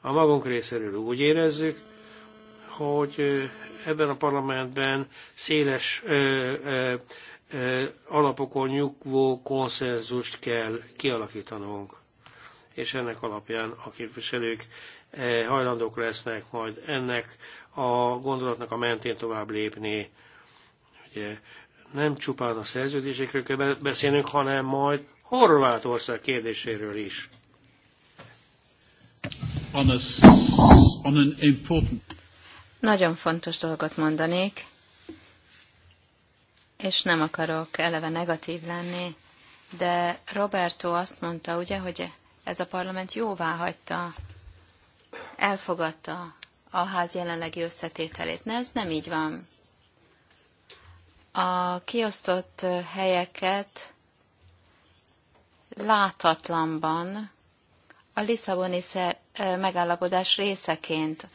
A magunk részéről úgy érezzük, hogy ebben a parlamentben széles ö, ö, ö, alapokon nyugvó konszenzust kell kialakítanunk. És ennek alapján a képviselők hajlandók lesznek majd ennek a gondolatnak a mentén tovább lépni. Ugye nem csupán a szerződésekről kell beszélnünk, hanem majd Horvátország kérdéséről is. On a, on an important... Nagyon fontos dolgot mondanék, és nem akarok eleve negatív lenni, de Roberto azt mondta, ugye, hogy ez a parlament jóvá hagyta, elfogadta a ház jelenlegi összetételét. Ne, ez nem így van a kiosztott helyeket láthatlanban a Lisszaboni megállapodás részeként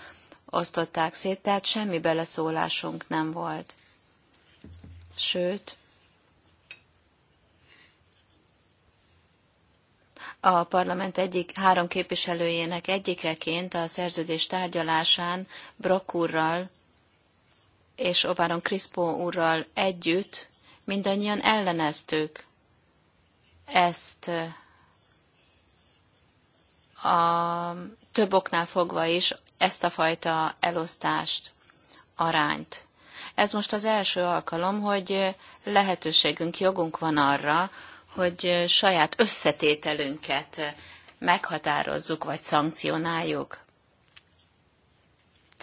osztották szét, tehát semmi beleszólásunk nem volt. Sőt, a parlament egyik három képviselőjének egyikeként a szerződés tárgyalásán Brokurral és Ováron Kriszpó úrral együtt mindannyian elleneztük ezt a több oknál fogva is ezt a fajta elosztást, arányt. Ez most az első alkalom, hogy lehetőségünk, jogunk van arra, hogy saját összetételünket meghatározzuk vagy szankcionáljuk.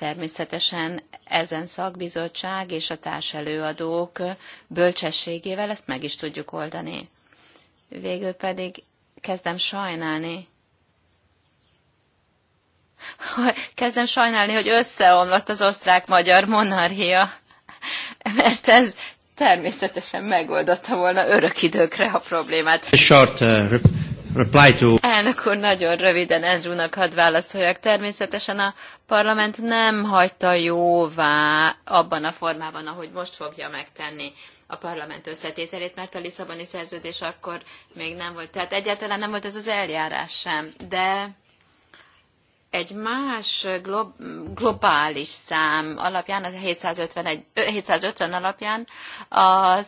Természetesen ezen szakbizottság és a társelőadók bölcsességével ezt meg is tudjuk oldani. Végül pedig kezdem sajnálni, kezdem sajnálni, hogy összeomlott az osztrák-magyar monarchia, mert ez természetesen megoldotta volna örök időkre a problémát. Short, uh, reply to... Elnök úr, nagyon röviden Andrewnak hadd válaszoljak. Természetesen a parlament nem hagyta jóvá abban a formában, ahogy most fogja megtenni a parlament összetételét, mert a Lisszaboni szerződés akkor még nem volt. Tehát egyáltalán nem volt ez az eljárás sem, de egy más glob- globális szám alapján, a 751, 750 alapján a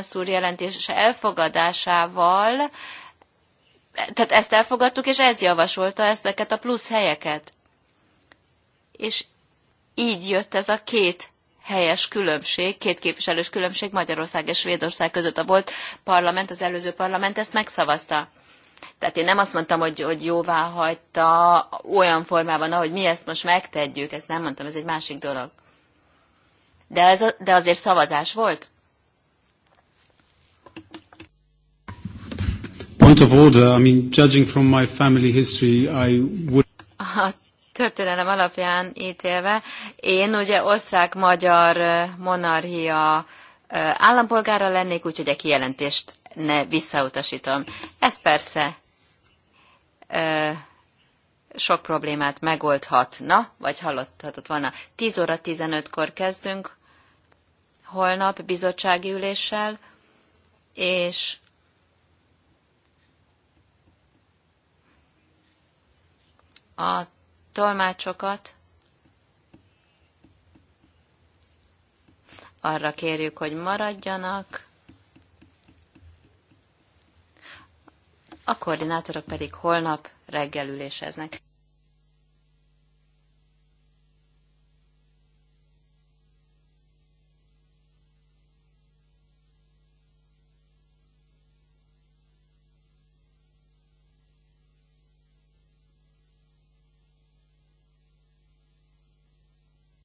szúr jelentés elfogadásával tehát ezt elfogadtuk, és ez javasolta ezeket a plusz helyeket. És így jött ez a két helyes különbség, két képviselős különbség Magyarország és Svédország között a volt parlament, az előző parlament ezt megszavazta. Tehát én nem azt mondtam, hogy, hogy jóvá hagyta olyan formában, ahogy mi ezt most megtegyük, ezt nem mondtam, ez egy másik dolog. De, ez a, de azért szavazás volt? point of order, I mean, judging from my family history, I would... A történelem alapján ítélve, én ugye osztrák-magyar monarchia állampolgára lennék, úgyhogy a kijelentést ne visszautasítom. Ez persze sok problémát megoldhatna, vagy hallottatott volna. 10 óra 15-kor kezdünk holnap bizottsági üléssel, és a tolmácsokat arra kérjük, hogy maradjanak, a koordinátorok pedig holnap reggel üléseznek.